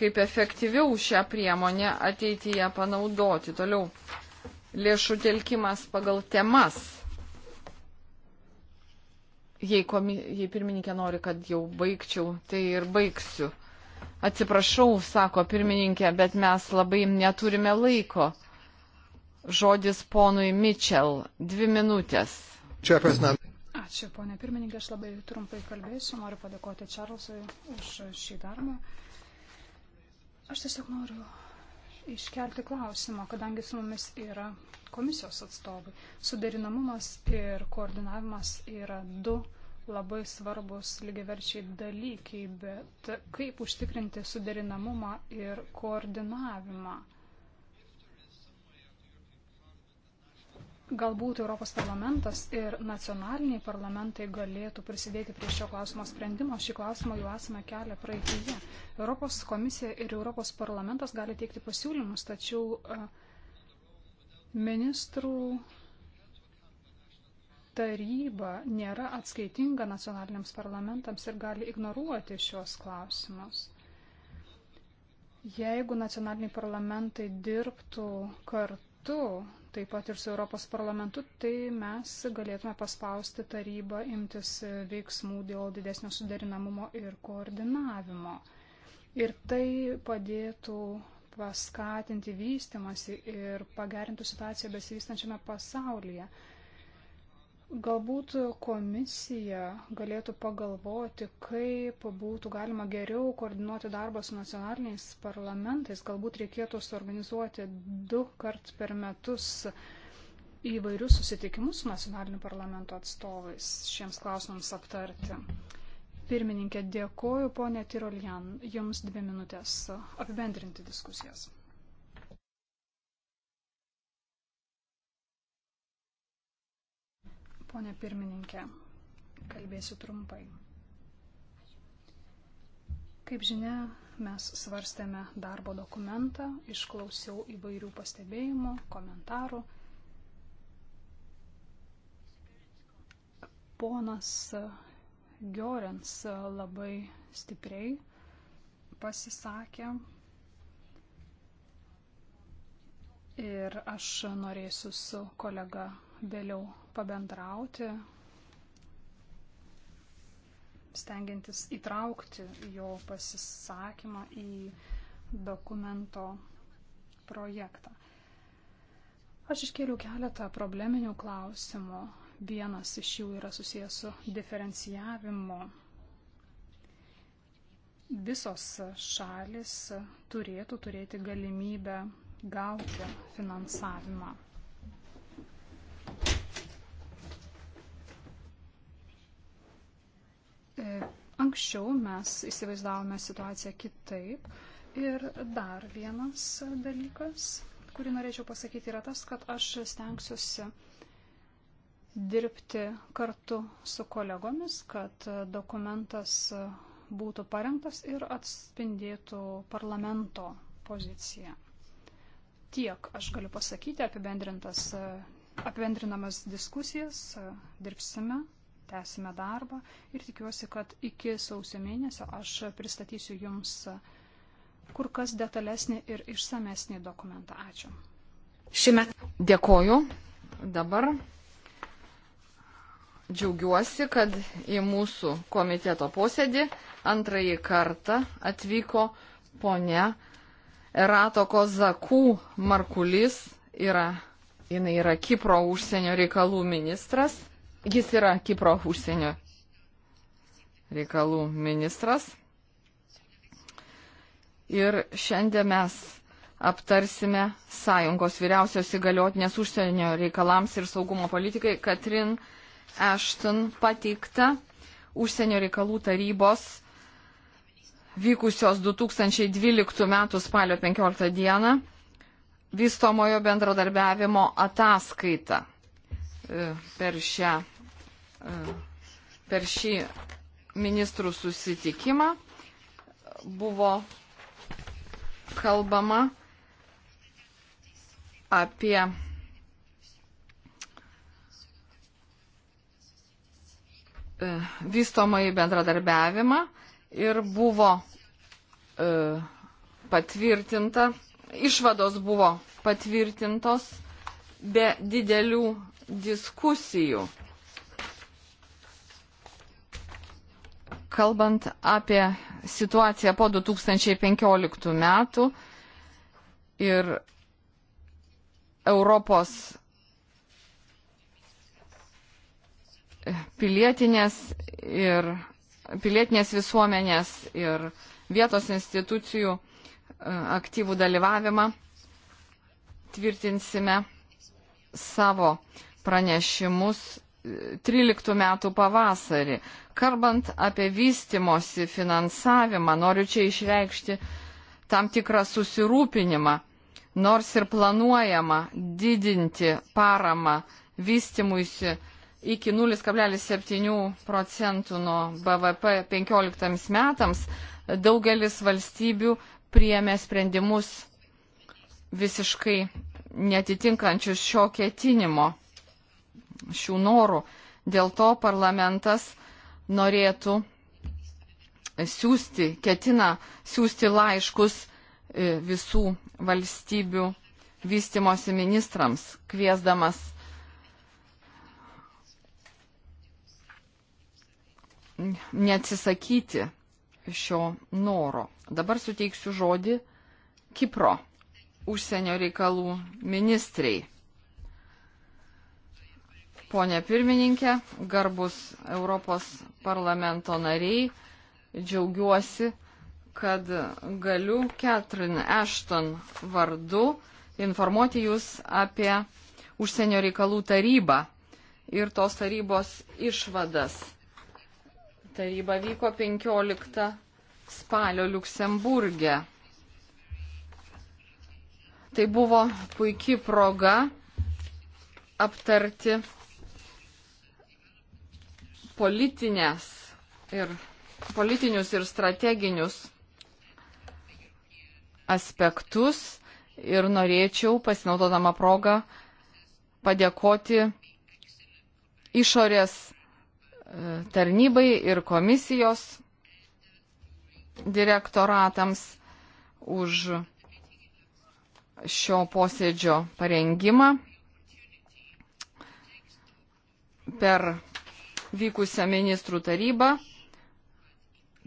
kaip efektyviau šią priemonę ateityje panaudoti. Toliau lėšų telkimas pagal temas. Jei, komi, jei pirmininkė nori, kad jau baigčiau, tai ir baigsiu. Atsiprašau, sako pirmininkė, bet mes labai neturime laiko. Žodis ponui Mitchell. Dvi minutės. Čia prasme. Ačiū, ponė pirmininkė, aš labai trumpai kalbėsiu. Noriu padėkoti Čarlzui už šį darbą. Aš tiesiog noriu iškelti klausimą, kadangi su mumis yra komisijos atstovai. Suderinamumas ir koordinavimas yra du labai svarbus lygiaverčiai dalykai, bet kaip užtikrinti suderinamumą ir koordinavimą. Galbūt Europos parlamentas ir nacionaliniai parlamentai galėtų prisidėti prie šio klausimo sprendimo. Šį klausimą jau esame kelę praeitįje. Europos komisija ir Europos parlamentas gali teikti pasiūlymus, tačiau e, ministrų taryba nėra atskaitinga nacionaliniams parlamentams ir gali ignoruoti šios klausimus. Jeigu nacionaliniai parlamentai dirbtų kartu, taip pat ir su Europos parlamentu, tai mes galėtume paspausti tarybą imtis veiksmų dėl didesnio suderinamumo ir koordinavimo. Ir tai padėtų paskatinti vystimasi ir pagerintų situaciją besivystančiame pasaulyje. Galbūt komisija galėtų pagalvoti, kaip būtų galima geriau koordinuoti darbą su nacionaliniais parlamentais. Galbūt reikėtų suorganizuoti du kart per metus įvairius susitikimus su nacionaliniu parlamento atstovais šiems klausimams aptarti. Pirmininkė, dėkoju, ponė Tirolian, jums dvi minutės apibendrinti diskusijas. Pone pirmininkė, kalbėsiu trumpai. Kaip žinia, mes svarstėme darbo dokumentą, išklausiau įvairių pastebėjimų, komentarų. Ponas Giorens labai stipriai pasisakė ir aš norėsiu su kolega vėliau pabendrauti, stengiantis įtraukti jo pasisakymą į dokumento projektą. Aš iškėliau keletą probleminių klausimų. Vienas iš jų yra susijęs su diferencijavimu. Visos šalis turėtų turėti galimybę gauti finansavimą. E, anksčiau mes įsivaizdavome situaciją kitaip. Ir dar vienas dalykas, kurį norėčiau pasakyti, yra tas, kad aš stengsiuosi dirbti kartu su kolegomis, kad dokumentas būtų parengtas ir atspindėtų parlamento poziciją. Tiek aš galiu pasakyti apibendrinamas diskusijas, dirbsime tęsime darbą ir tikiuosi, kad iki sausio mėnesio aš pristatysiu Jums kur kas detalesnį ir išsamesnį dokumentą. Ačiū. Šimet dėkoju. Dabar džiaugiuosi, kad į mūsų komiteto posėdį antrąjį kartą atvyko ponia Erato Kozakų Markulis, yra, jinai yra Kipro užsienio reikalų ministras. Jis yra Kipro užsienio reikalų ministras. Ir šiandien mes aptarsime sąjungos vyriausios įgaliotinės užsienio reikalams ir saugumo politikai Katrin Ashton pateiktą užsienio reikalų tarybos vykusios 2012 m. spalio 15 d. vystomojo bendradarbiavimo ataskaitą e, per šią per šį ministrų susitikimą buvo kalbama apie e, vystomąjį bendradarbiavimą ir buvo e, patvirtinta, išvados buvo patvirtintos be didelių diskusijų. kalbant apie situaciją po 2015 metų ir Europos pilietinės ir pilietinės visuomenės ir vietos institucijų e, aktyvų dalyvavimą tvirtinsime savo pranešimus 13 metų pavasarį. Kalbant apie vystimosi finansavimą, noriu čia išreikšti tam tikrą susirūpinimą, nors ir planuojama didinti paramą vystimuisi iki 0,7 procentų nuo BVP 15 metams, daugelis valstybių priėmė sprendimus visiškai netitinkančius šio ketinimo šių norų. Dėl to parlamentas norėtų siūsti, ketina siūsti laiškus e, visų valstybių vystimosi ministrams, kviesdamas neatsisakyti šio noro. Dabar suteiksiu žodį Kipro užsienio reikalų ministrei. Pone pirmininkė, garbus Europos parlamento nariai, džiaugiuosi, kad galiu Catherine Ashton vardu informuoti Jūs apie užsienio reikalų tarybą ir tos tarybos išvadas. Taryba vyko 15 spalio Luksemburgė. Tai buvo puikia proga aptarti politinės ir politinius ir strateginius aspektus ir norėčiau pasinaudodama progą padėkoti išorės e, tarnybai ir komisijos direktoratams už šio posėdžio parengimą. Per vykusią ministrų tarybą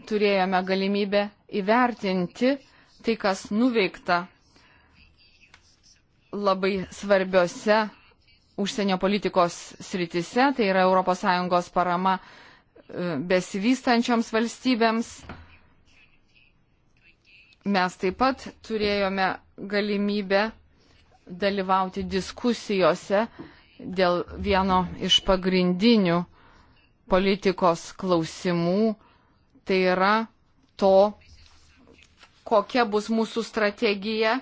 turėjome galimybę įvertinti tai, kas nuveikta labai svarbiose užsienio politikos sritise, tai yra ES parama e, besivystančioms valstybėms. Mes taip pat turėjome galimybę dalyvauti diskusijose dėl vieno iš pagrindinių politikos klausimų, tai yra to, kokia bus mūsų strategija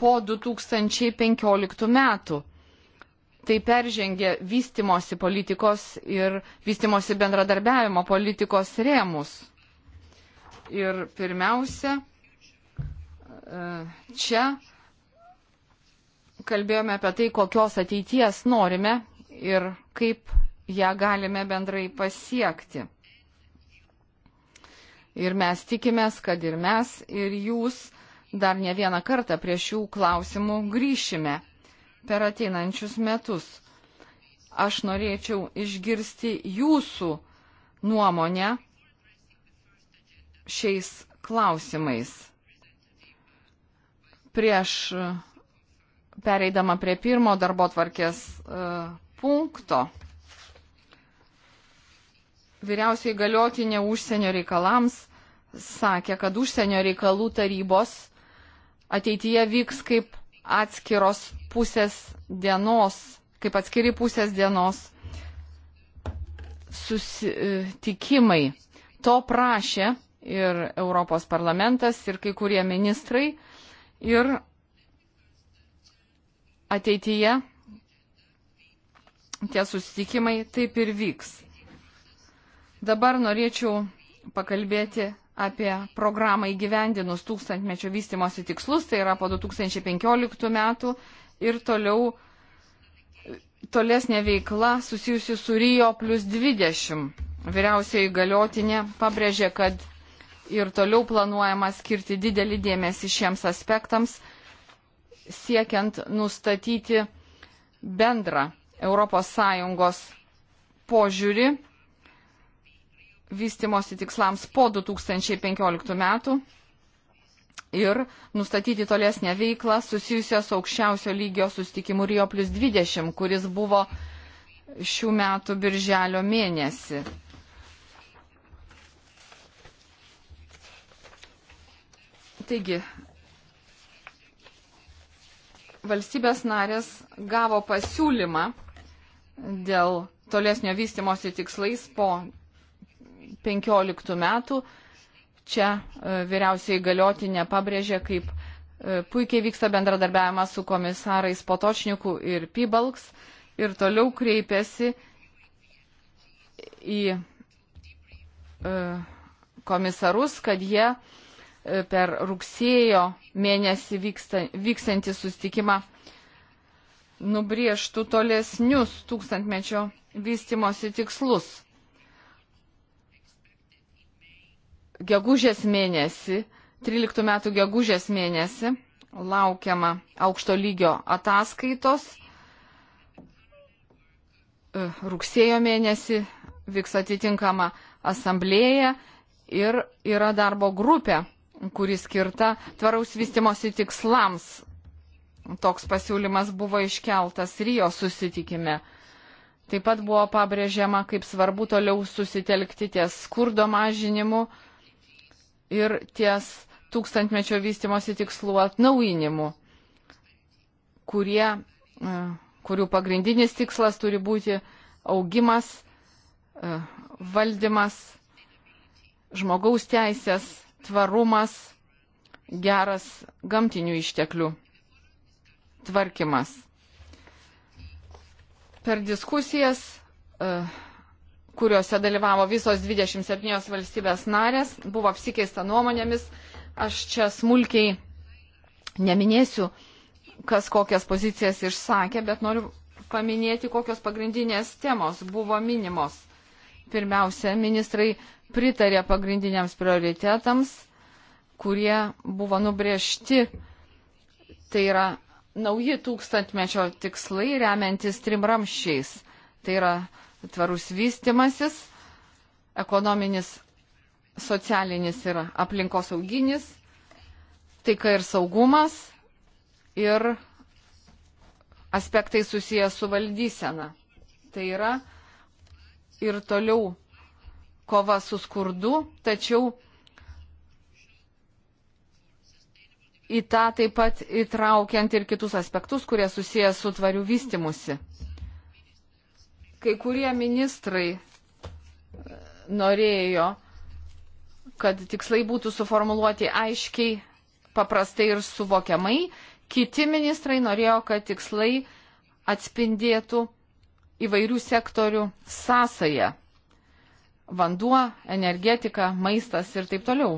po 2015 metų. Tai peržengia vystimosi politikos ir vystimosi bendradarbiavimo politikos rėmus. Ir pirmiausia, e, čia kalbėjome apie tai, kokios ateities norime ir kaip ją galime bendrai pasiekti. Ir mes tikimės, kad ir mes, ir jūs dar ne vieną kartą prie šių klausimų grįšime per ateinančius metus. Aš norėčiau išgirsti jūsų nuomonę šiais klausimais. Prieš pereidama prie pirmo darbo tvarkės uh, e, punkto vyriausiai galiotinė užsienio reikalams sakė, kad užsienio reikalų tarybos ateityje vyks kaip atskiros pusės dienos, kaip atskiri pusės dienos susitikimai. To prašė ir Europos parlamentas, ir kai kurie ministrai. Ir ateityje tie susitikimai taip ir vyks. Dabar norėčiau pakalbėti apie programą įgyvendinus tūkstantmečio vystimosi tikslus, tai yra po 2015 metų ir toliau tolesnė veikla susijusi su Rio plus 20. Vyriausiai galiotinė pabrėžė, kad ir toliau planuojama skirti didelį dėmesį šiems aspektams, siekiant nustatyti bendrą ES požiūrį vystimosi tikslams po 2015 metų ir nustatyti tolesnę veiklą susijusią su aukščiausio lygio sustikimu Rio plus 20, kuris buvo šių metų birželio mėnesį. Taigi, valstybės narės gavo pasiūlymą dėl tolesnio vystimosi tikslais po 2015 metų. Čia e, vyriausiai galiotinė pabrėžė, kaip e, puikiai vyksta bendradarbiavimas su komisarais Potočniku ir Pibalks ir toliau kreipėsi į e, komisarus, kad jie per rugsėjo mėnesį vyksta, vykstantį sustikimą nubrieštų tolesnius tūkstantmečio vystimosi tikslus. gegužės mėnesį, 13 metų gegužės mėnesį laukiama aukšto lygio ataskaitos. E, rugsėjo mėnesį vyks atitinkama asamblėja ir yra darbo grupė, kuri skirta tvaraus vystimosi tikslams. Toks pasiūlymas buvo iškeltas Rio susitikime. Taip pat buvo pabrėžiama, kaip svarbu toliau susitelkti ties skurdo mažinimu, uh, ir ties tūkstantmečio vystimosi tikslų atnauinimu, kurie, e, kurių pagrindinis tikslas turi būti augimas, e, valdymas, žmogaus teisės, tvarumas, geras gamtinių išteklių tvarkymas. Per diskusijas e, kuriuose dalyvavo visos 27 valstybės narės, buvo apsikeista nuomonėmis. Aš čia smulkiai neminėsiu, kas kokias pozicijas išsakė, bet noriu paminėti, kokios pagrindinės temos buvo minimos. Pirmiausia, ministrai pritarė pagrindiniams prioritetams, kurie buvo nubriežti. Tai yra nauji tūkstantmečio tikslai remiantis trim ramščiais. Tai yra tvarus vystimasis, ekonominis, socialinis ir aplinkosauginis, taika ir saugumas ir aspektai susijęs su valdysena. Tai yra ir toliau kova su skurdu, tačiau į tą taip pat įtraukiant ir kitus aspektus, kurie susijęs su tvariu vystimusi kai kurie ministrai e, norėjo, kad tikslai būtų suformuluoti aiškiai, paprastai ir suvokiamai, kiti ministrai norėjo, kad tikslai atspindėtų įvairių sektorių sąsają - vanduo, energetika, maistas ir taip toliau.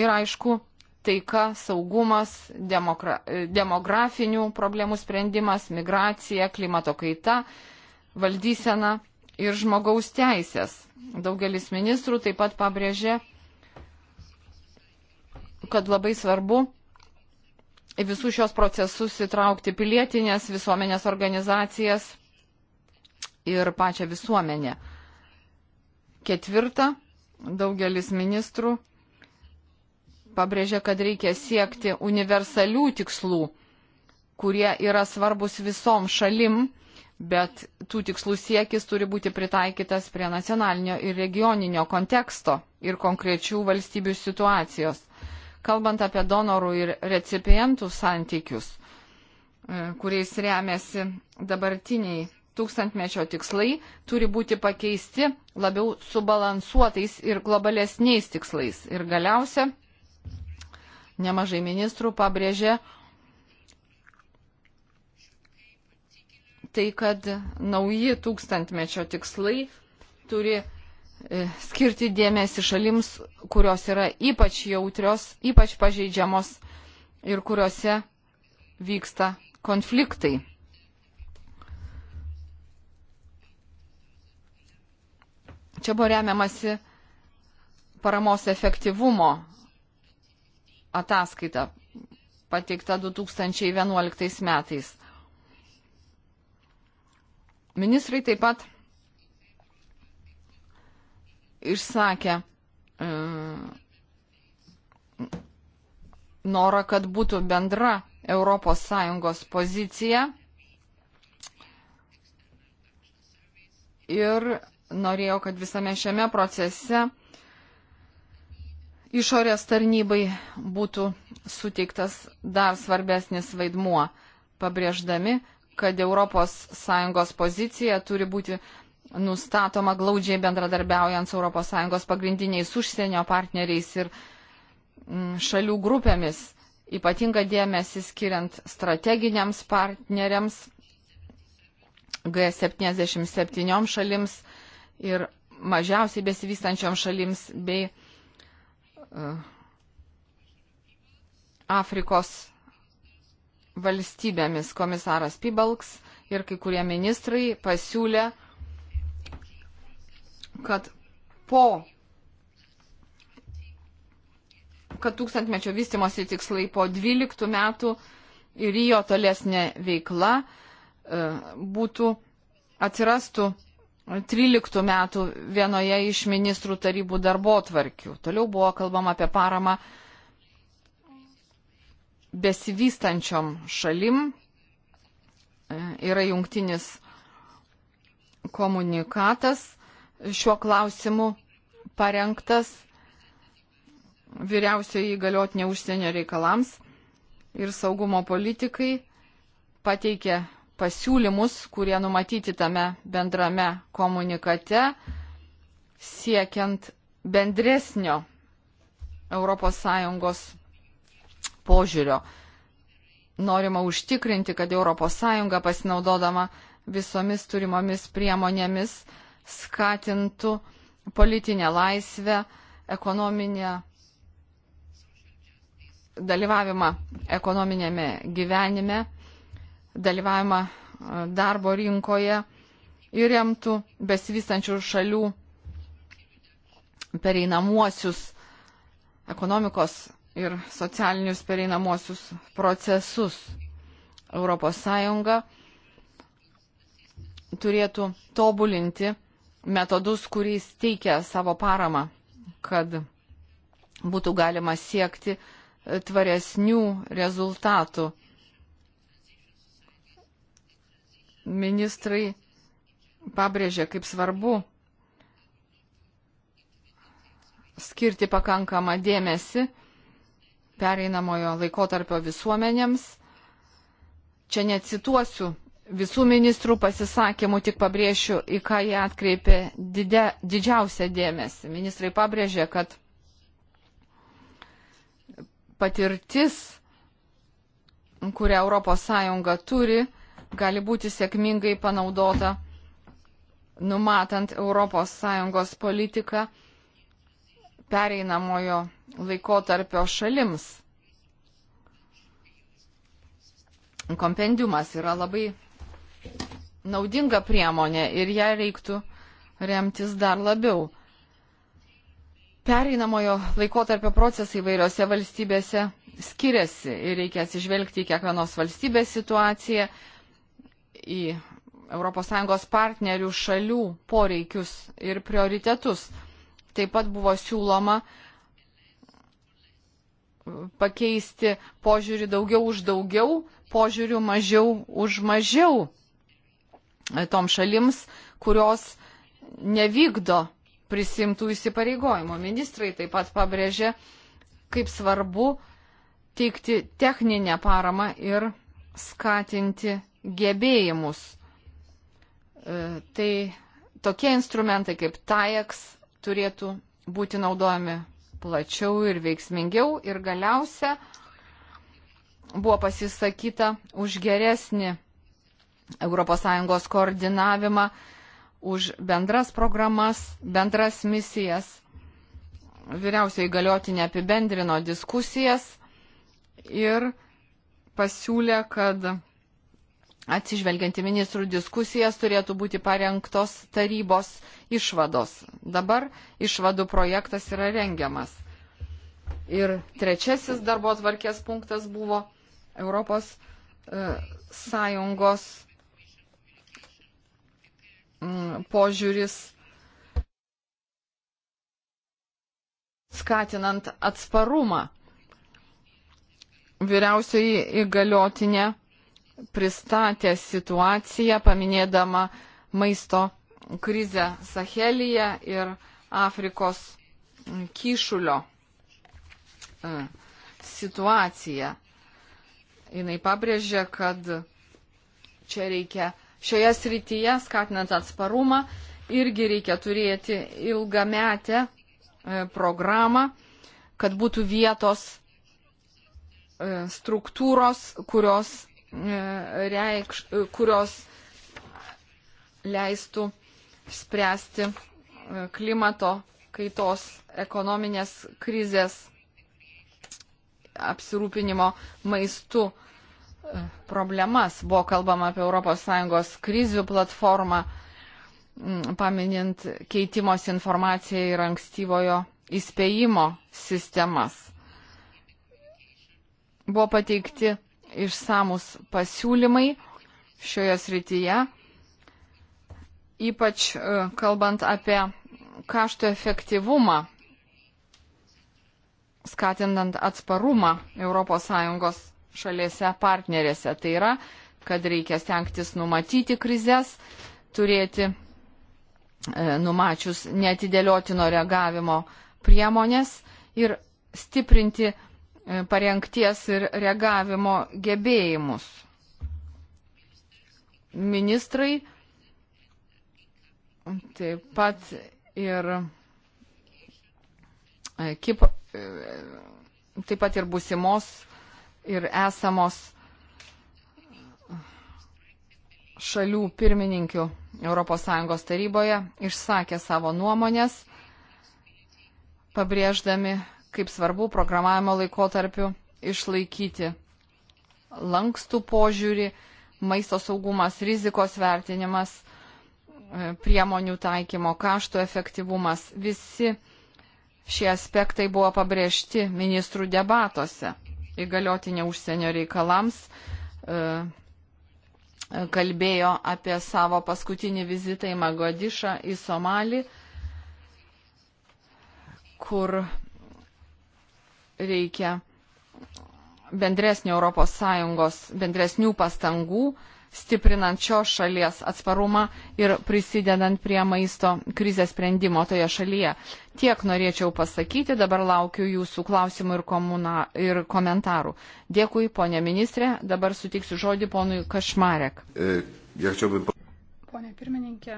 Ir aišku, taika, saugumas, demokra, demografinių problemų sprendimas, migracija, klimato kaita, valdysena ir žmogaus teisės. Daugelis ministrų taip pat pabrėžė, kad labai svarbu į visus šios procesus įtraukti pilietinės visuomenės organizacijas ir pačią visuomenę. Ketvirta, daugelis ministrų pabrėžė, kad reikia siekti universalių tikslų, kurie yra svarbus visom šalim, bet tų tikslų siekis turi būti pritaikytas prie nacionalinio ir regioninio konteksto ir konkrečių valstybių situacijos. Kalbant apie donorų ir recipientų santykius, e, kuriais remiasi dabartiniai tūkstantmečio tikslai, turi būti pakeisti labiau subalansuotais ir globalesniais tikslais. Ir galiausia, nemažai ministrų pabrėžė tai, kad nauji tūkstantmečio tikslai turi e, skirti dėmesį šalims, kurios yra ypač jautrios, ypač pažeidžiamos ir kuriuose vyksta konfliktai. Čia buvo remiamasi paramos efektyvumo ataskaita pateikta 2011 metais. Ministrai taip pat išsakė e, norą, kad būtų bendra ES pozicija ir norėjo, kad visame šiame procese išorės tarnybai būtų suteiktas dar svarbesnis vaidmuo, pabrėždami, kad ES pozicija turi būti nustatoma glaudžiai bendradarbiaujant su ES pagrindiniais užsienio partneriais ir mm, šalių grupėmis, ypatinga dėmesį skiriant strateginiams partneriams, G77 šalims ir mažiausiai besivystančiom šalims bei E, Afrikos valstybėmis komisaras Pibalks ir kai kurie ministrai pasiūlė, kad po kad tūkstantmečio vystimosi tikslai po 12 metų ir jo tolesnė veikla e, būtų atsirastų 13 metų vienoje iš ministrų tarybų darbo tvarkių. Toliau buvo kalbama apie paramą besivystančiom šalim. E, yra jungtinis komunikatas šiuo klausimu parengtas vyriausioji įgaliotinė užsienio reikalams ir saugumo politikai pateikė pasiūlymus, kurie numatyti tame bendrame komunikate, siekiant bendresnio ES požiūrio. Norima užtikrinti, kad ES pasinaudodama visomis turimomis priemonėmis skatintų politinę laisvę, ekonominę dalyvavimą ekonominėme gyvenime dalyvavimą darbo rinkoje ir remtų besivystančių šalių pereinamuosius ekonomikos ir socialinius pereinamuosius procesus. ES turėtų tobulinti metodus, kuriais teikia savo paramą, kad būtų galima siekti tvaresnių rezultatų ministrai pabrėžė, kaip svarbu skirti pakankamą dėmesį pereinamojo laikotarpio visuomenėms. Čia necituosiu visų ministrų pasisakymų, tik pabrėšiu, į ką jie atkreipė didė, didžiausią dėmesį. Ministrai pabrėžė, kad patirtis, kurią ES turi, gali būti sėkmingai panaudota numatant ES politiką pereinamojo laikotarpio šalims. Kompendiumas yra labai naudinga priemonė ir ją reiktų remtis dar labiau. Pereinamojo laikotarpio procesai įvairiose valstybėse skiriasi ir reikia atsižvelgti į kiekvienos valstybės situaciją, į ES partnerių šalių poreikius ir prioritetus. Taip pat buvo siūloma pakeisti požiūrį daugiau už daugiau, požiūrių mažiau už mažiau tom šalims, kurios nevykdo prisimtų įsipareigojimų. Ministrai taip pat pabrėžė, kaip svarbu teikti techninę paramą ir skatinti gebėjimus. E, tai tokie instrumentai kaip TAEX turėtų būti naudojami plačiau ir veiksmingiau ir galiausia buvo pasisakyta už geresnį ES koordinavimą, už bendras programas, bendras misijas. Vyriausiai galiotinė apibendrino diskusijas ir pasiūlė, kad atsižvelgiant į ministrų diskusijas, turėtų būti parengtos tarybos išvados. Dabar išvadų projektas yra rengiamas. Ir trečiasis darbo tvarkės punktas buvo Europos e, Sąjungos m, požiūris skatinant atsparumą. Vyriausioji įgaliotinė pristatė situaciją, paminėdama maisto krizę Sahelyje ir Afrikos kyšulio e, situaciją. Jis pabrėžė, kad čia reikia šioje srityje, skatinant atsparumą, irgi reikia turėti ilgametę e, programą, kad būtų vietos e, struktūros, kurios E, reikš, e, kurios leistų spręsti e, klimato kaitos ekonominės krizės apsirūpinimo maistu problemas. Buvo kalbama apie ES krizių platformą, paminint keitimos informaciją ir ankstyvojo įspėjimo sistemas. Buvo pateikti išsamus pasiūlymai šioje srityje, ypač e, kalbant apie kaštų efektyvumą, skatinant atsparumą ES šalėse partnerėse. Tai yra, kad reikia stengtis numatyti krizės, turėti e, numačius netidėliotino reagavimo priemonės ir stiprinti parengties ir reagavimo gebėjimus. Ministrai taip pat ir e, Kip, e, taip pat ir busimos ir esamos šalių pirmininkių ES taryboje išsakė savo nuomonės, pabrėždami, kaip svarbu programavimo laikotarpiu išlaikyti lankstų požiūrį, maisto saugumas, rizikos vertinimas, e, priemonių taikymo, kaštų efektyvumas. Visi šie aspektai buvo pabrėžti ministrų debatuose. Įgaliotinė užsienio reikalams e, e, kalbėjo apie savo paskutinį vizitą į Magodišą, į Somalį, kur reikia bendresnio ES, bendresnių pastangų, stiprinant šios šalies atsparumą ir prisidedant prie maisto krizės sprendimo toje šalyje. Tiek norėčiau pasakyti, dabar laukiu jūsų klausimų ir, komuna, ir komentarų. Dėkui, ponė ministrė, dabar sutiksiu žodį ponui Kašmarek. E, Pone pirmininkė,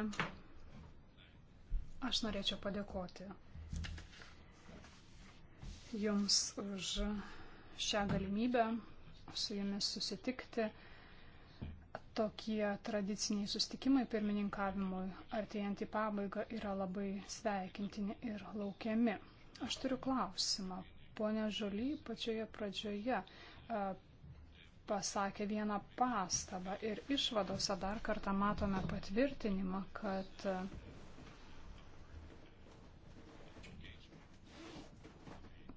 aš norėčiau padėkoti Jums už šią galimybę su Jumis susitikti. Tokie tradiciniai sustikimai pirmininkavimui artėjant į pabaigą yra labai sveikintini ir laukiami. Aš turiu klausimą. Pone Žoly pačioje pradžioje pasakė vieną pastabą ir išvadose dar kartą matome patvirtinimą, kad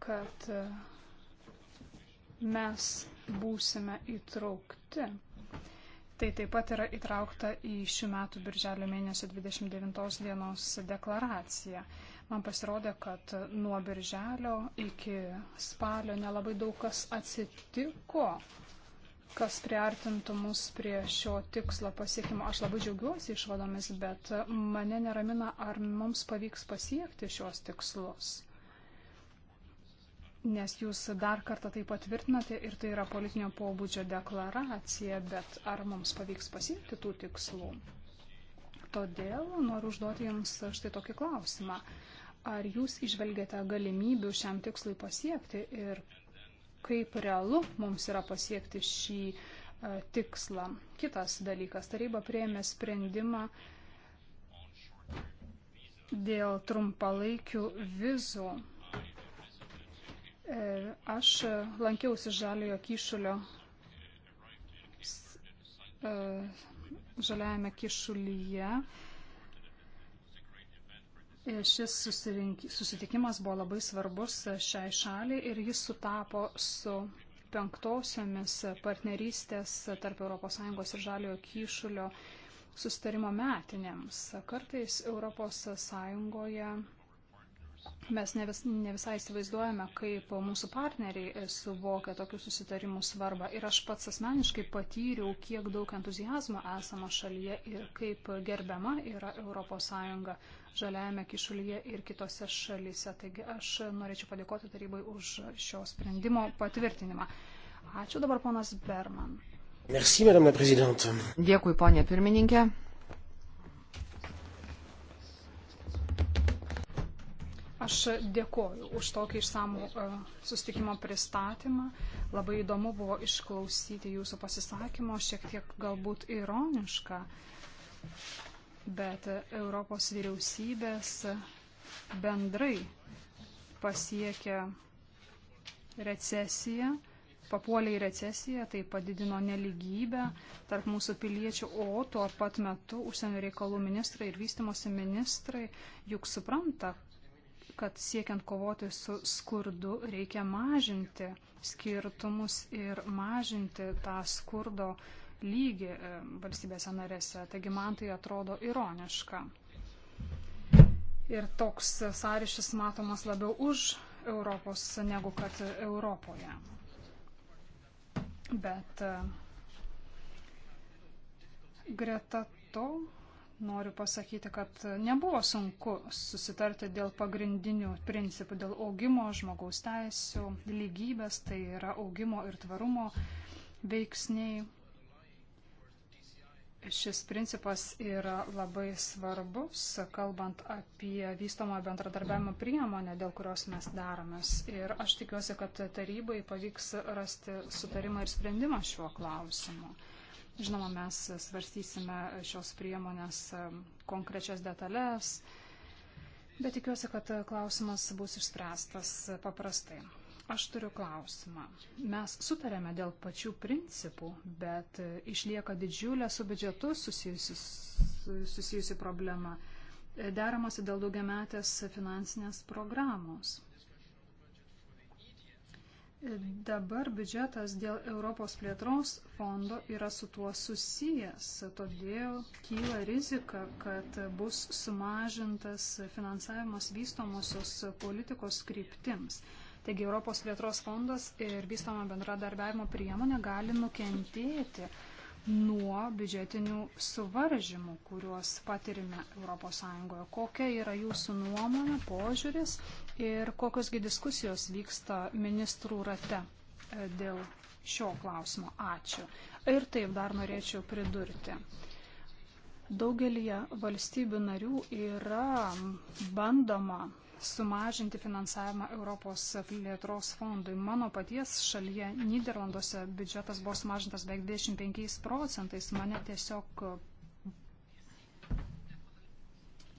kad e, mes būsime įtraukti. Tai taip pat yra įtraukta į šių metų birželio mėnesio 29 dienos deklaraciją. Man pasirodė, kad nuo birželio iki spalio nelabai daug kas atsitiko, kas priartintų mus prie šio tikslo pasiekimo. Aš labai džiaugiuosi išvadomis, bet mane neramina, ar mums pavyks pasiekti šios tikslus nes jūs dar kartą tai patvirtinate ir tai yra politinio pobūdžio deklaracija, bet ar mums pavyks pasiekti tų tikslų? Todėl noriu užduoti Jums štai tokį klausimą. Ar Jūs išvelgėte galimybių šiam tikslui pasiekti ir kaip realu mums yra pasiekti šį e, tikslą? Kitas dalykas, taryba prieėmė sprendimą dėl trumpalaikių vizų Aš e, lankiausi žaliojo kyšulio e, žaliajame kišulyje. Šis susitikimas buvo labai svarbus e, šiai šaliai ir jis sutapo su penktosiomis partnerystės tarp ES ir žaliojo kyšulio sustarimo metinėms. Kartais ES Mes ne, vis, ne visai įsivaizduojame, kaip mūsų partneriai e, suvokia tokių susitarimų svarbą. Ir aš pats asmeniškai patyriau, kiek daug entuzijazmo esama šalyje ir kaip gerbiama yra ES žaliajame kišulyje ir kitose šalyse. Taigi aš norėčiau padėkoti tarybai už šio sprendimo patvirtinimą. Ačiū dabar ponas Berman. Merci, Dėkui, ponė pirmininkė. Aš dėkoju už tokį išsamų e, sustikimo pristatymą. Labai įdomu buvo išklausyti jūsų pasisakymo, šiek tiek galbūt ironiška, bet Europos vyriausybės bendrai pasiekė recesiją, papuolė į recesiją, tai padidino neligybę tarp mūsų piliečių, o tuo pat metu užsienio reikalų ministrai ir vystimosi ministrai juk supranta, kad siekiant kovoti su skurdu reikia mažinti skirtumus ir mažinti tą skurdo lygį e, valstybėse narėse. Taigi man tai atrodo ironiška. Ir toks sąryšis matomas labiau už Europos negu kad Europoje. Bet e, greta to noriu pasakyti, kad nebuvo sunku susitarti dėl pagrindinių principų, dėl augimo, žmogaus teisų, lygybės, tai yra augimo ir tvarumo veiksniai. Šis principas yra labai svarbus, kalbant apie vystomą bendradarbiavimo priemonę, dėl kurios mes daromės. Ir aš tikiuosi, kad tarybai pavyks rasti sutarimą ir sprendimą šiuo klausimu. Žinoma, mes svarstysime šios priemonės konkrečias detalės, bet tikiuosi, kad klausimas bus išspręstas paprastai. Aš turiu klausimą. Mes sutarėme dėl pačių principų, bet išlieka didžiulė su biudžetu susijusi, susijusi problema. Deramasi dėl daugiametės finansinės programos. Dabar biudžetas dėl Europos plėtros fondo yra su tuo susijęs, todėl kyla rizika, kad bus sumažintas finansavimas vystomosios politikos kryptims. Taigi Europos plėtros fondas ir vystoma bendradarbiavimo priemonė gali nukentėti nuo biudžetinių suvaržymų, kuriuos patirime ES. Kokia yra jūsų nuomonė, požiūris ir kokiosgi diskusijos vyksta ministrų rate e, dėl šio klausimo. Ačiū. Ir taip dar norėčiau pridurti. Daugelį valstybių narių yra bandoma sumažinti finansavimą Europos plėtros fondui. Mano paties šalyje, Niderlanduose, biudžetas buvo sumažintas beveik 25 procentais. Mane tiesiog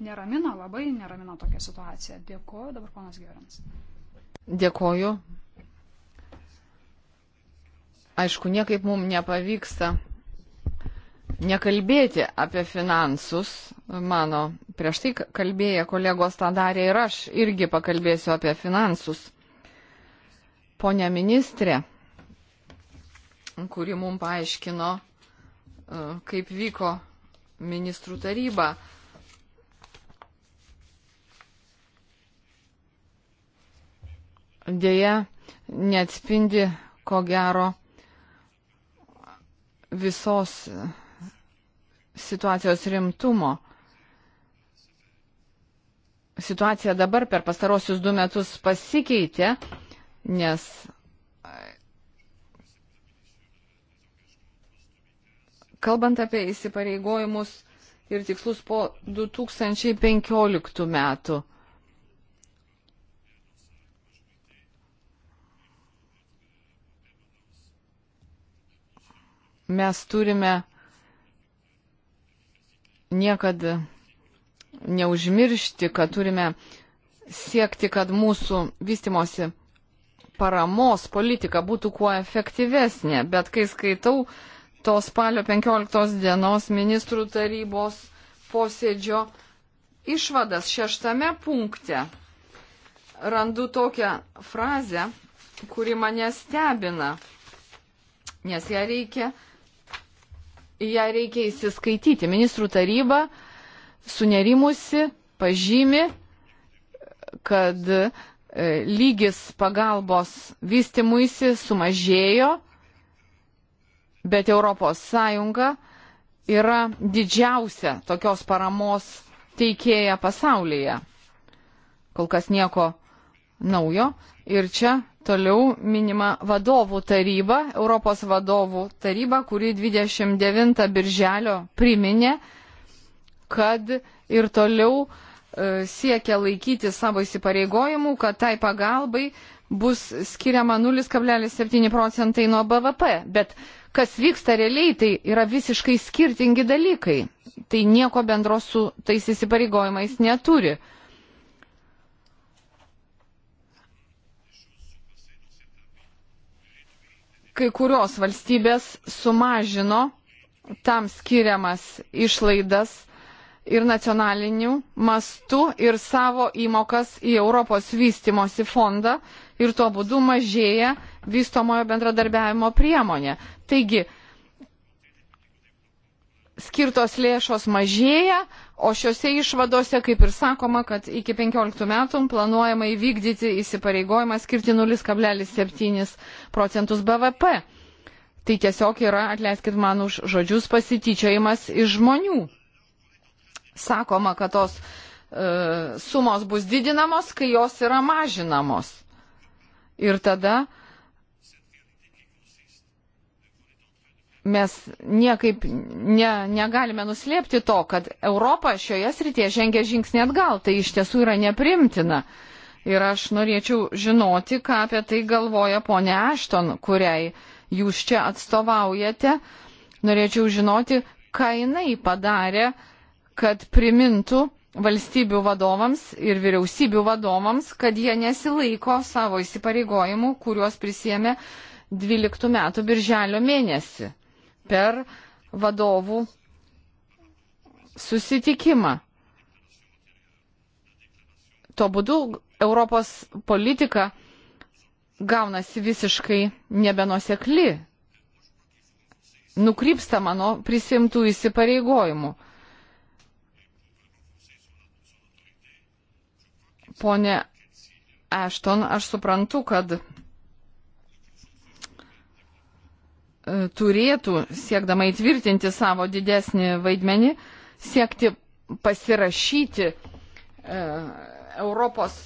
neramina, labai neramina tokia situacija. Dėkuoju, dabar ponas Gerins. Dėkuoju. Aišku, niekaip mums nepavyksta nekalbėti apie finansus. Mano prieš tai kalbėję kolegos tą darė ir aš irgi pakalbėsiu apie finansus. Pone ministrė, kuri mums paaiškino, e, kaip vyko ministrų taryba dėja neatspindi, ko gero, visos situacijos rimtumo. Situacija dabar per pastarosius du metus pasikeitė, nes kalbant apie įsipareigojimus ir tikslus po 2015 metų, Mes turime niekada neužmiršti, kad turime siekti, kad mūsų vystimosi paramos politika būtų kuo efektyvesnė. Bet kai skaitau to spalio 15 dienos ministrų tarybos posėdžio išvadas šeštame punkte, randu tokią frazę, kuri mane stebina, nes ją reikia į ją reikia įsiskaityti. Ministrų taryba sunerimusi pažymi, kad e, lygis pagalbos vystimuisi sumažėjo, bet ES yra didžiausia tokios paramos teikėja pasaulyje. Kol kas nieko naujo. Ir čia Toliau minima vadovų taryba, Europos vadovų taryba, kuri 29 birželio priminė, kad ir toliau e, siekia laikyti savo įsipareigojimų, kad tai pagalbai bus skiriama 0,7 procentai nuo BVP. Bet kas vyksta realiai, tai yra visiškai skirtingi dalykai. Tai nieko bendro su tais įsipareigojimais neturi. kai kurios valstybės sumažino tam skiriamas išlaidas ir nacionaliniu mastu ir savo įmokas į Europos vystimosi fondą ir tuo būdu mažėja vystomojo bendradarbiavimo priemonė. Taigi, skirtos lėšos mažėja, o šiuose išvadose, kaip ir sakoma, kad iki 15 metų planuojama įvykdyti įsipareigojimą skirti 0,7 procentus BVP. Tai tiesiog yra, atleiskit man už žodžius, pasityčiojimas iš žmonių. Sakoma, kad tos e, sumos bus didinamos, kai jos yra mažinamos. Ir tada e, mes niekaip ne, negalime nuslėpti to, kad Europa šioje srityje žengia žingsnį atgal. Tai iš tiesų yra neprimtina. Ir aš norėčiau žinoti, ką apie tai galvoja ponia Ašton, kuriai jūs čia atstovaujate. Norėčiau žinoti, ką jinai padarė, kad primintų valstybių vadovams ir vyriausybių vadovams, kad jie nesilaiko savo įsipareigojimų, kuriuos prisėmė 12 metų birželio mėnesį per vadovų susitikimą. Tuo būdu Europos politika gaunasi visiškai nebenusekli, nukrypsta mano prisimtų įsipareigojimų. Pone Ešton, aš suprantu, kad turėtų, siekdama įtvirtinti savo didesnį vaidmenį, siekti pasirašyti e, Europos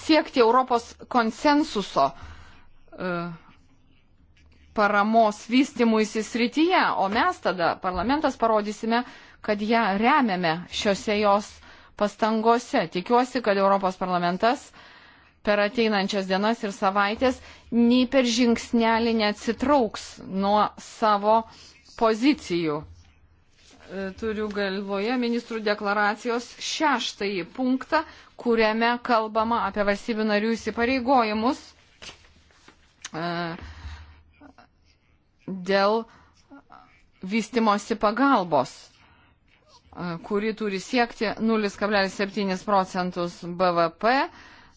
siekti Europos konsensuso e, paramos vystimui įsisrityje, o mes tada, parlamentas, parodysime, kad ją remiame šiose jos pastangose. Tikiuosi, kad Europos parlamentas uh, per ateinančias dienas ir savaitės nei per žingsnelį neatsitrauks nuo savo pozicijų. E, turiu galvoje ministrų deklaracijos šeštąjį punktą, kuriame kalbama apie valstybių narių įsipareigojimus e, dėl vystimosi pagalbos, e, kuri turi siekti 0,7 procentus BVP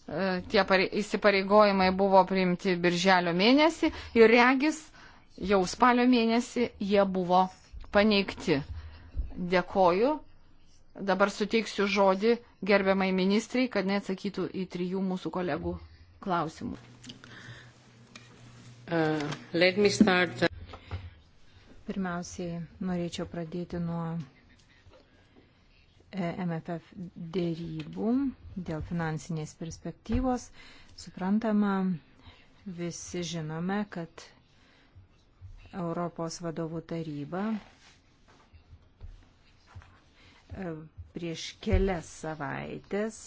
E, tie įsipareigojimai buvo priimti birželio mėnesį ir regis jau spalio mėnesį jie buvo paneigti. Dėkoju. Dabar suteiksiu žodį gerbiamai ministrai, kad neatsakytų į trijų mūsų kolegų klausimų. Uh, uh Pirmiausiai norėčiau pradėti nuo E MFF dėrybų dėl finansinės perspektyvos. Suprantama, visi žinome, kad Europos vadovų taryba e, prieš kelias savaitės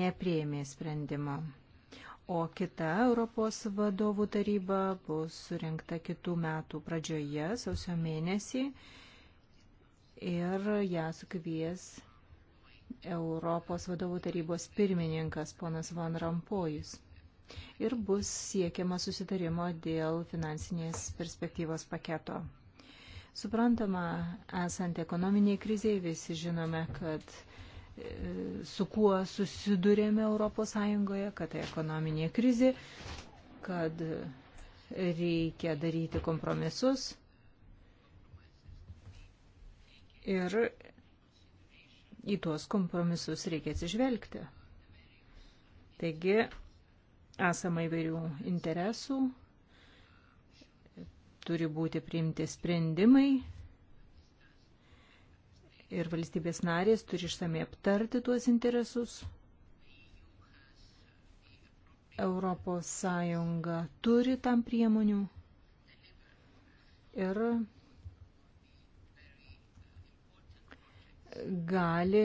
neprieimė sprendimo. O kita Europos vadovų taryba bus surinkta kitų metų pradžioje, sausio mėnesį ir ją sukvies Europos vadovų tarybos pirmininkas ponas Van Rampojus. Ir bus siekiama susitarimo dėl finansinės perspektyvos paketo. Suprantama, esant ekonominiai kriziai, visi žinome, kad e, su kuo susidurėme ES, kad tai ekonominė krizė, kad reikia daryti kompromisus Ir į tuos kompromisus reikia atsižvelgti. Taigi, esama įvairių interesų, turi būti priimti sprendimai ir valstybės narės turi išsamei aptarti tuos interesus. Europos Sąjunga turi tam priemonių ir gali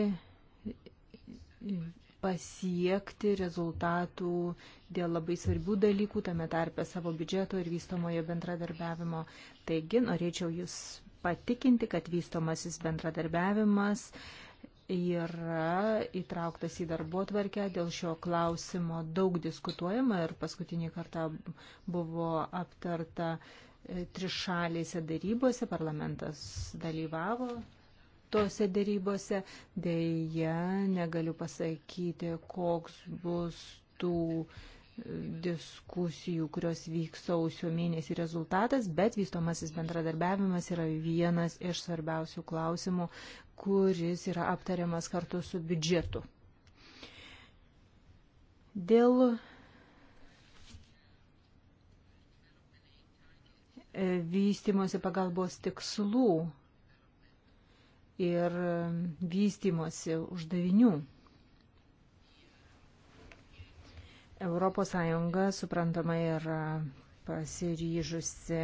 pasiekti rezultatų dėl labai svarbių dalykų, tame tarpe savo biudžeto ir vystomojo bendradarbiavimo. Taigi norėčiau Jūs patikinti, kad vystomasis bendradarbiavimas yra įtrauktas į darbo tvarkę, dėl šio klausimo daug diskutuojama ir paskutinį kartą buvo aptarta trišalėse darybose, parlamentas dalyvavo tose dėrybose. Deja, negaliu pasakyti, koks bus tų e, diskusijų, kurios vyks sausio mėnesį rezultatas, bet vystomasis bendradarbiavimas yra vienas iš svarbiausių klausimų, kuris yra aptariamas kartu su biudžetu. Dėl e, vystimosi pagalbos tikslų ir um, vystimosi uždavinių. Europos Sąjunga, suprantama, yra pasiryžusi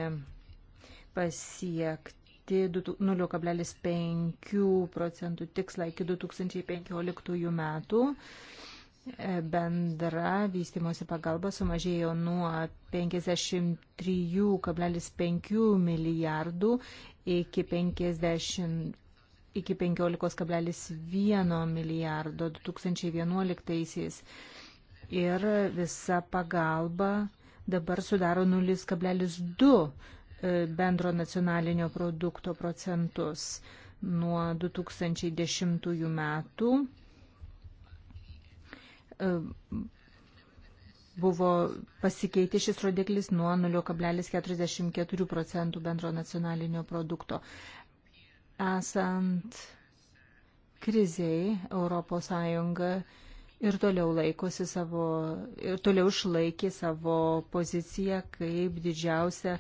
pasiekti 0,5 procentų tikslą iki 2015 metų. E, bendra vystimosi pagalba sumažėjo nuo 53,5 milijardų iki 50, iki 15,1 milijardo 2011-aisiais ir visa pagalba dabar sudaro 0,2 e, bendro nacionalinio produkto procentus nuo 2010 metų e, buvo pasikeitė šis rodiklis nuo 0,44 procentų bendro nacionalinio produkto esant kriziai ES ir toliau laikosi savo, ir toliau išlaikė savo poziciją kaip didžiausia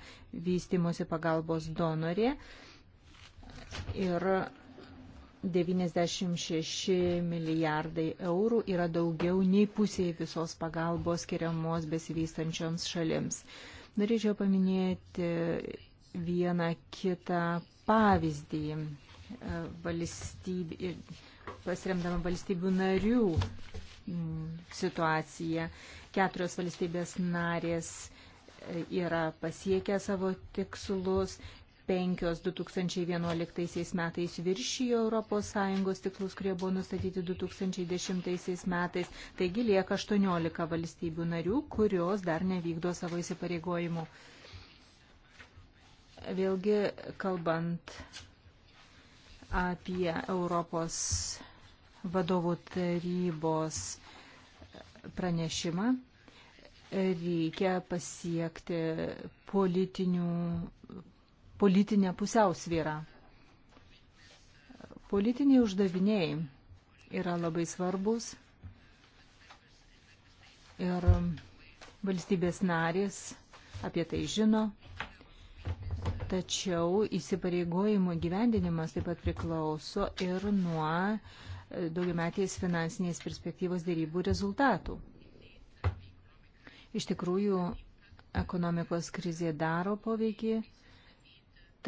vystimosi pagalbos donorė. Ir 96 milijardai eurų yra daugiau nei pusėje visos pagalbos skiriamos besivystančioms šalims. Norėčiau paminėti vieną kitą pavyzdį e, valstybė, pasiremdama valstybių narių situaciją. Keturios valstybės narės e, yra pasiekę savo tikslus, penkios 2011 metais viršijo ES tikslus, kurie buvo nustatyti 2010 metais. Taigi lieka 18 valstybių narių, kurios dar nevykdo savo įsipareigojimų. Vėlgi, kalbant apie Europos vadovų tarybos pranešimą, reikia pasiekti politinę pusiausvyrą. Politiniai uždaviniai yra labai svarbus ir valstybės narės apie tai žino. Tačiau įsipareigojimų gyvendinimas taip pat priklauso ir nuo e, daugiametės finansinės perspektyvos dėrybų rezultatų. Iš tikrųjų, ekonomikos krizė daro poveikį,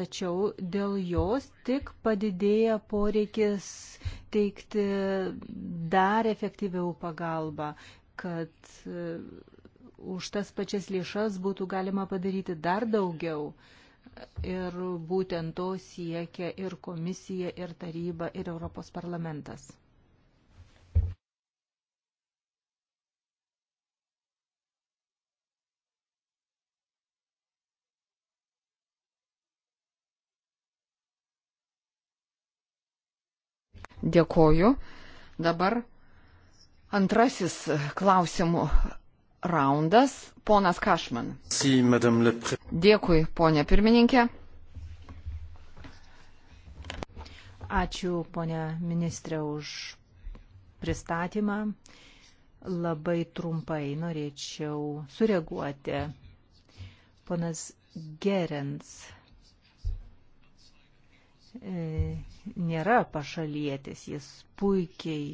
tačiau dėl jos tik padidėja poreikis teikti dar efektyviau pagalbą, kad e, už tas pačias lėšas būtų galima padaryti dar daugiau. Ir būtent to siekia ir komisija, ir taryba, ir Europos parlamentas. Dėkoju. Dabar antrasis klausimų raundas. Ponas Kašman. Dėkui, ponė pirmininkė. Ačiū, ponė ministrė, už pristatymą. Labai trumpai norėčiau sureaguoti. Ponas Gerens e, nėra pašalietis, jis puikiai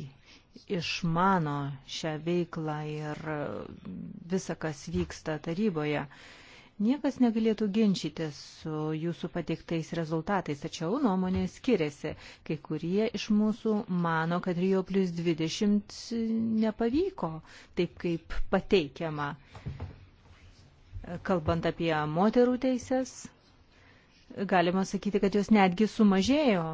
išmano šią veiklą ir visą, kas vyksta taryboje. Niekas negalėtų ginčyti su jūsų pateiktais rezultatais, tačiau nuomonė skiriasi. Kai kurie iš mūsų mano, kad Rio plus 20 nepavyko taip, kaip pateikiama. Kalbant apie moterų teises, galima sakyti, kad jos netgi sumažėjo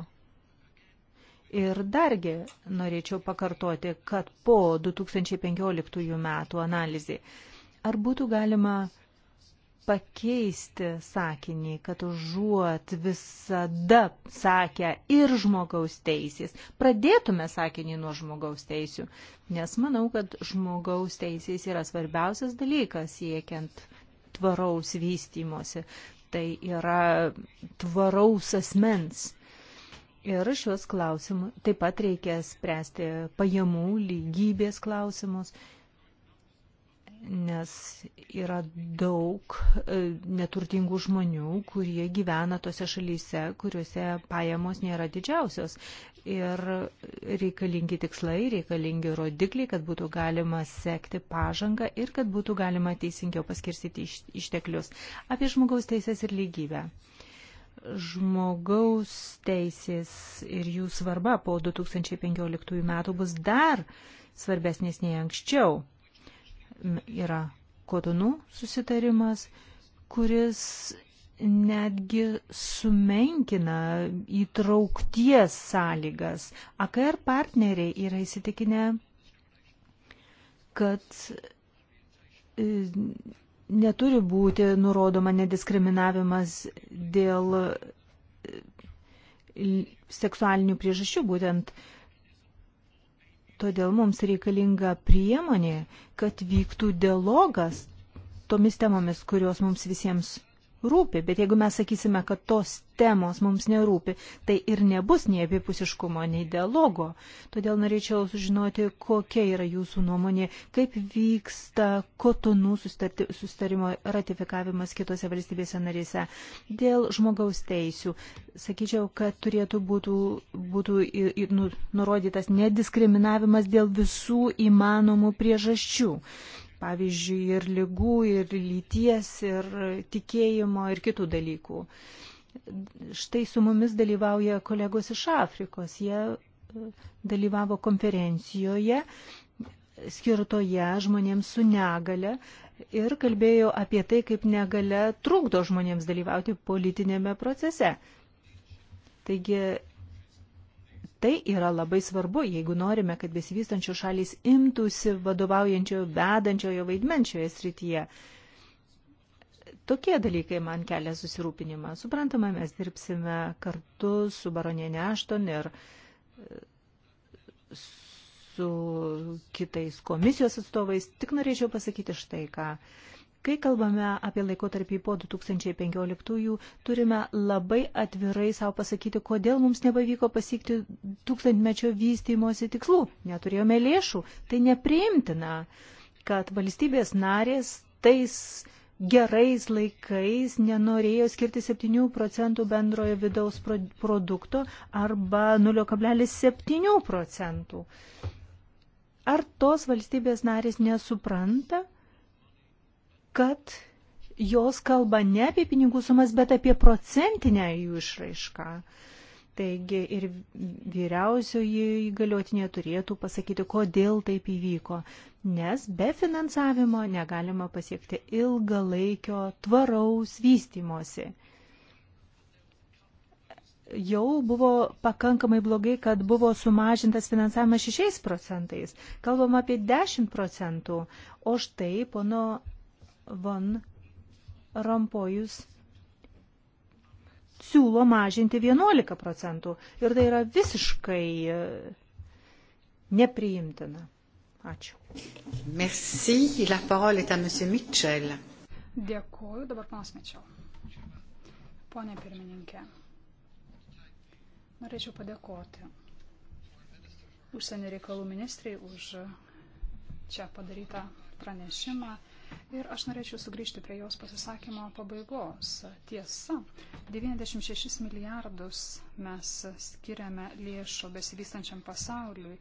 Ir dargi norėčiau pakartoti, kad po 2015 metų analizė, ar būtų galima pakeisti sakinį, kad užuot visada sakę ir žmogaus teisės, pradėtume sakinį nuo žmogaus teisų, nes manau, kad žmogaus teisės yra svarbiausias dalykas siekiant tvaraus vystymosi, tai yra tvaraus asmens Ir šios klausimus taip pat reikia spręsti pajamų lygybės klausimus, nes yra daug e, neturtingų žmonių, kurie gyvena tose šalyse, kuriuose pajamos nėra didžiausios. Ir reikalingi tikslai, reikalingi rodikliai, kad būtų galima sekti pažangą ir kad būtų galima teisingiau paskirstyti išteklius apie žmogaus teisės ir lygybę žmogaus teisės ir jų svarba po 2015 metų bus dar svarbesnės nei anksčiau. Yra kotonų susitarimas, kuris netgi sumenkina įtraukties sąlygas. AKR partneriai yra įsitikinę, kad e, neturi būti nurodoma nediskriminavimas dėl e, seksualinių priežasčių būtent. Todėl mums reikalinga priemonė, kad vyktų dialogas tomis temomis, kurios mums visiems rūpi, bet jeigu mes sakysime, kad tos temos mums nerūpi, tai ir nebus nei abipusiškumo, nei dialogo. Todėl norėčiau sužinoti, kokia yra jūsų nuomonė, kaip vyksta kotonų sustarimo ratifikavimas kitose valstybėse narėse. Dėl žmogaus teisių, sakyčiau, kad turėtų būtų, būtų nu, nurodytas nediskriminavimas dėl visų įmanomų priežasčių pavyzdžiui, ir lygų, ir lyties, ir tikėjimo, ir kitų dalykų. Štai su mumis dalyvauja kolegos iš Afrikos. Jie e, dalyvavo konferencijoje skirtoje žmonėms su negale ir kalbėjo apie tai, kaip negale trukdo žmonėms dalyvauti politinėme procese. Taigi Tai yra labai svarbu, jeigu norime, kad besivystančių šalys imtųsi vadovaujančiojo, vedančiojo vaidmenčioje srityje. Tokie dalykai man kelia susirūpinimą. Suprantama, mes dirbsime kartu su baronienė Ašton ir e, su kitais komisijos atstovais. Tik norėčiau pasakyti štai ką. Kai kalbame apie laikotarpį po 2015-ųjų, turime labai atvirai savo pasakyti, kodėl mums nepavyko pasiekti tūkstantmečio vystymosi tikslų. Neturėjome lėšų. Tai nepriimtina, kad valstybės narės tais gerais laikais nenorėjo skirti 7 procentų bendrojo vidaus produkto arba 0,7 procentų. Ar tos valstybės narės nesupranta? kad jos kalba ne apie pinigų sumas, bet apie procentinę jų išraišką. Taigi ir vyriausioji įgaliotinė turėtų pasakyti, kodėl taip įvyko, nes be finansavimo negalima pasiekti ilgalaikio tvaraus vystimosi. Jau buvo pakankamai blogai, kad buvo sumažintas finansavimas 6 procentais, kalbam apie 10 procentų, o štai pono Van Rampojus siūlo mažinti 11 procentų ir tai yra visiškai e, nepriimtina. Ačiū. Merci. La parole est à monsieur Mitchell. Dėkuoju, dabar panas Mitchell. Pone pirmininkė, norėčiau padėkoti užsienio reikalų ministrai už čia padarytą pranešimą. Ir aš norėčiau sugrįžti prie jos pasisakymo pabaigos. Tiesa, 96 milijardus mes skiriame lėšų besivystančiam pasauliui,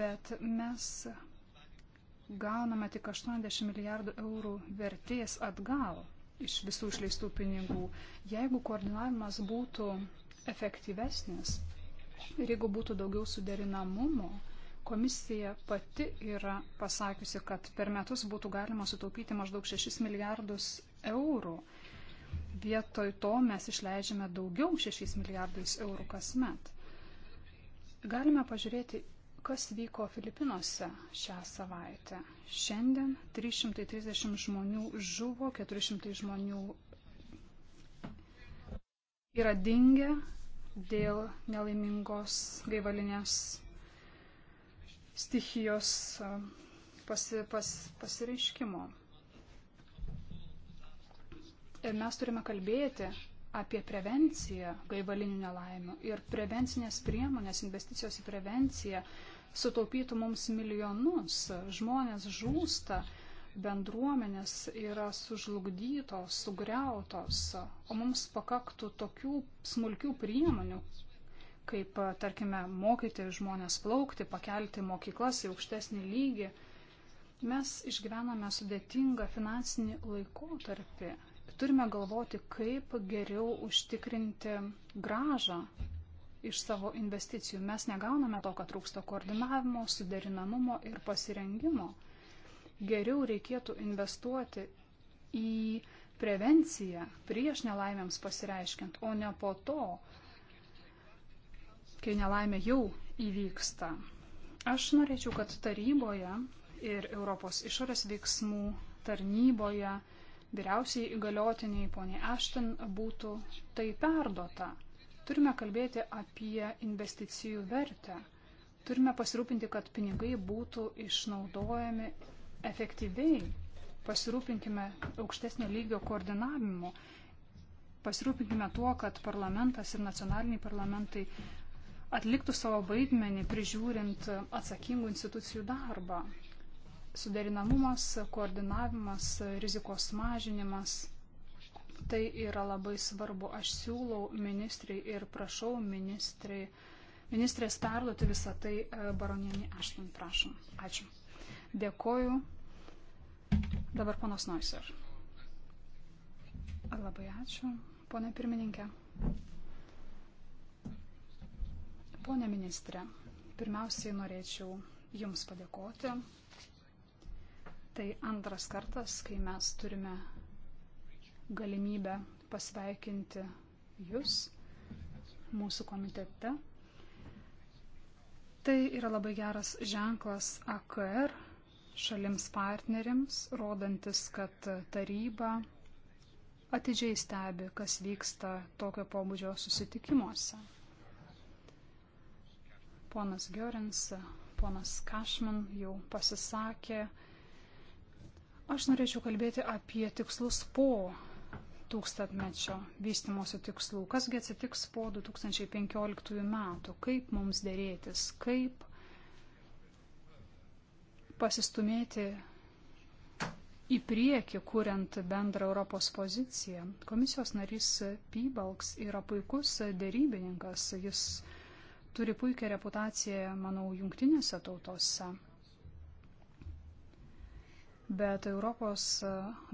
bet mes gauname tik 80 milijardų eurų vertės atgal iš visų išleistų pinigų. Jeigu koordinavimas būtų efektyvesnis ir jeigu būtų daugiau suderinamumo, Komisija pati yra pasakiusi, kad per metus būtų galima sutaupyti maždaug 6 milijardus eurų. Vietoj to mes išleidžiame daugiau 6 milijardais eurų kasmet. Galime pažiūrėti, kas vyko Filipinuose šią savaitę. Šiandien 330 žmonių žuvo, 400 žmonių yra dingę dėl nelaimingos gaivalinės stichijos pasi, pas, pasireiškimo. Ir mes turime kalbėti apie prevenciją gaivalinių nelaimių ir prevencinės priemonės, investicijos į prevenciją sutaupytų mums milijonus. Žmonės žūsta, bendruomenės yra sužlugdytos, sugriautos, o mums pakaktų tokių smulkių priemonių, kaip, tarkime, mokyti žmonės plaukti, pakelti mokyklas į aukštesnį lygį. Mes išgyvename sudėtingą finansinį laikotarpį. Turime galvoti, kaip geriau užtikrinti gražą iš savo investicijų. Mes negauname to, kad trūksta koordinavimo, suderinamumo ir pasirengimo. Geriau reikėtų investuoti į prevenciją prieš nelaimėms pasireiškiant, o ne po to, kai nelaimė jau įvyksta. Aš norėčiau, kad taryboje ir Europos išorės veiksmų tarnyboje vyriausiai įgaliotiniai poniai Ashton būtų tai perdota. Turime kalbėti apie investicijų vertę. Turime pasirūpinti, kad pinigai būtų išnaudojami efektyviai. Pasirūpinkime aukštesnio lygio koordinavimu. Pasirūpinkime tuo, kad parlamentas ir nacionaliniai parlamentai atliktų savo vaidmenį prižiūrint atsakingų institucijų darbą. Suderinamumas, koordinavimas, rizikos mažinimas - tai yra labai svarbu. Aš siūlau ministrai ir prašau ministrai, ministrės perduoti visą tai e, baronienį Ašton, prašom. Ačiū. Dėkoju. Dabar ponas Noiser. Labai ačiū, ponė pirmininkė. Pone ministrė, pirmiausiai norėčiau Jums padėkoti. Tai antras kartas, kai mes turime galimybę pasveikinti Jūs mūsų komitete. Tai yra labai geras ženklas AKR šalims partneriams, rodantis, kad taryba atidžiai stebi, kas vyksta tokio pobūdžio susitikimuose. Ponas Görins, ponas Kašman jau pasisakė. Aš norėčiau kalbėti apie tikslus po tūkstantmečio vystimosi tikslų. Kasgi atsitiks po 2015 metų? Kaip mums dėrėtis? Kaip pasistumėti į priekį, kuriant bendrą Europos poziciją? Komisijos narys Pybalks yra puikus dėrybininkas. Jis turi puikią reputaciją, manau, jungtinėse tautose. Bet Europos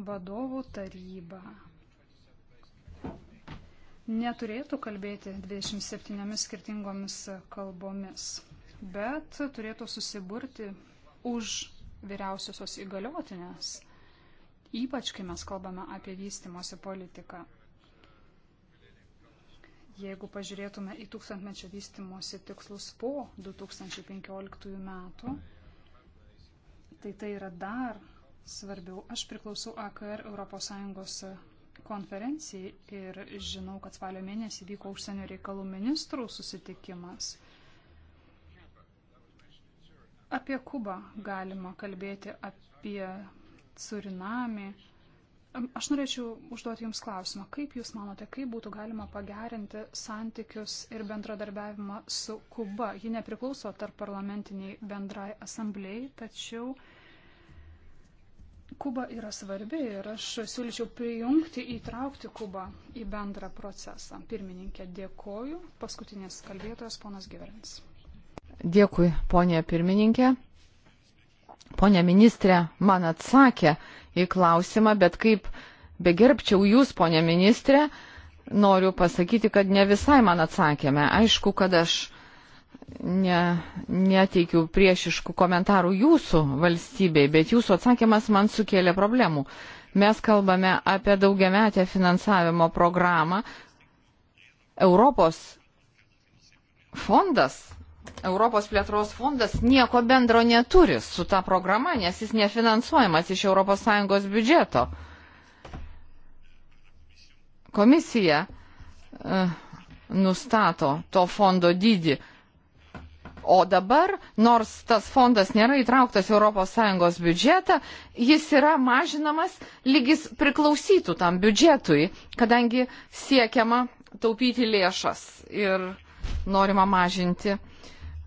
vadovų taryba neturėtų kalbėti 27 skirtingomis kalbomis, bet turėtų susiburti už vyriausiosios įgaliotinės, ypač kai mes kalbame apie vystimosi politiką. Jeigu pažiūrėtume į tūkstantmečio vystimosi tikslus po 2015 metų, tai tai yra dar svarbiau. Aš priklausau AKR ES konferencijai ir žinau, kad spalio mėnesį vyko užsienio reikalų ministrų susitikimas. Apie Kubą galima kalbėti, apie Surinami. Aš norėčiau užduoti Jums klausimą. Kaip Jūs manote, kaip būtų galima pagerinti santykius ir bendradarbiavimą su Kuba? Ji nepriklauso tarp parlamentiniai bendrai asamblėjai, tačiau Kuba yra svarbi ir aš siūlyčiau prijungti, įtraukti Kubą į bendrą procesą. Pirmininkė, dėkoju. Paskutinis kalbėtojas, ponas Giverins. Dėkui, ponė pirmininkė. Pone ministrė man atsakė į klausimą, bet kaip begerbčiau jūs, ponė ministrė, noriu pasakyti, kad ne visai man atsakėme. Aišku, kad aš ne, neteikiu priešiškų komentarų jūsų valstybei, bet jūsų atsakymas man sukėlė problemų. Mes kalbame apie daugiametę finansavimo programą. Europos fondas Europos plėtros fondas nieko bendro neturi su ta programa, nes jis nefinansuojamas iš ES biudžeto. Komisija uh, nustato to fondo dydį. O dabar, nors tas fondas nėra įtrauktas ES biudžetą, jis yra mažinamas, lygis priklausytų tam biudžetui, kadangi siekiama taupyti lėšas ir norima mažinti uh,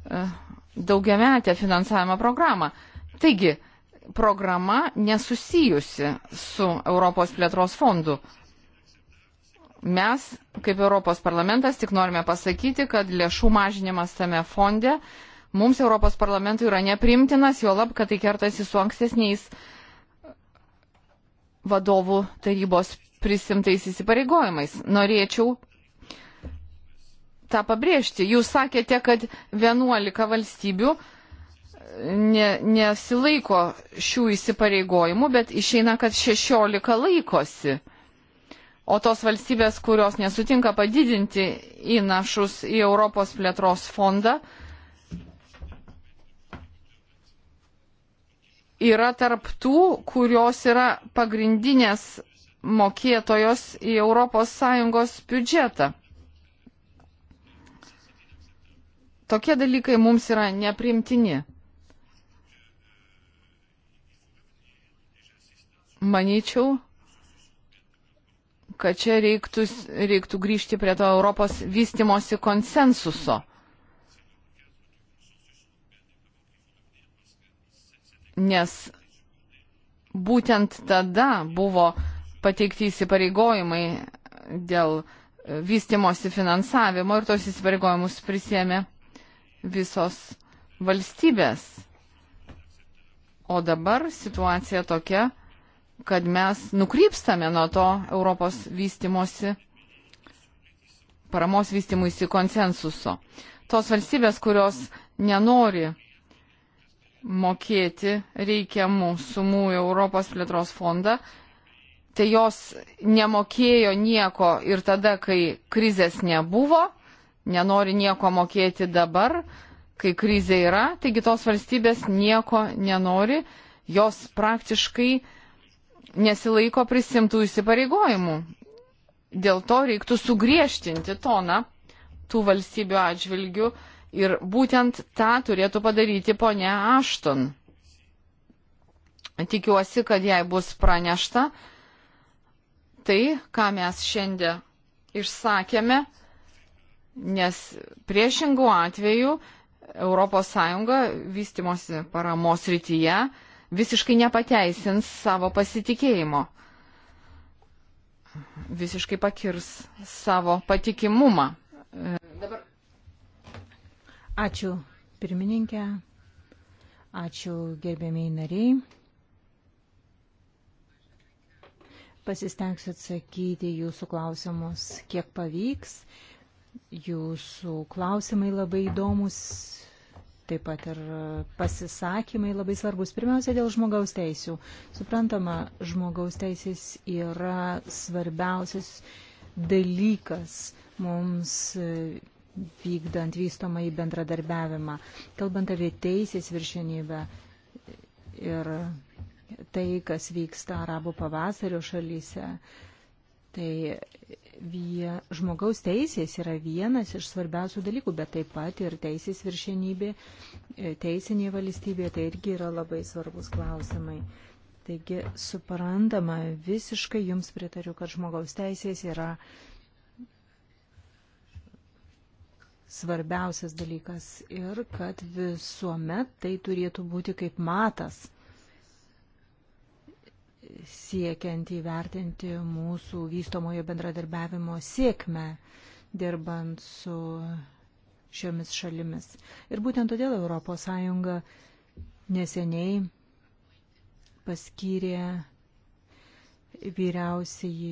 E, daugiametę finansavimo programą. Taigi, programa nesusijusi su Europos plėtros fondu. Mes, kaip Europos parlamentas, tik norime pasakyti, kad lėšų mažinimas tame fonde mums Europos parlamentui yra neprimtinas, jo lab, kad tai kertasi su ankstesniais vadovų tarybos prisimtais įsipareigojimais. Norėčiau tą pabrėžti. Jūs sakėte, kad 11 valstybių e, ne, nesilaiko šių įsipareigojimų, bet išeina, kad 16 laikosi. O tos valstybės, kurios nesutinka padidinti įnašus į Europos plėtros fondą, yra tarptų, kurios yra pagrindinės mokėtojos į ES biudžetą. Tokie dalykai mums yra neprimtini. Manyčiau, kad čia reiktų, reiktų grįžti prie to Europos vystimosi konsensuso. Nes būtent tada buvo pateikti įsipareigojimai dėl vystimosi finansavimo ir tos įsipareigojimus prisėmė visos valstybės. O dabar situacija tokia, kad mes nukrypstame nuo to Europos vystimosi, paramos vystimuisi konsensuso. Tos valstybės, kurios nenori mokėti reikiamų sumų į Europos plėtros fondą, tai jos nemokėjo nieko ir tada, kai krizės nebuvo, nenori nieko mokėti dabar, kai krizė yra, taigi tos valstybės nieko nenori, jos praktiškai nesilaiko prisimtų įsipareigojimų. Dėl to reiktų sugriežtinti toną tų valstybių atžvilgių ir būtent tą turėtų padaryti ponia Ašton. Tikiuosi, kad jai bus pranešta tai, ką mes šiandien išsakėme, nes priešingų atvejų ES vystimosi paramos rytyje visiškai nepateisins savo pasitikėjimo, visiškai pakirs savo patikimumą. Dabar. Ačiū pirmininkė, ačiū gerbėmiai nariai. Pasistengsiu atsakyti jūsų klausimus, kiek pavyks. Uh, Jūsų klausimai labai įdomus, taip pat ir pasisakymai labai svarbus. Pirmiausia, dėl žmogaus teisų. Suprantama, žmogaus teisės yra svarbiausias dalykas mums vykdant vystomą į bendradarbiavimą. Kalbant apie teisės viršenybę ir tai, kas vyksta arabų pavasario šalyse, tai vie, žmogaus teisės yra vienas iš svarbiausių dalykų, bet taip pat ir teisės viršenybė, e, teisinė valstybė, tai irgi yra labai svarbus klausimai. Taigi, suprantama, visiškai jums pritariu, kad žmogaus teisės yra svarbiausias dalykas ir kad visuomet tai turėtų būti kaip matas siekiant įvertinti mūsų vystomojo bendradarbiavimo sėkmę, dirbant su šiomis šalimis. Ir būtent todėl ES neseniai paskyrė vyriausiai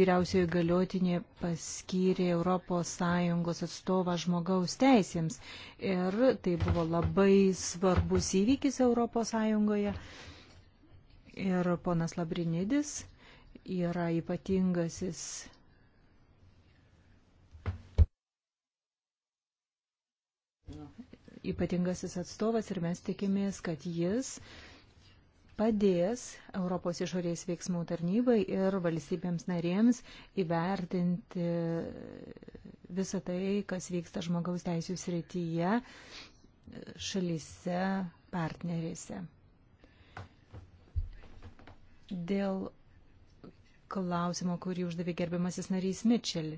vyriausioji galiotinė paskyrė ES atstovą žmogaus teisėms. Ir tai buvo labai svarbus įvykis ES. Ir ponas Labrinidis yra ypatingasis ypatingasis atstovas ir mes tikimės, kad jis padės Europos išorės veiksmų tarnybai ir valstybėms narėms įvertinti visą tai, kas vyksta žmogaus teisų srityje šalyse partnerėse. Dėl klausimo, kurį uždavė gerbiamasis narys Mitchell.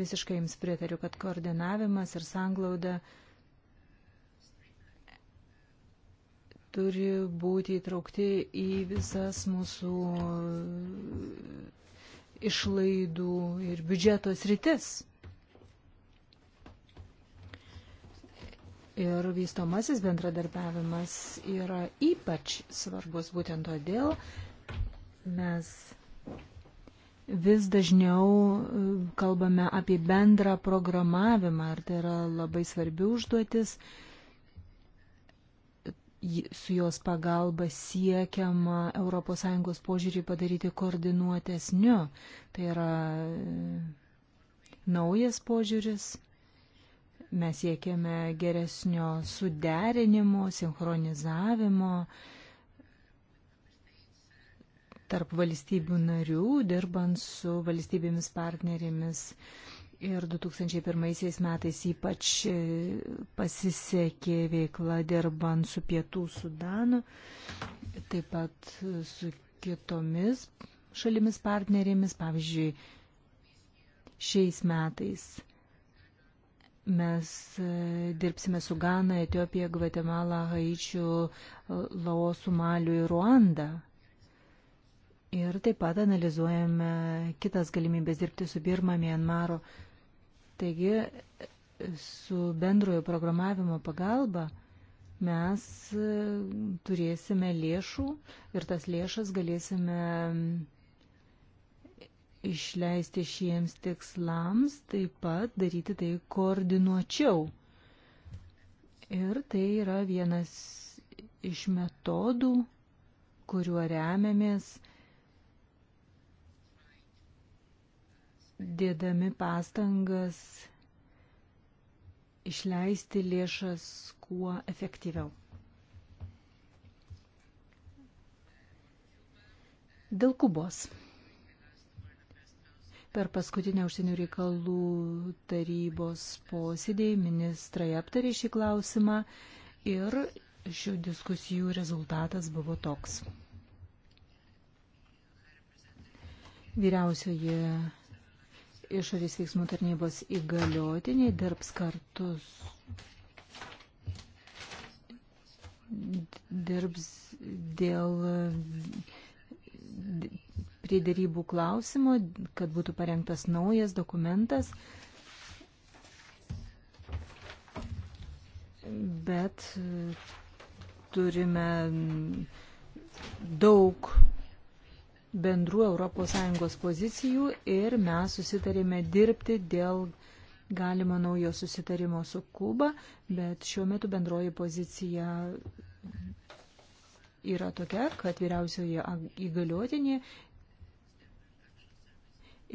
Visiškai jums pritariu, kad koordinavimas ir sanglauda turi būti įtraukti į visas mūsų išlaidų ir biudžeto sritis. ir vystomasis bendradarbiavimas yra ypač svarbus. Būtent todėl mes vis dažniau e, kalbame apie bendrą programavimą ir tai yra labai svarbi užduotis. Su jos pagalba siekiama ES požiūrį padaryti koordinuotesniu. Tai yra e, naujas požiūris, Mes siekėme geresnio suderinimo, sinchronizavimo tarp valstybių narių, dirbant su valstybėmis partnerėmis. Ir 2001 metais ypač e, pasisekė veikla dirbant su Pietų Sudanu, taip pat su kitomis šalimis partnerėmis, pavyzdžiui, šiais metais Mes e, dirbsime su Gana, Etiopija, Gvatemala, Haičiu, e, Laosu, Maliu ir Ruanda. Ir taip pat analizuojame kitas galimybės dirbti su Birma, Mienmaro. Taigi, e, su bendrojo programavimo pagalba mes turėsime lėšų ir tas lėšas galėsime išleisti šiems tikslams, taip pat daryti tai koordinuočiau. Ir tai yra vienas iš metodų, kuriuo remiamės dėdami pastangas išleisti lėšas kuo efektyviau. Dėl Kubos. Per paskutinę užsienio reikalų tarybos posėdį ministrai aptarė šį klausimą ir šių diskusijų rezultatas buvo toks. Vyriausioji išorės veiksmų tarnybos įgaliotiniai dirbs kartus. Dirbs dėl prie dėrybų klausimo, kad būtų parengtas naujas dokumentas. Bet e, turime daug bendrų ES pozicijų ir mes susitarėme dirbti dėl galimo naujo susitarimo su Kuba, bet šiuo metu bendroji pozicija yra tokia, kad vyriausioji įgaliotinė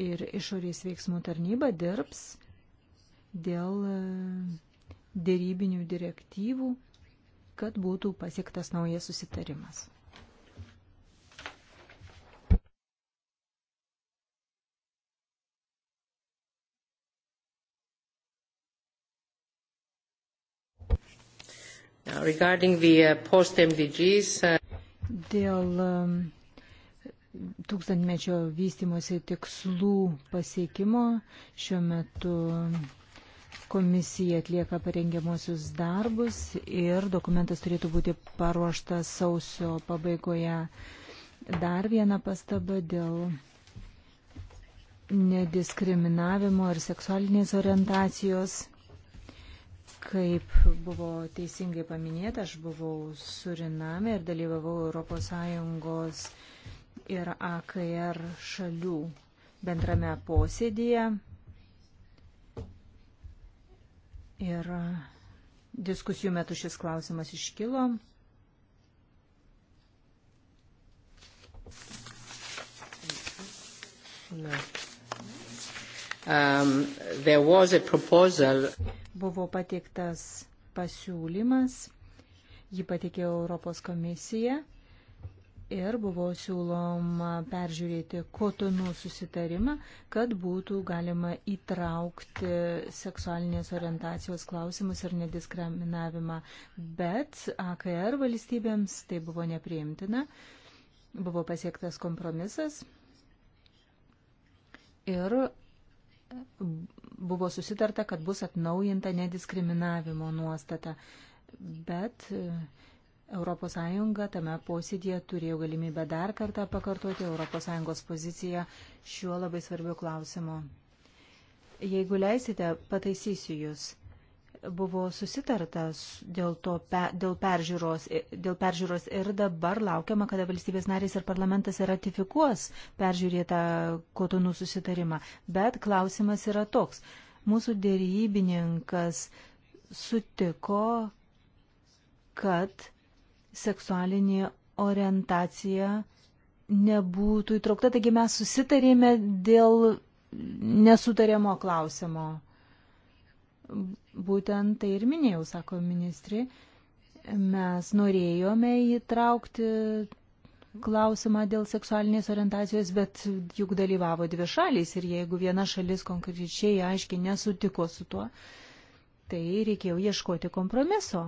ir išorės veiksmų tarnyba dirbs dėl e, dėrybinių direktyvų, kad būtų pasiektas naujas susitarimas. Regarding the uh, post-MDGs. Uh, dėl um, tūkstantmečio vystimosi tikslų pasiekimo. Šiuo metu komisija atlieka parengiamosius darbus ir dokumentas turėtų būti paruoštas sausio pabaigoje. Dar viena pastaba dėl nediskriminavimo ir seksualinės orientacijos. Kaip buvo teisingai paminėta, aš buvau Suriname ir dalyvavau ES ir AKR šalių bendrame posėdėje ir diskusijų metu šis klausimas iškilo. No. Um, Buvo pateiktas pasiūlymas, jį pateikė Europos komisija ir buvo siūloma peržiūrėti kotonų susitarimą, kad būtų galima įtraukti seksualinės orientacijos klausimus ir nediskriminavimą. Bet AKR valstybėms tai buvo nepriimtina, buvo pasiektas kompromisas ir buvo susitarta, kad bus atnaujinta nediskriminavimo nuostata. Bet uh, ES tame posėdėje turėjo galimybę dar kartą pakartoti ES poziciją šiuo labai svarbiu klausimu. Jeigu leisite, pataisysiu Jūs. Buvo susitartas dėl, to, pe, dėl, peržiūros, e, dėl peržiūros ir dabar laukiama, kada valstybės narės ir parlamentas ratifikuos peržiūrėtą kotonų susitarimą. Bet klausimas yra toks. Mūsų dėrybininkas sutiko, kad seksualinė orientacija nebūtų įtraukta. Taigi mes susitarėme dėl nesutariamo klausimo. Būtent tai ir minėjau, sako ministri. Mes norėjome įtraukti klausimą dėl seksualinės orientacijos, bet juk dalyvavo dvi šalys ir jeigu viena šalis konkrečiai aiškiai nesutiko su tuo, tai reikėjo ieškoti kompromiso.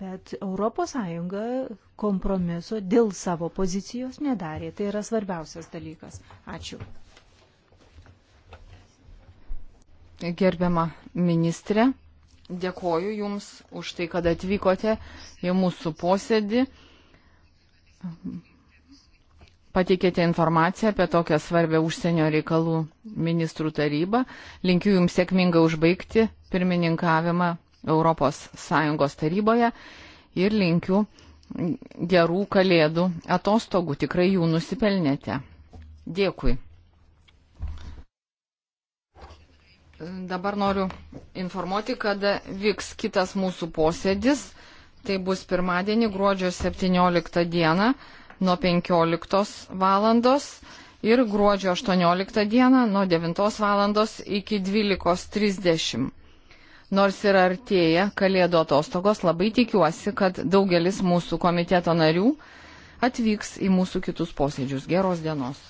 Bet ES kompromiso dėl savo pozicijos nedarė. Tai yra svarbiausias dalykas. Ačiū. Gerbiama ministrė, dėkoju Jums už tai, kad atvykote į mūsų posėdį. Pateikėte informaciją apie tokią svarbę užsienio reikalų ministrų tarybą. Linkiu Jums sėkmingai užbaigti pirmininkavimą ES taryboje ir linkiu gerų kalėdų atostogų, tikrai jų nusipelnėte. Dėkui. Dabar noriu informuoti, kad vyks kitas mūsų posėdis. Tai bus pirmadienį gruodžio 17 dieną nuo 15 valandos ir gruodžio 18 dieną nuo 9 valandos iki 12.30. Nors ir artėja kalėdų atostogos, labai tikiuosi, kad daugelis mūsų komiteto narių atvyks į mūsų kitus posėdžius. Geros dienos.